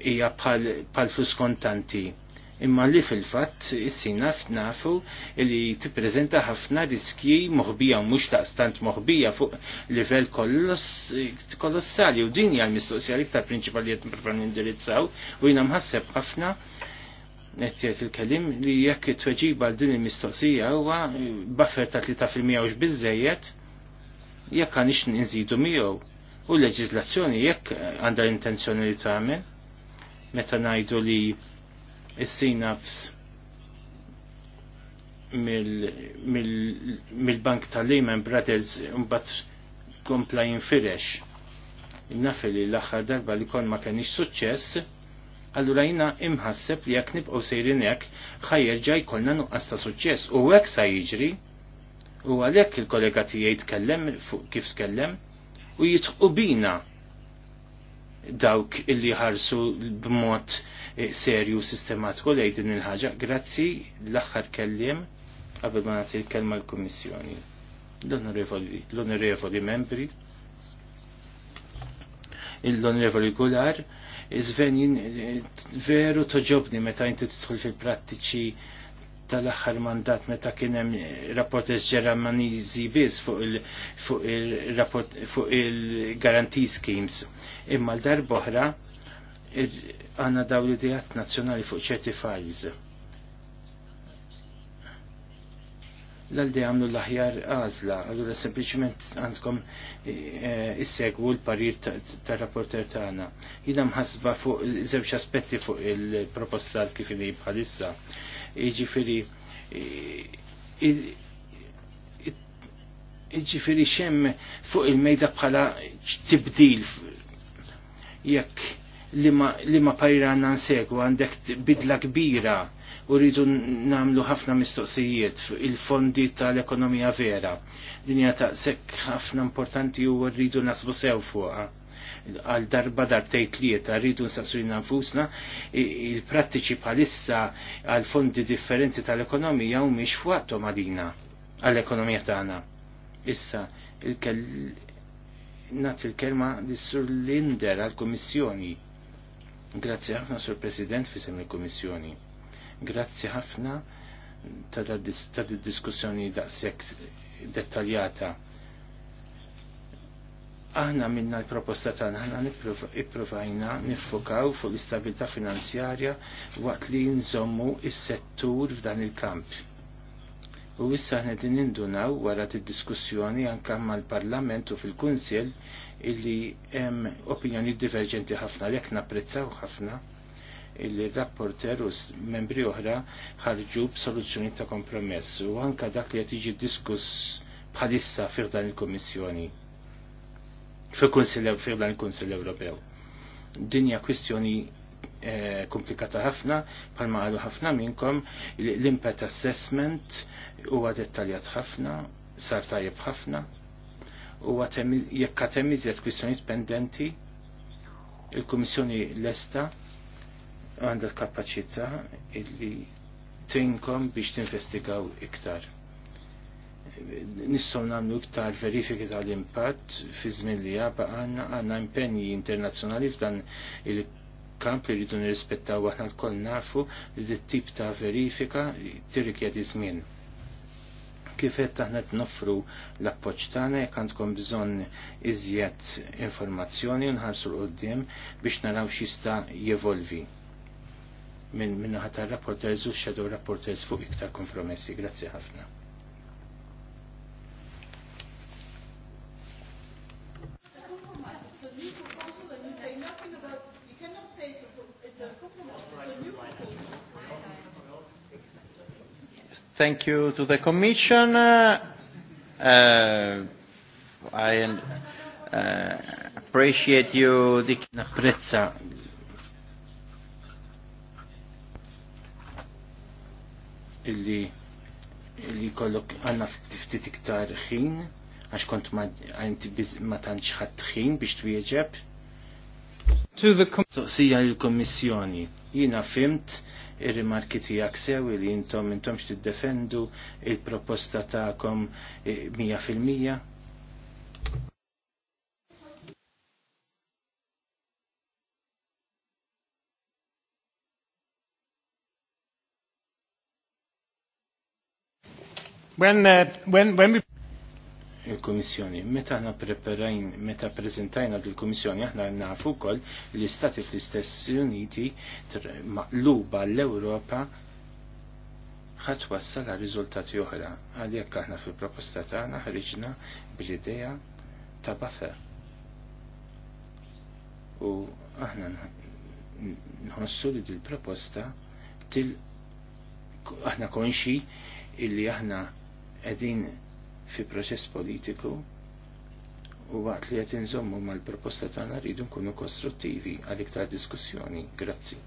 hija bħal flus kontanti imma li fil-fatt issina f'nafu li tippreżenta ħafna riskji moħbija mhux taqstant moħbija fuq livell kolossali u din hija l-mistoqsija l-iktar prinċipaliet qed nipprova nindirizzaw u jiena mħasseb ħafna qed jgħid il-kelim li jekk it-tweġiba għal din il-mistoqsija huwa baffer ta' 3% mhux biżejjed jekk għandix inżidu miegħu u l-leġiżlazzjoni jekk għandha l-intenzjoni li tagħmel meta ngħidu li is-sinafs mill-bank tal-Lehman Brothers mbagħad kompla jinfirex. Naf li l-aħħar darba li kon ma kenix suċċess, allura jina imħasseb li jekk nibqgħu sejrin hekk ħajjerġa' jkollna nuqqas ta' suċċess u hekk sa jiġri u għalhekk il-kollega tiegħi tkellem fuq kif tkellem u jitqubina bina dawk illi ħarsu b'mod Eh, serju sistematiku lejn din il-ħaġa. Grazzi l-aħħar kelliem qabel ma nagħti l-kelma l-Kummissjoni. L-onorevoli membri, l-onorevoli Gular, iżven eh, veru toġobni meta inti tidħol fil-prattiċi tal-axħar mandat meta kien hemm rapportes ġermaniżi biss fuq il-rapport il-guarantee schemes. Imma l-darboħra għanna daw li idejat nazzjonali fuq ċerti fajz. l-għaldi għamlu l-aħjar għazla, għallura sempliciment għandkom eh, eh, issegwu l-parir ta' rapporter tagħna. Jina mħasba fuq żewġ aspetti fuq il-proposta kif bħalissa. Jiġifieri eh, jiġifieri xem fuq il-mejda bħala tibdil jekk li ma pajra għanna nsegu għandek bidla kbira u rridu namlu ħafna mistoqsijiet il-fondi tal-ekonomija vera. Dinja ta' sekk ħafna importanti u rridu nasbu sew fuqa għal darba li jeta rridu nsaqsu nfusna il-prattiċi palissa għal fondi differenti tal-ekonomija u miex fuqatu madina għall-ekonomija tagħna. Issa il-kell nat il-kelma l-sur Linder għal-Komissjoni. Grazzi ħafna sur President fi semmi Kummissjoni. Grazzi ħafna ta' diskussjoni daqshekk dettaljata. Aħna minna l-proposta tagħna naħna ippruvajna niffokaw fuq l istabilta finanzjarja waqt li nżommu is-settur f'dan il-kamp U issa ħna din nindunaw wara tid-diskussjoni anke mal-Parlament u fil-Kunsill illi hemm opinjoni diverġenti ħafna lek napprezzaw ħafna illi rapporter u membri oħra ħarġu b'soluzzjoni ta' kompromess u anka dak li qed jiġi diskuss bħalissa fih dan il-Kummissjoni fil-Kunsill dan il-Kunsill Ewropew. Dinja kwistjoni eh, komplikata ħafna, palma għalu ħafna minnkom l-impact assessment huwa dettaljat ħafna, sar tajjeb ħafna, huwa jekk għatem iżjed kwistjonijiet pendenti, il-Kummissjoni lesta għandha l-kapaċità illi tinkom biex tinvestigaw iktar. Nistgħu nagħmlu iktar verifiki tal-impatt fi żmien li jaba għandna għandna impenji internazzjonali f'dan il kamp li rridu nirrispettaw aħna l nafu li d-tip ta' verifika tirrikjedi żmien kif qed aħna noffru l-appoġġ tagħna jekk għandkom bżonn iżjed informazzjoni nħarsu l qudiem biex naraw x'jista' jevolvi minn minnaħa tar-rapporters u x rapporters fuq iktar kompromessi. Grazzi ħafna. Thank you to the Commission. Uh, uh I uh, appreciate you. Dik napprezza illi illi kollok għanna ftit iktar ħin għax kont ma għanti ma tantx ħadd ħin biex twieġeb. To the Commission. Sija l-Kommissjoni. jina fimt ir-rimarki tiegħek sew li jintom jintom intomx tiddefendu il-proposta tagħkom 100%. E, when, uh, when, when we il-Komissjoni. Meta aħna preparajn, meta prezentajna dil-Komissjoni, aħna nafu wkoll li stati fl-Istess Uniti maqluba l-Ewropa ħadd wassal għal riżultati oħra. Għalhekk aħna fil-proposta tagħna ħriġna bl-idea ta' buffer. U aħna nħossu li dil-proposta til aħna konxi illi aħna qegħdin fi proċess politiku u waqt li qed inżommu mal-proposta tagħna rridu nkunu kostruttivi għal iktar diskussjoni. Grazzi.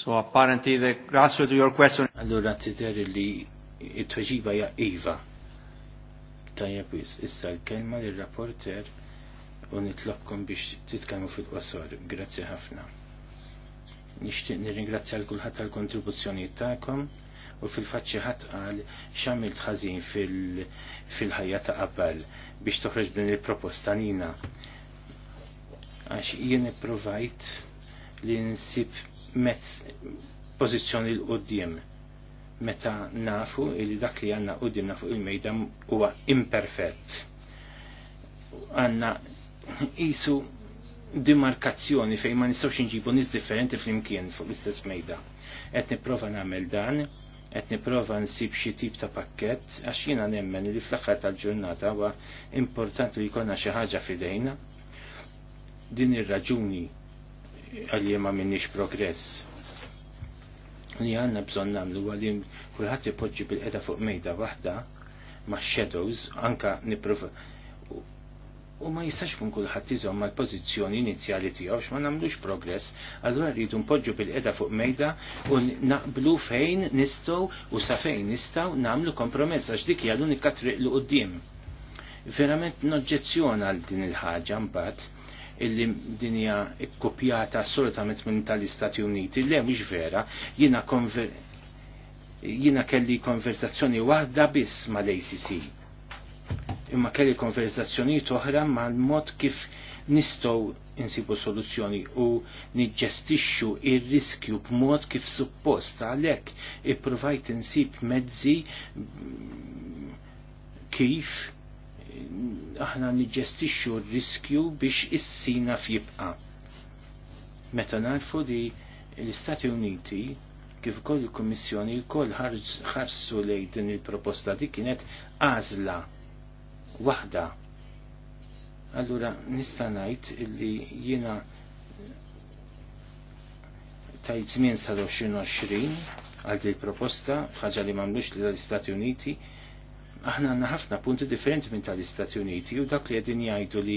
So apparently the answer to your question. Allura tidher li it-tweġiba hija iva. Tajjeb issa l-kelma lir rapporter u nitlobkom biex titkellmu fil-qosor. Grazzi ħafna nixtieq nirringrazzja l kulħadd tal-kontribuzzjoni tagħkom u fil-fatt xi ħadd qal x'għamilt ħażin fil-ħajja ta' qabel biex toħroġ din il-proposta nina. Għax jien ipprovajt li nsib mezz pożizzjoni l qudiem meta nafu li dak li għanna qudiem nafu il-mejda huwa imperfett. Għanna isu dimarkazzjoni fejn ma nistgħux inġibu nies differenti flimkien fuq l-istess mejda. Qed nipprova nagħmel dan, qed nipprova nsib xi tip ta' pakkett għax jiena nemmen li fl-aħħar tal-ġurnata huwa importanti li jkollna xi ħaġa f'idejna. Din ir-raġuni għal ma minnix progress li għanna bżon namlu għalim kullħat ipoġġi bil-qeda fuq mejda waħda ma' shadows anka niprofa u ma jistax kun kulħadd iżomm mal-pożizzjoni inizjali tijaw ma nagħmlux progress, allura rridu npoġġu bil edha fuq mejda u naqblu fejn nistgħu u sa fejn nistgħu nagħmlu kompromess għax dik hija l qoddim triq Verament noġġezzjona għal din il-ħaġa mbagħad illi dinja kopjata assolutament minn tal-Istati Uniti, le mux vera, jiena konver jina kelli konversazzjoni waħda biss mal-ACC imma kelli konverzazzjonijiet oħra mal-mod kif nistgħu insibu soluzzjoni u niġġestixxu ir-riskju b'mod kif suppost għalhekk ippruvajt insib mezzi kif aħna niġġestixxu r-riskju biex issina f'jibqa. Meta narfu li l-Istati Uniti kif ukoll il-Kummissjoni l-koll ħarsu lejn din il-proposta di kienet għażla waħda. Allura nista' ngħid illi jiena tajt żmien sal-2020 għal il proposta ħaġa li m'għamlux l-Istati Uniti aħna għanna ħafna punti differenti minn tal-Istati Uniti u dak li għedin jgħidu li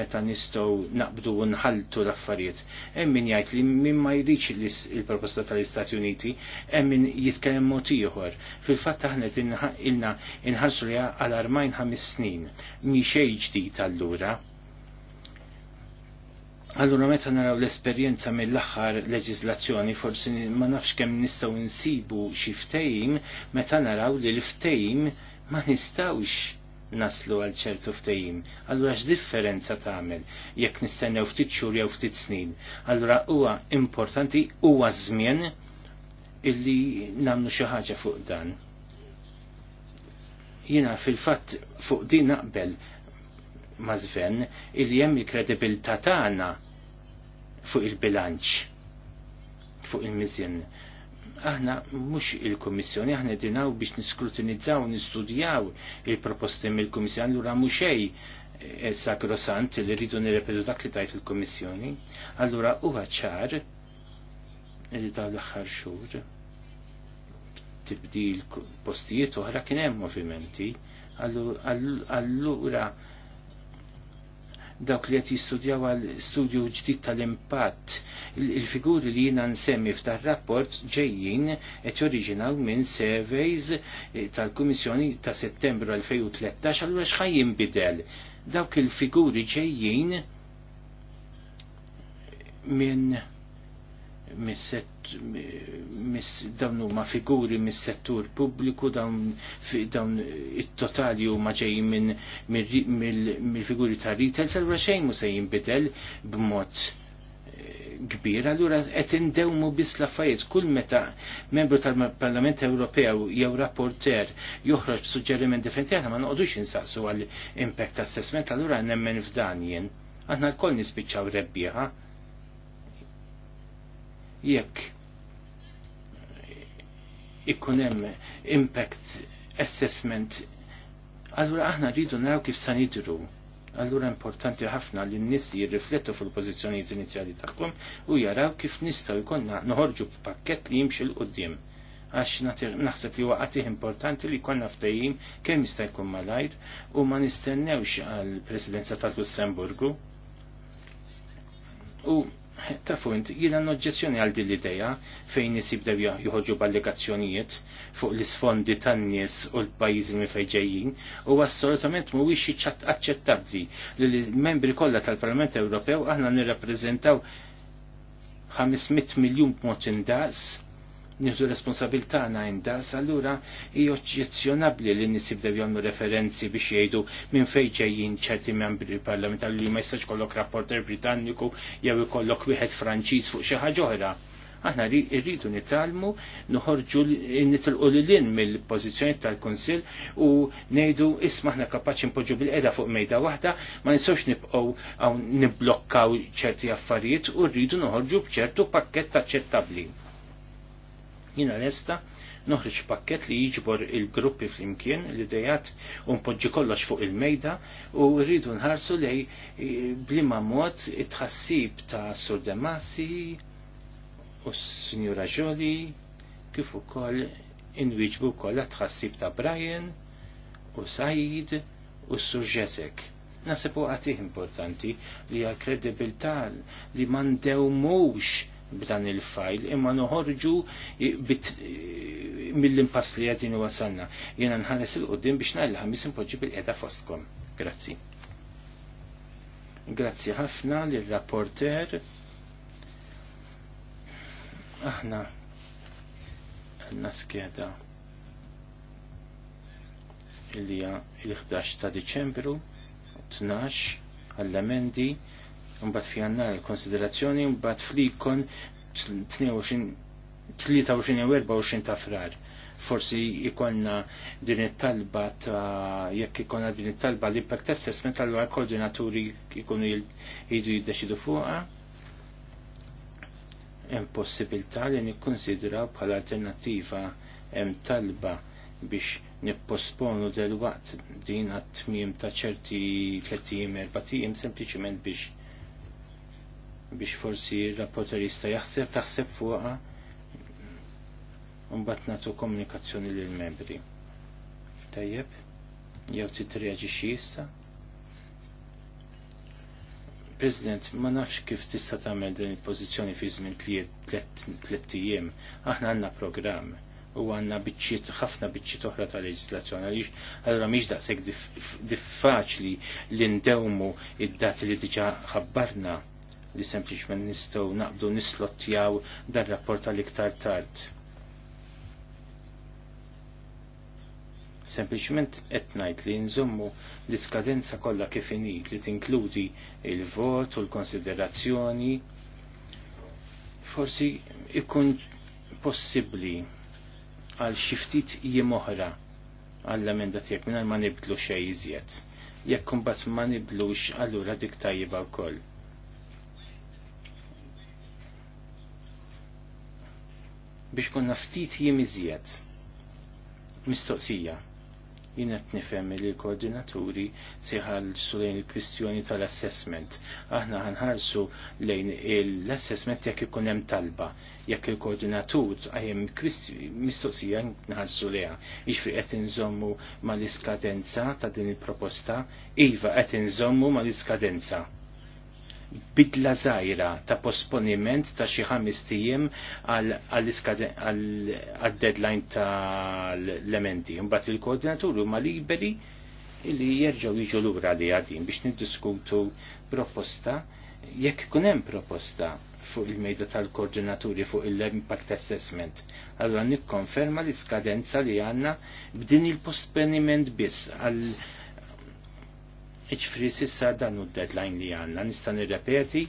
meta nistgħu naqbdu u nħaltu l-affarijiet. Hemm min li min ma jridx il-proposta tal-Istati Uniti, hemm min jitkellem mod ieħor. Fil-fatt aħna għedin ilna inħarsu li għal armajn ħames snin. Mi xejn ġdid allura. Allura meta naraw l-esperjenza mill-aħħar leġiżlazzjoni forsi ma nafx kemm nistgħu nsibu xi ftehim meta naraw li l-ftehim ma nistawx naslu għal ċertu ftejim. Allura x'differenza tagħmel jekk nistennew ftit xhur jew ftit snin. Allura huwa importanti huwa żmien illi nagħmlu xi ħaġa fuq dan. Jiena fil-fatt fuq din naqbel ma' żven illi hemm il-kredibilità tagħna fuq il-bilanċ fuq il-miżjen aħna mhux il-Kummissjoni aħna dinaw biex niskrutinizzaw nistudjaw il-proposti mill-Kummissjoni allura mhux xejn eh, sakrosant li rridu nirrepedu dak li tajt il-Kummissjoni. Allura huwa ċar li dawn l-aħħar xhur l postijiet oħra kien hemm movimenti allura dawk li qed jistudjaw għal studju ġdid tal-impatt. Il-figuri li jiena nsemmi f'tar rapport ġejjin qed joriġinaw minn surveys eh, tal-Kummissjoni ta' Settembru 2013 allura x'ħaj bidel. Dawk il-figuri ġejjin minn dawn huma figuri mis-settur pubbliku dawn dawn it-totali huma ġejjin minn mill-figuri ta' retail sarra xejn mhu se jinbidel b'mod eh, kbir, allura qed indewmu biss l-affarijiet kull meta membru tal-Parlament Ewropew jew rapporter joħroġ suġġeriment differenti aħna ma noqogħdux insaqsu għall impact assessment allura nemmen f'dan jien. Aħna lkoll nispiċċaw rebbieħa jekk ikun hemm impact assessment allura aħna rridu naraw kif sa nidru allura importanti ħafna li n-nis jirriflettu fil pożizzjonijiet inizjali tagħhom u jaraw kif nistgħu jkollna noħorġu b'pakkett li jimxi l qudiem għax naħseb li waqatih importanti li konna ftejjim kemm jista' jkun malajr u ma nistennewx għall presidenza tal-Lussemburgu. U ta' fuq jina oġġezzjoni għal din l-ideja fejn nisibdew joħorġu b'allegazzjonijiet fuq l-isfondi tan-nies u l-pajjiżi minn fejn u assolutament mhuwiex aċċettabbli li l-membri kollha tal-Parlament Ewropew aħna nirrappreżentaw 500 miljun b'mod indaqs nieħdu responsabilità għana indas, allura hija oċċezzjonabbli li nisibdew jgħamlu referenzi biex jgħidu minn fejn ġejjin ċerti membri parlamentari li ma jistax kollok rapporter Britanniku jew ikollok wieħed Franċiż fuq xi ħaġa oħra. Aħna rridu nitalmu, nħorġu nitilqu lilin mill pozizjoni tal-Kunsill u ngħidu ismaħna aħna kapaċi npoġġu bil-qeda fuq mejda waħda, ma nistgħux nibqgħu hawn nibblokkaw ċerti affarijiet u rridu noħorġu b'ċertu pakkett aċċettabbli. Jina lesta noħriġ pakket li jiġbor il-gruppi fl-imkien li dejat unpoġġi kollox fuq il-mejda u rridu nħarsu li e, blima mod it-ħassib ta' Sur Demasi u Sinjura Ġoli kif ukoll inwiġbu kollha tħassib ta' Brian u Said u Sur Ġesek. Nasibu għati importanti li għal kredibilta li mandew mux b'dan il-fajl imma noħorġu mill-impass li għedin wasalna. Jena nħares il-qoddim biex nalla impoġġi bil edha fostkom. Grazzi. Grazzi ħafna l-rapporter. Aħna għanna skeda il-11 ta' Deċembru 12 għall-amendi mbagħad fjannar l konsiderazzjoni mbagħad kon 23 24 ta' frar. Forsi ikonna din it-talba ta' jekk ikonna din it-talba l-impact assessment għal koordinaturi ikunu jidu jiddeċidu fuqha hemm li nikkonsidra bħala alternattiva hemm talba biex nipposponu del waqt din għat tmim ta' ċerti tlettijiem erbatijiem sempliciment biex biex forsi il-rapporterista jaħseb taħseb fuqa mbagħad nagħtu komunikazzjoni lil membri Tajjeb, jew titreaġixxi issa? President, ma nafx kif tista' tagħmel din il-pożizzjoni fi żmien tliet ijiem. Aħna għandna programm u għandna biċċiet ħafna biċċiet oħra ta' leġislazzjoni għaliex allura mhix daqshekk diffaċli li ndewmu id-dati li diġà ħabbarna li sempliċment nistgħu naqbdu nislottjaw dar rapport tal-iktar tard. Sempliċement qed ngħid li nżommu l-iskadenza kollha kif li tinkludi il-vot u l-konsiderazzjoni forsi ikun possibbli għal xi ftit jiem oħra għall-emenda tiegħek mingħajr ma nibdlu xejn iżjed jekk kumbat ma nibdlux allura dik tajjiba wkoll. biex konna ftit jimizjet. iżjed. Mistoqsija, jien qed nifem li l-koordinaturi se jħallsu lejn il-kwistjoni tal-assessment. Aħna ħanħarsu lejn l-assessment jekk ikun hemm talba, jekk il-koordinatur għajem mistoqsija nħarsu leha. Ixfri jiġifieri qed inżommu mal-iskadenza ta' din il-proposta, iva qed inżommu mal-iskadenza bidla zaħira ta' posponiment ta' xi ħames tiem għal-deadline tal-elementi. Imbagħad il-koordinaturi huma liberi li jerġgħu jiġu lura li għadin biex niddiskutu proposta jekk ikun hemm proposta fuq il-mejda tal-koordinaturi fuq il-impact assessment. Allora nikkonferma l-iskadenza li għanna b'din il-posponiment biss għal Iċfri sissa dan u deadline li għanna, nista nirrepeti.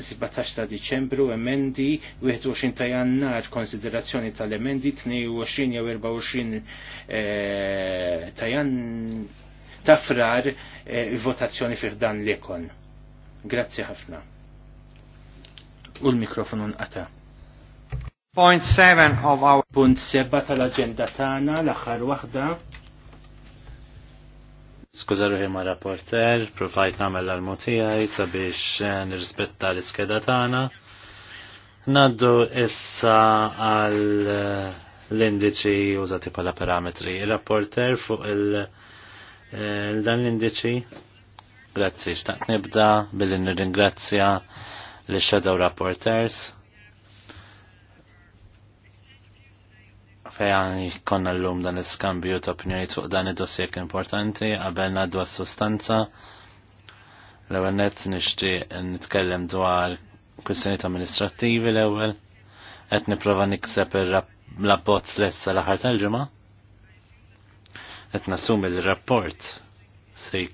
17 ta' Diċembru emendi 21 ta' Jannar konsiderazzjoni tal-emendi 22 jew 24 eh, ta' Jan ta' frar eh, votazzjoni fih dan l-ekon. Grazzi ħafna. U l-mikrofonu nqata'. Point 7 of our Punt 7 tal-agenda tagħna l-aħħar waħda Skuza ruħi ma' rapporter, provajt namel l-mutijaj sabiex eh, nirrispetta l-iskeda tagħna. Naddu issa għal eh, l-indiċi użati pala parametri. Il-rapporter fuq il-dan eh, l-indiċi. Grazzi, xtaqt nibda billi nirringrazzja l-shadow rapporters fejan konna l-lum dan iskambju ta' opinjoni fuq dan id-dossier importanti qabel naddu għas sustanza L-ewwel nett nixtieq nitkellem dwar kwistjonijiet amministrattivi l-ewwel qed nipprova nikseb l-abbozz lessa l-aħħar tal-ġimgħa. Qed nassum il-rapport se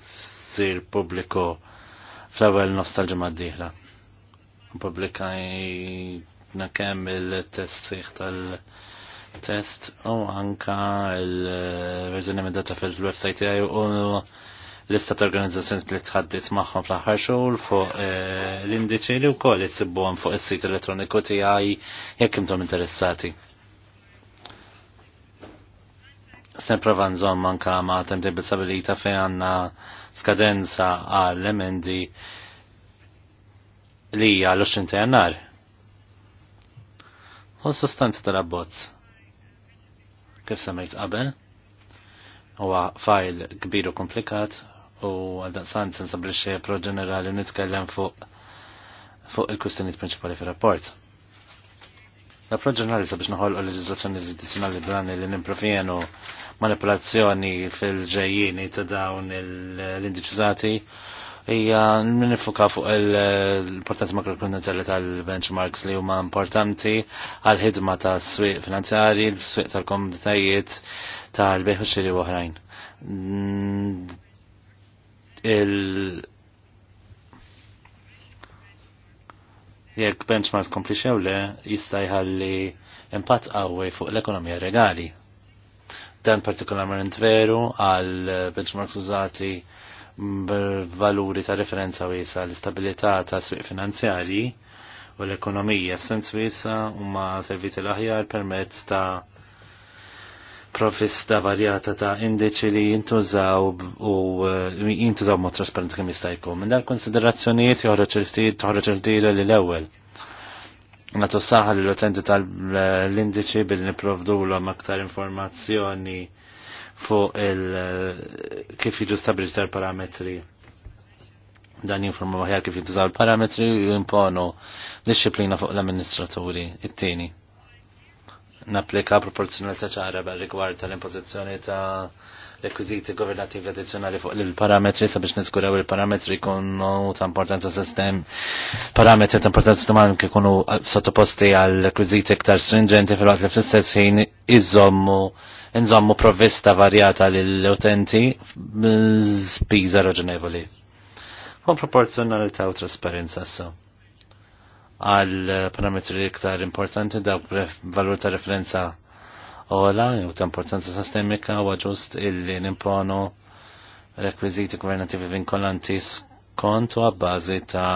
jsir pubbliku fl-ewwel nofs tal-ġimgħa d-dieħla. Pubblikajna kemm il-tessieħ tal-, -tall test u anka l-verżjoni medata fil-website tiegħi u lista ta' organizzazzjoni li tħaddit magħhom fl-aħħar xogħol fuq eh, l-indiċi li wkoll issibuhom fuq is-sit elettroniku tiegħi jekk intom interessati. Semprova nżomm anka ma' temtib bisabilita fejn għandna skadenza għal emendi li hija l-20 jannar. U sostanza tal-abbozz kif semmejt qabel. Huwa fajl kbir u komplikat u għal-daqsan sensabri xie pro ġenerali nitkellem fuq fuq il-kustenijiet prinċipali fir rapport l pro ġenerali sabiex noħolqu leġizzazzjoni addizzjonali brani li nimprofjenu manipolazzjoni fil-ġejjini ta' dawn l indiċizati n nifuka fuq eh, l-importanza makroekonomika tal-benchmarks li huma importanti għal ħidma ta' swieq finanzjari, s-swiq tal komunitajiet tal-bejħ u xiri oħrajn. Il jekk benchmarks kompli le, jista' jħalli impatt qawwi fuq l-ekonomija regali. Dan partikolarment veru għal benchmarks użati b'valuri ta' referenza wiesa l-istabilità ta' swieq finanzjarji u l-ekonomija f'sens wiesa huma serviti l-aħjar permezz ta' provvista varjata ta' indiċi li jintużaw u eh, jintużaw mod trasparent kemm jista' jkun. Minn dal konsiderazzjonijiet joħroġ il-ftit toħroġ il-ftira l-ewwel. Natu saħħa l-utenti tal-indiċi billi niprovdu l aktar informazzjoni fuq il eh, kif jiġu stabilita l-parametri. Dan jinforma maħjar kif jittużaw l-parametri u jimponu disċiplina fuq l-amministraturi. It-tieni. Naplika proporzjonalità ċara bel rigward tal-impożizzjoni ta' rekwiziti governativi addizzjonali fuq il-parametri sabiex niskuraw il-parametri kunu ta' importanza sistem parametri ta' importanza domani kikunu sottoposti għal rekwiziti iktar stringenti fil-waqt li fl-istess ħin iżommu nżommu provvista varjata lill-utenti spiża raġunevoli. Kon proporzjonalità u trasparenza so. Għal parametri iktar importanti dawk valur ta' referenza ola u ta' importanza sistemika u ġust illi nimponu rekwiziti governativi vinkolanti skont u għabbażi ta'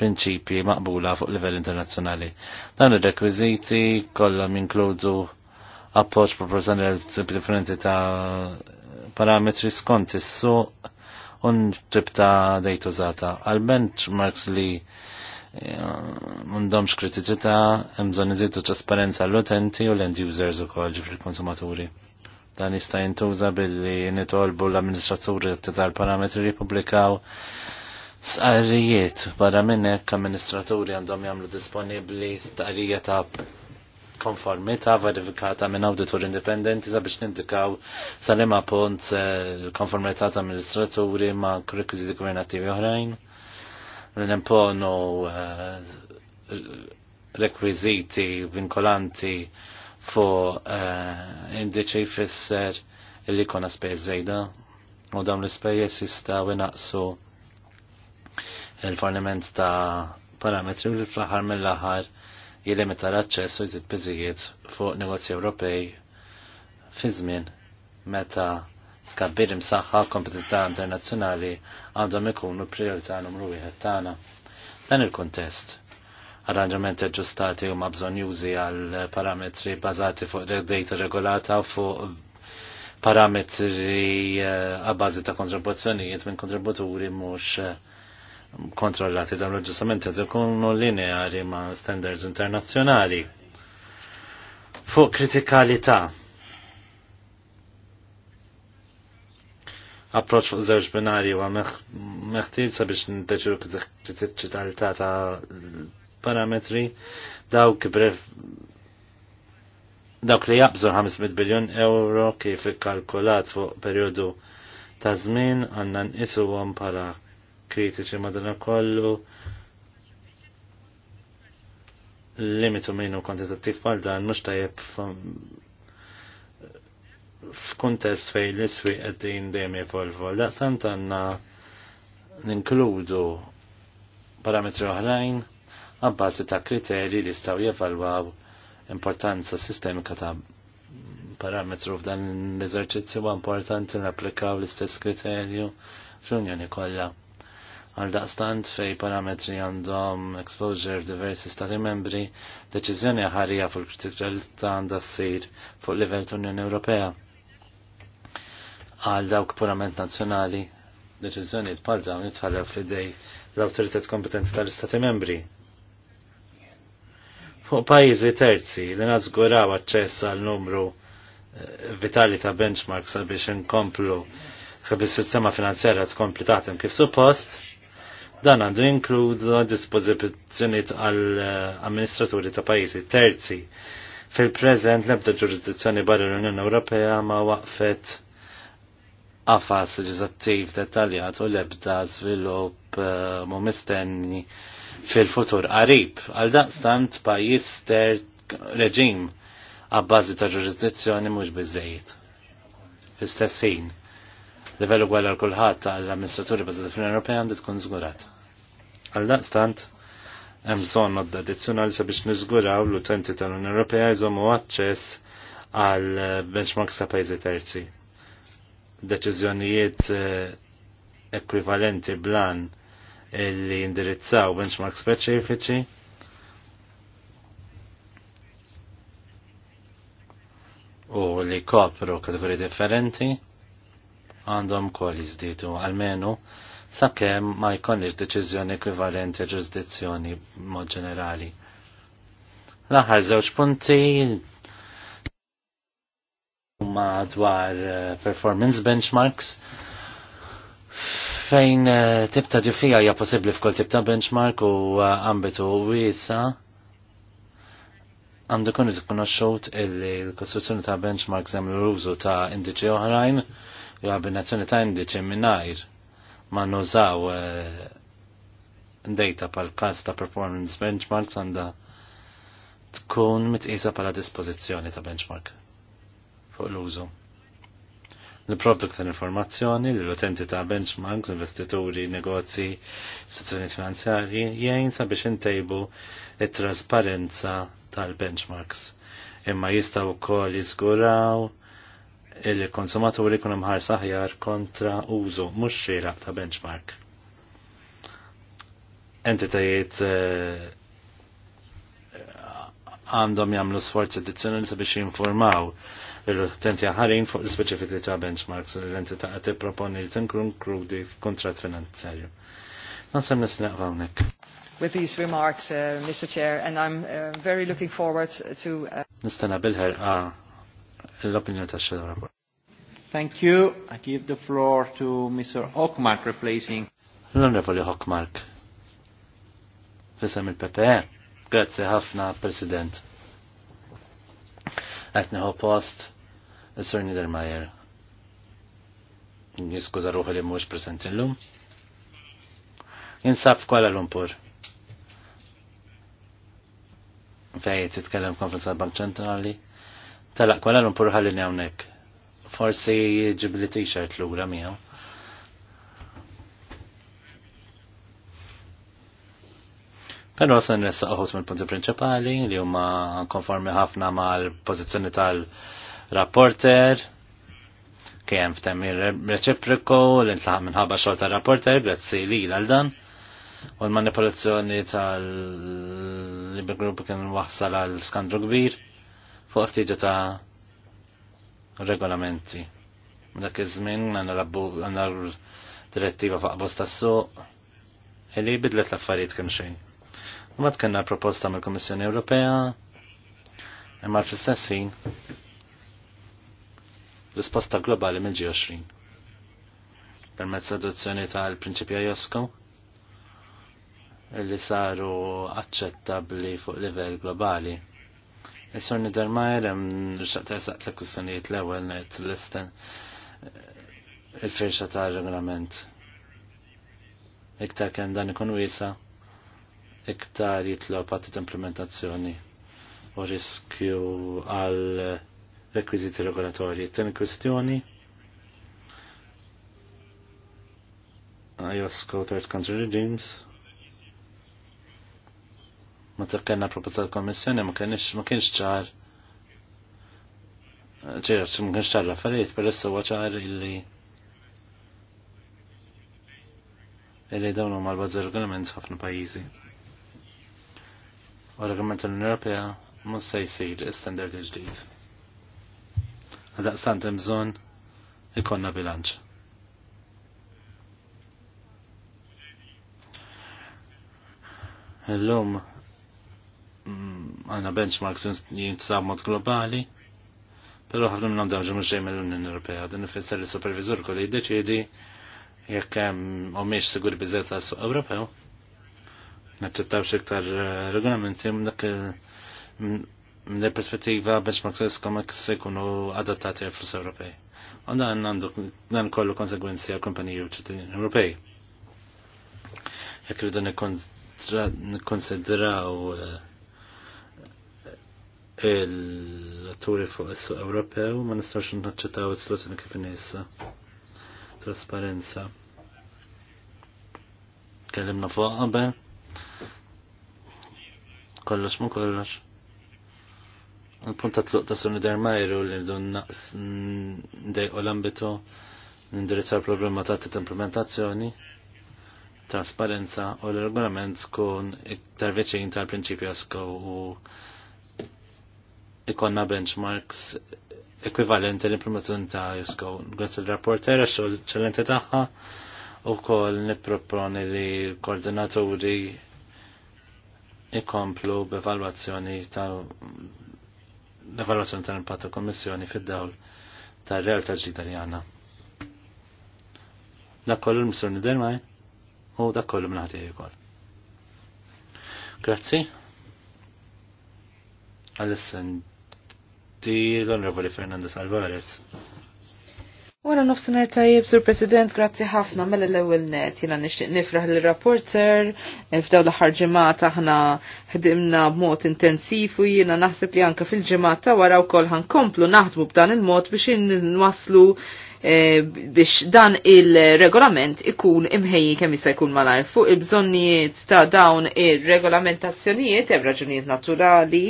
prinċipji maqbula fuq livell internazzjonali. Dan ir-rekwiziti kollha inkludu appoġġ proporzjonali differenti ta' parametri skont is-suq un tip ta' dejt użata. Għal benchmarks li eh, mundomx kritiċità, hemm bżonn iżidu trasparenza l-utenti u l-end users ukoll ġifri konsumaturi. Dan jista' jintuża billi nitolbu l-amministraturi tal-parametri li jpubblikaw sqarrijiet barra minnek amministraturi għandhom jagħmlu disponibbli stqarrija ta' konformita verifikata minn auditor indipendenti sabiex nindikaw salima pont eh, konformita ta' amministraturi ma' rekwiziti governativi oħrajn. Nimponu eh, rekwiziti vinkolanti fu eh, indiċi fisser illi kona spejz zejda u dawn l-spejjes jistaw naqsu il-forniment ta' parametri u l-flaħar mill-aħar jilimita l-aċċess u jżid biżijiet fuq negozji Ewropej fi żmien meta tkabbir imsaħħa kompetitività internazzjonali għandhom ikunu prijorità numru wieħed tagħna. Dan il-kuntest arranġamenti aġġustati huma bżonn jużi għal parametri bażati fuq data regolata u fuq parametri eh, għabbażi ta' kontribuzzjonijiet minn kontributuri mhux eh, kontrollati dawn l-ġusamenti qed ikunu lineari ma' standards internazzjonali. Fuq kritikalità. Approċ fuq żewġ binari huwa meħtieġ sabiex nindeċu kritiċità ta' parametri dawk dawk li jabżu 500 biljon euro kif ikkalkulat fuq periodu ta' żmien għandna nqisuhom bħala kritiċi madana kollu limitu minnu kwantitattiv għal dan mhux tajjeb f'kuntest fejn l-iswi qegħdin dejjem jevolvu. Laqtant għandna ninkludu parametri oħrajn għabbażi ta' kriterji li staw jevalwaw importanza sistemika ta' parametru f'dan l-eżerċizzju importanti napplikaw l-istess kriterju fl-Unjoni kollha għal daqstant fej parametri għandhom exposure diversi stati membri, deċiżjoni ħarija fuq kritikalità għandha ssir fuq livell tal-Unjoni Ewropea. Għal dawk purament nazzjonali, deċiżjoni bħal dawn itħallef fidej l autoritet kompetenti tal-istati membri. Fuq pajjiżi terzi li nażguraw aċċess għal numru eh, vitali ta' benchmarks sabiex inkomplu kif is-sistema finanzjarja tkompli taħdem kif suppost, Dan għandu inkludu dispożizzjoniet għall eh, amministraturi ta' pajjiżi terzi. Fil-preżent l-ebda ġurisdizzjoni barra l-Unjoni Ewropea ma waqfet għafas leġislattiv dettaljat u l-ebda żvilupp eh, mu mistenni fil-futur qarib. Għal daqstant pajjiż ter reġim għabbażi ta' ġurisdizzjoni mhux biżejjed. Fistessin, istess ħin, livellu gwella l-kulħadd għall amministraturi bażat fl-Ewropea għandit tkun żgurat. Għal-daqstant, hemm bżonn nodda addizzjonali sabiex niżguraw l-utenti tal-Unjoni Ewropea jżommu aċċess għal benchmarks ta' pajjiżi terzi. Deċiżjonijiet eh, ekwivalenti blan li indirizzaw benchmarks speċifiċi u li kopru kategoriji differenti għandhom kol jizditu għalmenu sakemm ma jkollix deċiżjoni ekvivalenti ġurisdizzjoni mod ġenerali. L-aħħar żewġ punti huma dwar eh, performance benchmarks fejn eh, tibta ta' ġifija hija possibbli f'kull tip ta' benchmark u eh, ambitu wiesa għandu kun ikkonoxxut illi l-kostruzzjoni ta' benchmark hemm l-użu ta' indiċi oħrajn jew kombinazzjoni ta' indiċi mingħajr ma nużaw eh, data pal każ ta' performance benchmarks għandha tkun mitqisa pala dispożizzjoni ta' benchmark fuq l-użu. L-produkt ta' informazzjoni li l-utenti ta' benchmarks, investituri, negozji, istituzzjoni finanzjarji jgħin sabiex intejbu it-trasparenza tal-benchmarks. Imma jistaw kol jizguraw il-konsumaturi kun imħar saħjar kontra użu mhux xieraq ta' benchmark. Entitajiet eh, għandhom jagħmlu sforzi addizzjonali sabiex jinformaw l-utenti ħarin fuq l-speċifiti ta' benchmarks l-entità qed tipproponi li tinkludi f'kuntratt finanzjarju. Nasem nisnaq hawnhekk. With these remarks, uh, Mr. Chair, and I'm uh, very looking forward to. Uh... Nistana bil-ħerqa l-opinjoni ta' xedaw rapport. Thank you. I give the floor to Mr. Hockmark replacing. L-Onorevoli Hockmark. Fisem il-PPE. Grazie ħafna, President. Għetniħu post, Sir Niedermayer. Niskuza ruħu li mux present l-lum. Jinsab f'Kuala l-umpur. Fejt, jitkellem konferenza bank ċentrali Tal-akwa l purħal li hawnhekk. Forsi ġibli t-shirt lura miegħu. Pero n-nessa uħus mill punti prinċipali li huma konformi ħafna mal-pożizzjoni tal-rapporter kien f'temmir reċipriku l-intlaħ minħabba xogħol tal-rapporter grazzi li għal dan u l-manipolazzjoni tal-Liber kien waħsal għal skandru kbir forti ġeta regolamenti. Dak iż-żmien għandna direttiva fuq bosta tas-suq e li bidlet l-affarijiet kemm xejn. Mbagħad kellna proposta mill-Kummissjoni Ewropea imma fl-istess ħin risposta globali mill G20 permezz adozzjoni tal-prinċipja Josko li saru aċċettabbli fuq livell globali. Is-sur Nidermajer hemm t tersaq s-sanijiet l-ewwel ngħid l-isten eh, il-firxa ta' regolament Iktar kemm dan ikun wiesa, iktar jitlob għat implementazzjoni u riskju għal rekwiziti regolatorji. Ten kwestjoni IOSCO Third Country Regimes ma kellna proposta l komissjoni ma kienx ma kienx ċar ċer, ma kienx ċar l-affarijiet peress huwa ċar illi illi dawnu huma l-bażi regolament ħafna pajjiżi. U regolament l-Unjoni Ewropea mhux se jsir standard ġdid. Għadaqstant hemm bżonn ikonna bilanċ. Illum għanna benchmarks jintsab mod globali, pero ħafna minnam dawn ġemux ġej mill-Unjoni Ewropea, din ifisser li supervisur kolli jiddeċiedi jekk u miex sigur bizzet għas-suq Ewropew, naċċettawx xiktar eh, regolamenti mdak mdak minn perspettiva benchmarks eskom hekk se jkunu adattati għal flus Ewropej. U għan għandu għan kollu konsekwenzi għal kompani u ċittadini Ewropej. Jekk rridu nikkonsidraw uh, il-atturi fuq is-suq Ewropew ma nistax naċċettaw is-soluzzjoni kif inissa. Trasparenza. Kellimna fuq qabel. Kollox mu kollox. il punta ta' tluq ta' sunu dermajru li dun naqs ndejqu l-ambitu nindirizza l-problema ta' implementazzjoni trasparenza u l-regolament kun iktar veċin tal-prinċipju asko u ikonna benchmarks ekvivalenti l-implementazzjoni ta' Jusko. Grazzi l-rapportera xogħol ċellenti tagħha u kol nipproponi li koordinaturi ikomplu b'evalwazzjoni ta' l-evalwazzjoni tal l ta' kommissjoni fid-dawl ta' realtà ġdida li għandna. Dak kollu l-missur nidermaj u dak kollu mnaħti jkoll. Grazzi. Alessandro minuti l-Onorevoli Fernandez Alvarez. Wara nofsinhar tajjeb, Sur President, grazzi ħafna mela l-ewwel net. Jiena nixtieq nifraħ l rapporter f'dawn l-aħħar ġimgħat aħna ħdimna b'mod intensif u jiena naħseb li anke fil-ġimgħat ta' wara wkoll ħankomplu naħdmu b'dan il-mod biex inwasslu E, biex dan il-regolament ikun imħejji kemm jista' jkun malajr fuq il-bżonnijiet ta' dawn ir-regolamentazzjonijiet hemm raġunijiet naturali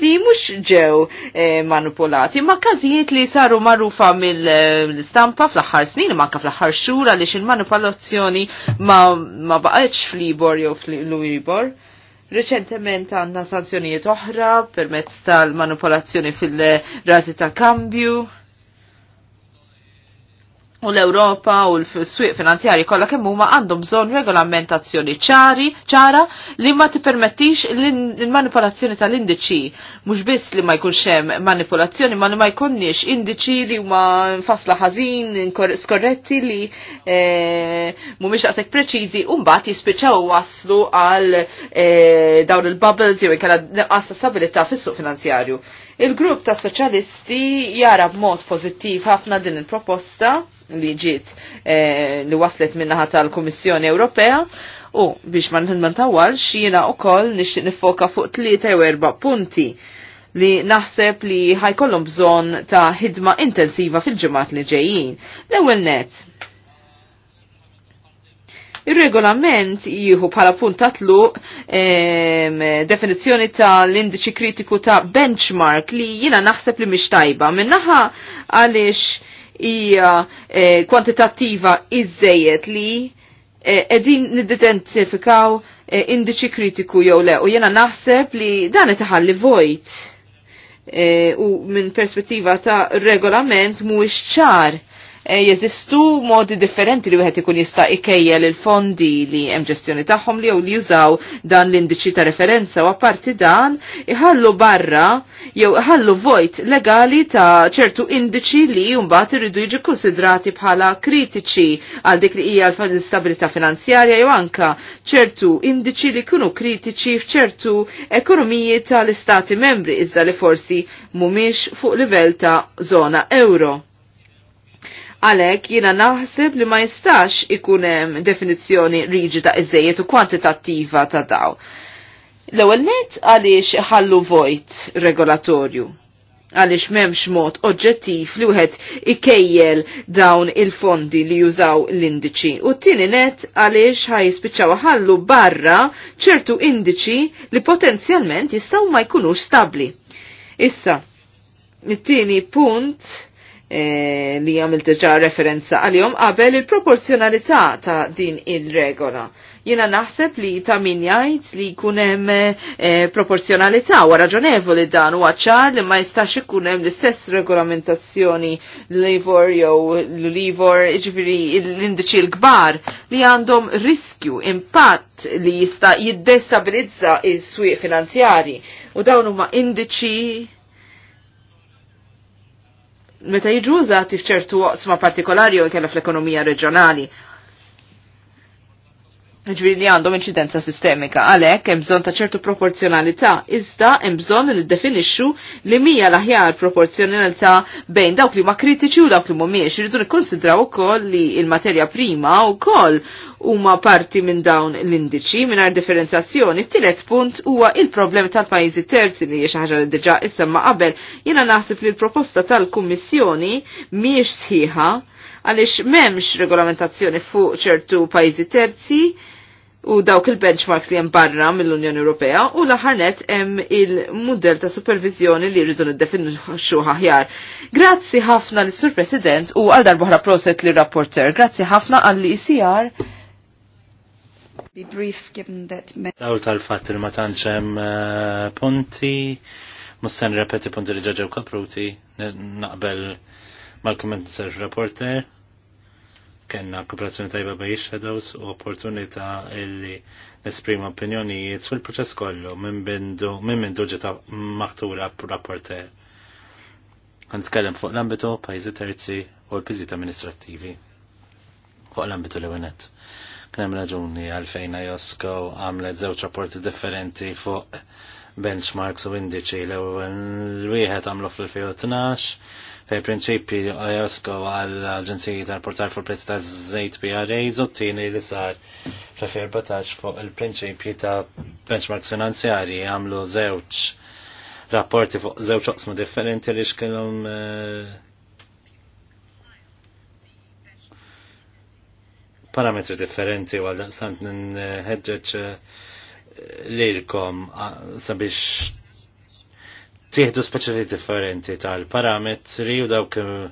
li mhux ġew e, manipulati ma' każijiet li saru magħrufa mill-istampa fl-aħħar snin anke fl-aħħar xhur għaliex il-manipolazzjoni ma, ma baqgħetx fl-ibor jew fl-Euribor. Reċentement għandna sanzjonijiet oħra permezz tal-manipolazzjoni fil-razi ta' kambju u l-Europa u l-swiq finanzjari kollha kemm huma għandhom bżonn regolamentazzjoni ċari ċara li ma tippermettix l-manipolazzjoni tal-indiċi mhux biss li ma jkunx hemm manipolazzjoni ma li ma jkunniex indiċi li huma fasla ħażin skorretti li eh, mhumiex daqshekk preċiżi u mbagħad jispiċċaw waslu għal eh, dawn il-bubbles jew ikela neqqas stabilità fis-suq finanzjarju. Il-grupp ta' soċjalisti jara b'mod pożittiv ħafna din il-proposta li ġiet eh, li waslet minnaħa tal-Kummissjoni Ewropea u biex ma nintawalx jiena wkoll nixtieq nifoka fuq tlieta jew erba' punti li naħseb li ħajkollhom bżonn ta' ħidma intensiva fil-ġimgħat li ġejjin. L-ewwel net, Ir-regolament jieħu bħala punt tatlu definizjoni definizzjoni ta' l-indiċi kritiku ta' benchmark li jiena naħseb li mhix tajba. Minnaħa għaliex hija e, kwantitattiva iżejjed li edin nidentifikaw e, indiċi kritiku jew le u jena naħseb li dan taħalli vojt e, u minn perspettiva ta' regolament mhuwiex ċar Eh, jeżistu modi differenti li wieħed ikun jista' ikejjel il-fondi li hemm ġestjoni tagħhom li jew li jużaw dan l-indiċi ta' referenza u apparti dan iħallu barra jew iħallu vojt legali ta' ċertu indiċi li mbagħad iridu jiġu konsidrati bħala kritiċi għal dik li hija l-istabilità finanzjarja jew anka ċertu indiċi li kunu kritiċi f'ċertu ekonomiji tal-istati membri iżda li forsi mumiex fuq livell ta' zona euro. Għalek jina naħseb li ma jistax ikunem definizjoni rigida iżejiet u kwantitattiva ta' daw. L-ewel net għaliex ħallu vojt regolatorju għaliex memx mod oġġettiv li wieħed ikejjel dawn il-fondi li jużaw l-indiċi. U t-tieni net għaliex ħajspiċċaw ħallu barra ċertu indiċi li potenzjalment jistgħu ma jkunux stabli. Issa, it-tieni punt E, li għamil deġa referenza għal-jom qabel il-proporzjonalità ta' din il-regola. Jina naħseb li ta' min jgħid li kunem e, proporzjonalità u raġonevoli dan u għacċar li ma jistax kunem l-istess regolamentazzjoni l-livor jew l-livor ġifiri l-indiċi l-kbar li għandhom riskju impatt li jista' jiddestabilizza il-swieq finanzjari u dawn huma indiċi meta jiġu użati f'ċertu oqsma partikolari u jkella fl-ekonomija reġjonali ġviri li għandhom inċidenza sistemika, għalek hemm bżonn ta' ċertu proporzjonalità, iżda hemm bżonn li ddefinixxu li mija l-aħjar proporzjonalità bejn dawk li ma kritiċi u dawk li mhumiex. Irridu nikkonsidraw ukoll li l-materja prima wkoll huma parti minn dawn l-indiċi mingħajr differenzjazzjoni. Tielet punt huwa il-problem tal-pajjiżi terzi li hija xi ħaġa li diġà issemma qabel. Jiena naħseb li l-proposta tal-Kummissjoni mhijiex sħiħa għaliex memx regolamentazzjoni fuq ċertu pajjiżi terzi u dawk il-benchmarks li hemm barra mill-Unjoni Ewropea u l-aħarnet hemm il-mudell ta' supervizjoni li rridu xu aħjar. Grazzi ħafna l sur President u għal ħra proset li rapporter. Grazzi ħafna għall ICR. E Be brief given that Dawl tal-fatt il ma tantx hemm eh, punti, mussan repeti punti li ġeġew kapruti, naqbel mal-komment reporter. rapporter kena kooperazzjoni tajba bej shadows u opportunità illi nesprima opinjonijiet fil-proċess kollu minn bindu minn bindu ġeta maħtura rapporter. Għandkellem fuq l-ambitu pajzi terzi u l-piżit amministrattivi. Fuq l-ambitu l-ewenet. Kien hemm raġuni għalfejn Josko għamlet żewġ rapporti differenti fuq benchmarks u indiċi l-ewwel wieħed għamlu fl-2012 fej prinċipi jasko għal ġenziji tal-Portar fuq prezz ta' Zejt PRA zottini li sar fl-2014 fuq il-prinċipi ta' benchmark finanzjari għamlu zewċ rapporti fuq zewċ oqsmu differenti li xkellhom eh, parametri differenti għal daqsant n-ħedġeċ eh, lilkom ah, sabiex tieħdu speċjali differenti tal-parametri u dawk eh,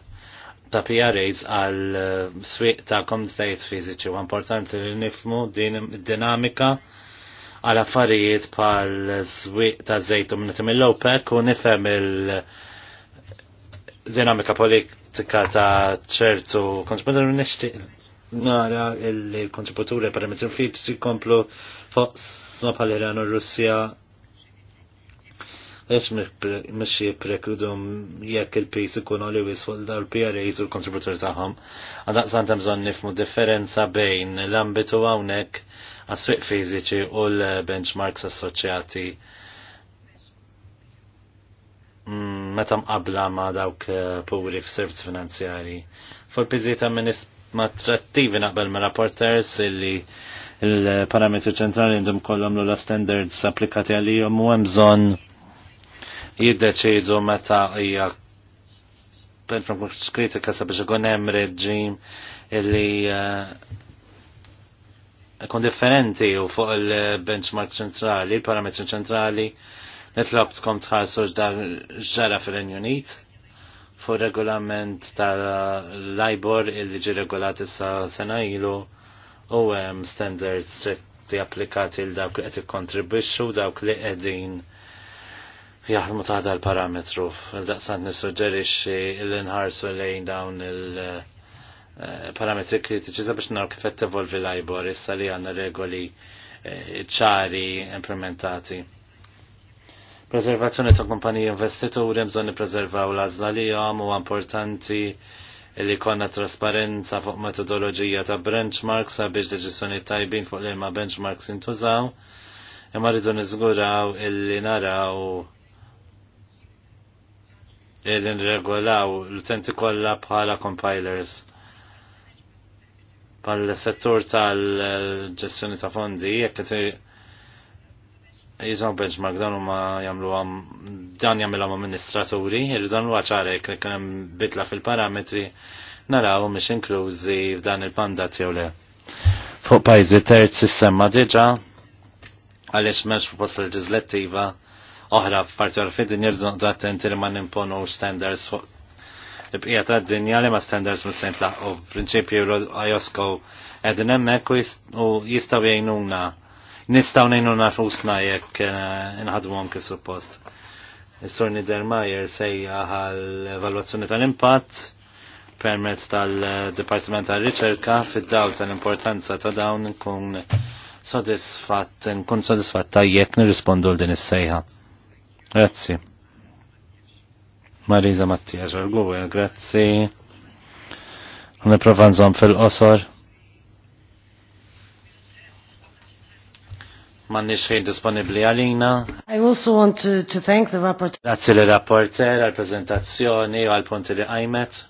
ta' PRAs għal eh, swieq ta' komitajiet fiziċi u importanti li nifmu din dinamika għal affarijiet pal zwieq ta' zejtu minnetim il-lopek u nifem il dinamika politika ta' ċertu kontributur nishti nara il-kontributuri parametri fiziċi komplu fuq s pal-Iran u għax mxie prekludum jekk il-pis ikun li wis fuq l pras u l-kontributor taħħom. Għadak zantem zon nifmu differenza bejn l-ambitu għawnek għaswiq fiziċi u l-benchmarks assoċjati mm, meta qabla ma dawk eh, puri f-servizz finanzjari. Fuq piżiet amministrattivi naqbel ma' rapporters illi il-parametri ċentrali indum kollom l-la standards applikati għalli u għemżon bżonn jiddeċidu meta hija pentrom kritika sabiex ikun hemm reġim illi eh, ikun differenti u fuq il-benchmark ċentrali, parametri ċentrali, nitlobtkom tħarsu ġara fil-Renju Unit fuq regolament tal-LIBOR illi ġi regolat issa sena ilu u hemm standards stretti applikati l dawk li qed ikkontribwixxu dawk li qegħdin jaħdmu ta' l-parametru. Daqsan nissuġġerixxi l-inħarsu lejn dawn il-parametri eh, kritiċi sabiex naraw kif qed tevolvi l-ajbor issa li għandna regoli eh, ċari implementati. Preservazzjoni ta' kumpaniji investituri bżonn ippreservaw l-għażla li u importanti li konna trasparenza fuq metodoloġija ta' benchmarks sabiex deċiżjoni tajbin fuq li ma' benchmarks intużaw imma rridu niżguraw illi naraw Eden regolaw l-utenti kollha bħala compilers pal settur tal-ġestjoni ta' fondi jekk qed jiżgħu benchmark dan huma jagħmlu dan jagħmilhom amministraturi, irridan huwa ċarek li kien hemm bidla fil-parametri naraw mhix inklużi f'dan il-pandat jew le. Fuq pajjiżi terzi s semma diġà għaliex m'hemmx proposta leġislattiva oħra f'parti fid-dinja rridu attenti li ma nimponu standards fuq il-bqija ta' dinja li ma standards mis sejn u Prinċipju IOSCO għedin hemmhekk u jistgħu jgħinuna nistgħu usna jek jekk għom eh, kif suppost. Is-Sur Niedermayer sejja għal-evalwazzjoni tal-impatt permezz tal-Dipartiment tal-Riċerka fid daw tal-importanza ta' dawn nkun sodisfatt, nkun sodisfatt jekk nirrispondu l-din is-sejħa. Grazie. Marisa Mattia Ġarguje, grazzi. Niprofa nżom fil-qosor. Manni xejn disponibli għalina. I also want to, to thank the rapporteur. Grazzi li rapporter għal prezentazzjoni u għal punti li għajmet.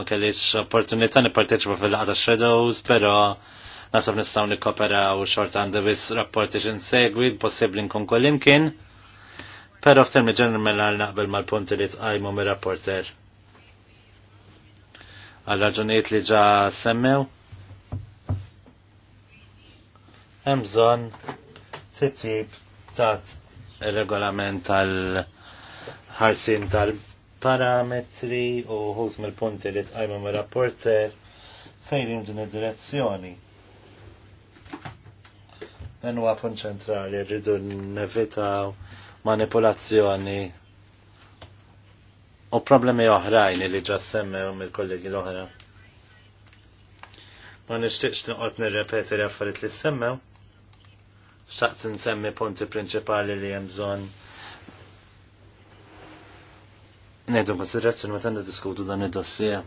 Ma kellix opportunità nipparteċipa fil-laqda Shadows, pero nasab nistaw nikkoperaw xort għandi biss rapporti segwi, possibbli nkun kollimkien, però f'termi ġenerali naqbel mal-punti li tqajmu mir-rapporter. Għal raġunijiet li ġa semmew? Hemm bżonn titjib ta' regolament tal- ħarsin tal-parametri u ħuż mill-punti li tqajmu mir rapporter sejrin din id-direzzjoni. Dan huwa punt ċentrali rridu nevitaw manipolazzjoni u problemi oħrajn li ġa semmew mill-kollegi l-oħra. Ma nixtieqx noqgħod nirrepeti l-affarijiet li semmew. Xtaqt nsemmi punti prinċipali li hemm bżonn Nejdu konsiderazzjoni ma tanna diskutu dan id-dossier.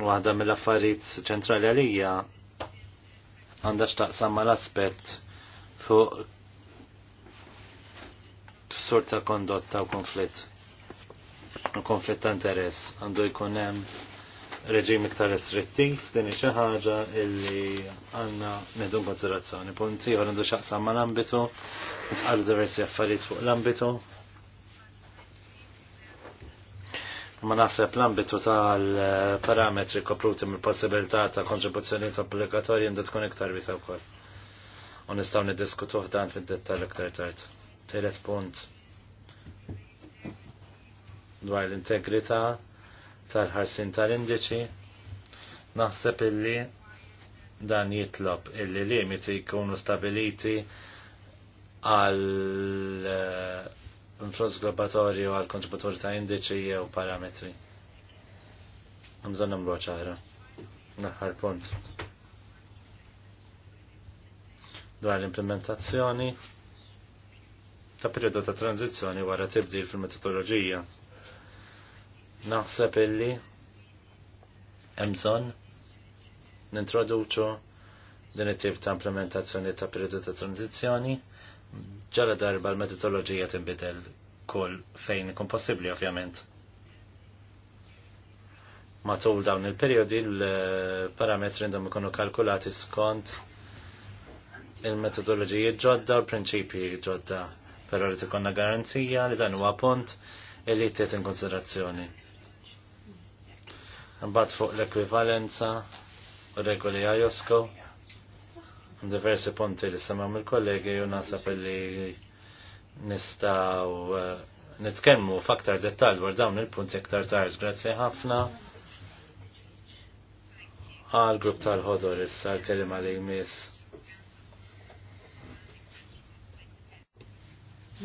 Waħda mill-affarijiet ċentrali għalija għandha x'taqsam mal-aspett fuq sort ta' kondotta u konflitt. U konflitt ta' interess għandu jkun hemm reġim iktar restrittiv din xi ħaġa illi għandna nedu konsiderazzjoni. Punti ieħor għandu x'aqsam mal-ambitu, nitqalu diversi affarijiet fuq l-ambitu, Ma naħseb l-ambitu tal-parametri kopruti mill possibilità ta' kontribuzzjoni ta' obbligatorji jindu tkun iktar bisa wkoll. U nistgħu niddiskutu dan fid-dettall iktar tard. Telet punt dwar l-integrità tal-ħarsin tal-indiċi naħseb illi dan jitlob illi limiti jkunu stabiliti għal eh, l-influss globatorju għal kontributori ta' indiċi jew parametri. Għamżon namlu ċara. Naħar punt. Dwar l-implementazzjoni ta' periodu ta' tranzizzjoni wara tibdil fil-metodoloġija. Naħseb illi emżon nintroduċu din it-tip ta' implementazzjoni ta' periodu ta' tranzizzjoni ġara darba l-metodologija tinbidel kull fejn ikun possibbli ovvjament. Matul dawn il-periodi l-parametri indhom ikunu kalkulati skont il-metodoloġiji ġodda, l-prinċipji ġodda, però li tikonna garanzija li dan huwa punt li tiet in konsiderazzjoni. Mbagħad fuq l-ekwivalenza, regoli IOSCO, diversi punti li sema mill-kollegi u nasab li nistaw eh, nitkemmu f'aktar dettal dwar dawn il-punti aktar tard. Grazie ħafna għal grupp tal-ħodor issa l-kelima li jmiss.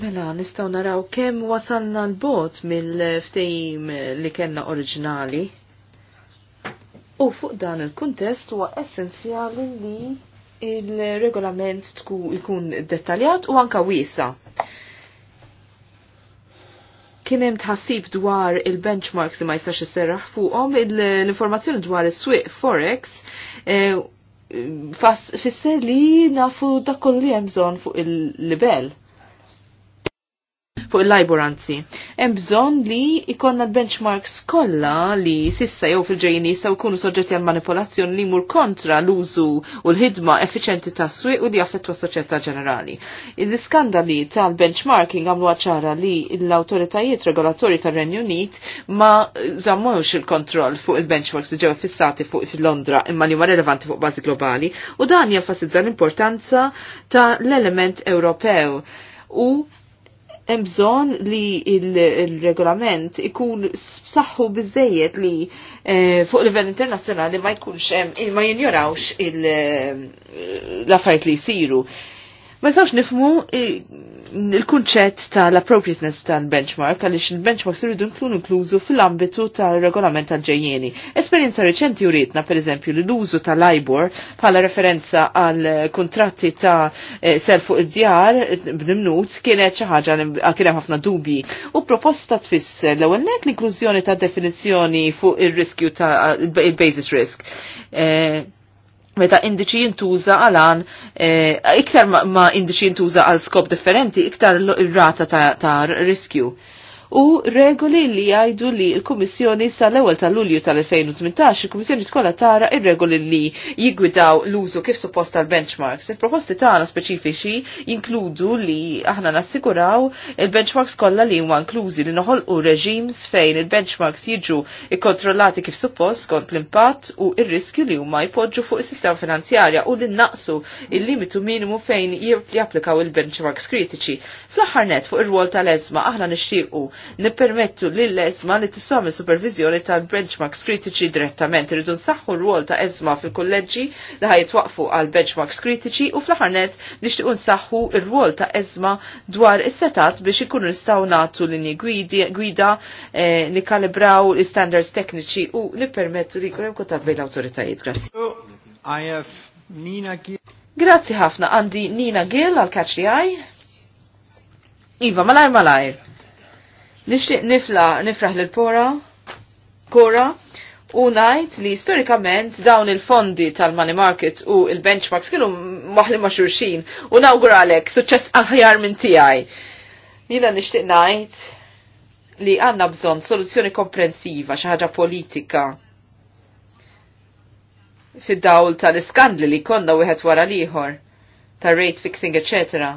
Mela, nistaw naraw kemm wasalna l-bot mill-ftejim li kellna oriġinali. U fuq dan il-kuntest huwa essenzjali li il-regolament tku ikun dettaljat u anka wiesa. Kien hemm tħassib dwar il-benchmarks li ma jistax isserraħ fuqhom l-informazzjoni dwar is-swieq forex e, fisser li nafu dak kollu li hemm bżonn fuq il-libel fuq il-LIBOR anzi. Hemm bżonn li ikonna l-benchmarks kollha li sissa jew fil-ġejjin jistgħu jkunu soġġetti għal manipolazzjoni li jmur kontra l-użu u l-ħidma effiċenti tas-swieq u li affettwa s-soċjetà ġenerali. Il-iskandali tal-benchmarking għamlu ċara li l-awtoritajiet regolatori tar-Renju Unit ma żammux il-kontroll fuq il-benchmarks li ġew fissati fuq fil-Londra imma li huma relevanti fuq bażi globali u dan jenfasizza l-importanza ta' l-element Ewropew u hemm bżonn li il-regolament ikun saħħu bizzejiet li eh, fuq livell internazzjonali ma jkunx ma jinjorawx l-affarijiet li jsiru. Ma sawx nifmu il-kunċett tal-appropriateness tal-benchmark għaliex il-benchmarks irridu nkunu inklużu fil-ambitu tal-regolament tal-ġejjeni. Esperjenza reċenti uritna per eżempju li l-użu tal-LIBOR bħala referenza għal kontratti ta' eh, self id-djar b'nimnut kienet xi ħaġa li ħafna dubi. U proposta tfisser l-ewwel net l-inklużjoni ta' definizzjoni fuq ir-riskju ta' il-basis risk. Eh, meta indiċi jintuża għalan eh, iktar ma indiċi jintuża għal skop differenti, iktar il rata ta' riskju u regoli li jgħidu li l-Kummissjoni sal-ewwel ta' Lulju tal-2018 il-Kummissjoni tkollha tara ir-regoli li jigwidaw l-użu kif suppost tal-benchmarks. Il-proposti tagħna speċifiċi jinkludu li aħna nassiguraw il-benchmarks kollha li huma inklużi li noħolqu reġims fejn il-benchmarks jiġu ikkontrollati kif suppost kont l-impatt u ir-riskju li huma jpoġġu fuq is-sistema finanzjarja u li naqsu il-limitu minimu fejn japplikaw il-benchmarks kritiċi. Fl-aħħar net fuq ir-rwol tal-ezma aħna nixtiequ nippermettu lill ezma li t-sommi supervizjoni tal-benchmarks kritiċi direttament. Irridu nsaħħu r wol ta' ezma fil-kolleġġi li ħaj jitwaqfu għal benchmarks kritiċi u fl-ħarnet nixtiequ nsaħħu r wol ta' ezma dwar is-setat biex ikunu nistgħu nagħtu linji gwida eh, nikalibraw l-standards tekniċi u nippermettu li jkun hemm bejn l-awtoritajiet. Grazie. Grazzi ħafna għandi Nina Gill għal-kaċ li Iva, malajr malajr. Nixtieq nifla nifraħ lil pora Kora u ngħid li storikament dawn il-fondi tal-money market u il-benchmarks kienu maħli ma' xurxin u nawguralek suċċess aħjar minn tiegħi. Jiena nixtieq ngħid li għandna bżonn soluzzjoni komprensiva xi ħaġa politika fid-dawl tal-iskandli li konna wieħed wara l-ieħor, rate fixing, eccetera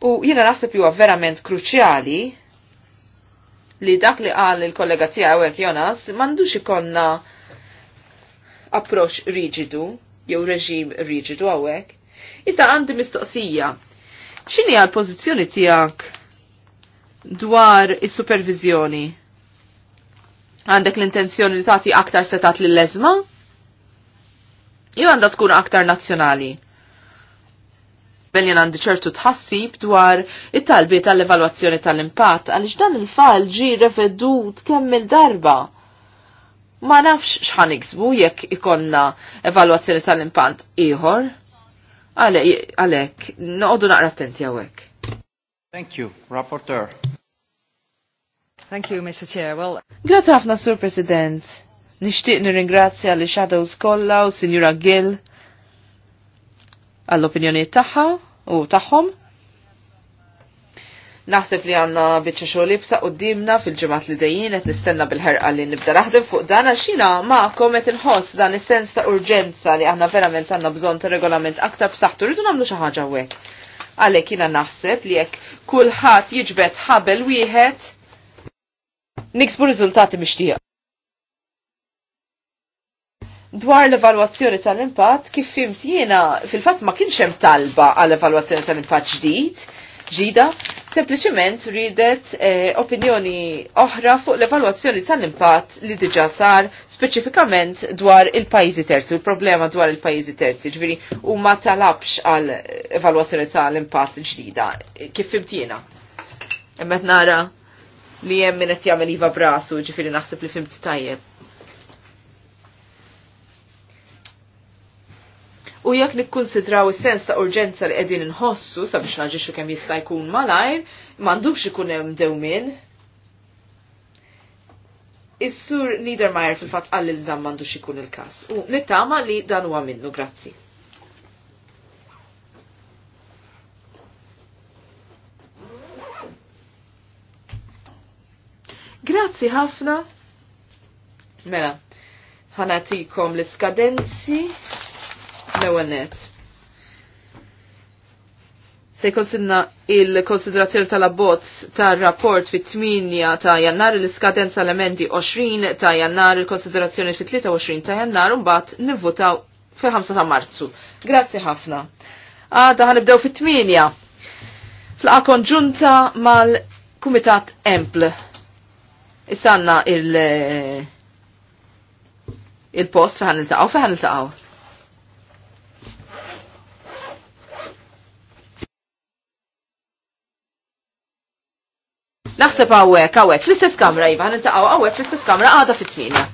U jiena naħseb li huwa verament kruċjali li dak li qal il-kollega tiegħu hekk Jonas m'għandux ikonna approċċ riġidu jew reġim riġidu hawnhekk. Iżda għandi mistoqsija. X'inhi l pożizzjoni tiegħek dwar is-supervizjoni? Għandek l-intenzjoni li tagħti aktar setat lill-leżma? Jew għandha tkun aktar nazzjonali? Ben jen għandi ċertu tħassib dwar it-talbiet tal-evalwazzjoni tal-impatt għaliex dan il-fall ġi revedut kemm il-darba. Ma nafx x'ħan iksbu jekk ikonna evalwazzjoni tal-impatt ieħor. Għalek, noqogħdu naqra attenti hawnhekk. Thank you, Rapporteur. Thank you, Mr. Chair. Well... Grazie ħafna, Sur President. Nishtiq nirringrazzja li Shadows kollha u Sinjura Gill għall-opinjoni taħħa u tagħhom. Naħseb li għanna bieċa xogħol u dimna fil-ġimgħat li dejjin qed nistenna bil-ħerqa li nibda raħdem fuq dan għax xina magħkom qed inħoss dan is-sens ta' urġenza li għanna verament għandna bżonn ta' regolament aktar b'saħħtu rridu nagħmlu xi ħaġa hawnhekk. Għalhekk jiena naħseb li jekk kulħadd jiġbed ħabel wieħed niksbu riżultati mixtieq. Dwar l-evalwazzjoni tal-impatt, kif fimt jiena, fil-fatt ma kienx hemm talba għall-evalwazzjoni tal-impatt ġdid, ġida, sempliciment ridet eh, opinjoni oħra fuq l-evalwazzjoni tal-impatt li diġa sar speċifikament dwar il-pajjiżi terzi, u problema dwar il-pajjiżi terzi, ġviri u ma talabx għal evalwazzjoni tal-impatt ġdida. Kif jiena. Emmet nara li hemm min qed jagħmel iva brasu, ġifiri naħseb li fimt tajjeb. U jekk nikkonsidraw is-sens ta' urġenza li qegħdin inħossu sabiex naġixxu kemm jista' jkun malajr, m'għandux ikun hemm dewmien. Is-sur Niedermayer fil-fatt qal li dan m'għandux ikun il-każ. U nittama li dan huwa minnu, grazzi. Grazzi ħafna. Mela, ħanatikom l-iskadenzi l-ewwel net. Se jkonsidna il-konsiderazzjoni tal-abbozz tar-rapport fit-8 ta' jannar l-iskadenza l-emendi 20 ta' jannar il-konsiderazzjoni fit-23 ta' jannar mbagħad nivvotaw fil-5 ta' Marzu. Grazzi ħafna. Għada ħanibdew fit-8 Tlaqa konġunta mal-Kumitat Empl. Issanna il- il-post fejn il-taqaw, fejn il-taqaw. Naħseb għawek, għawek, fl-istess kamra, Iva, nintaqaw għawek fl-istess kamra għada fit-tmina.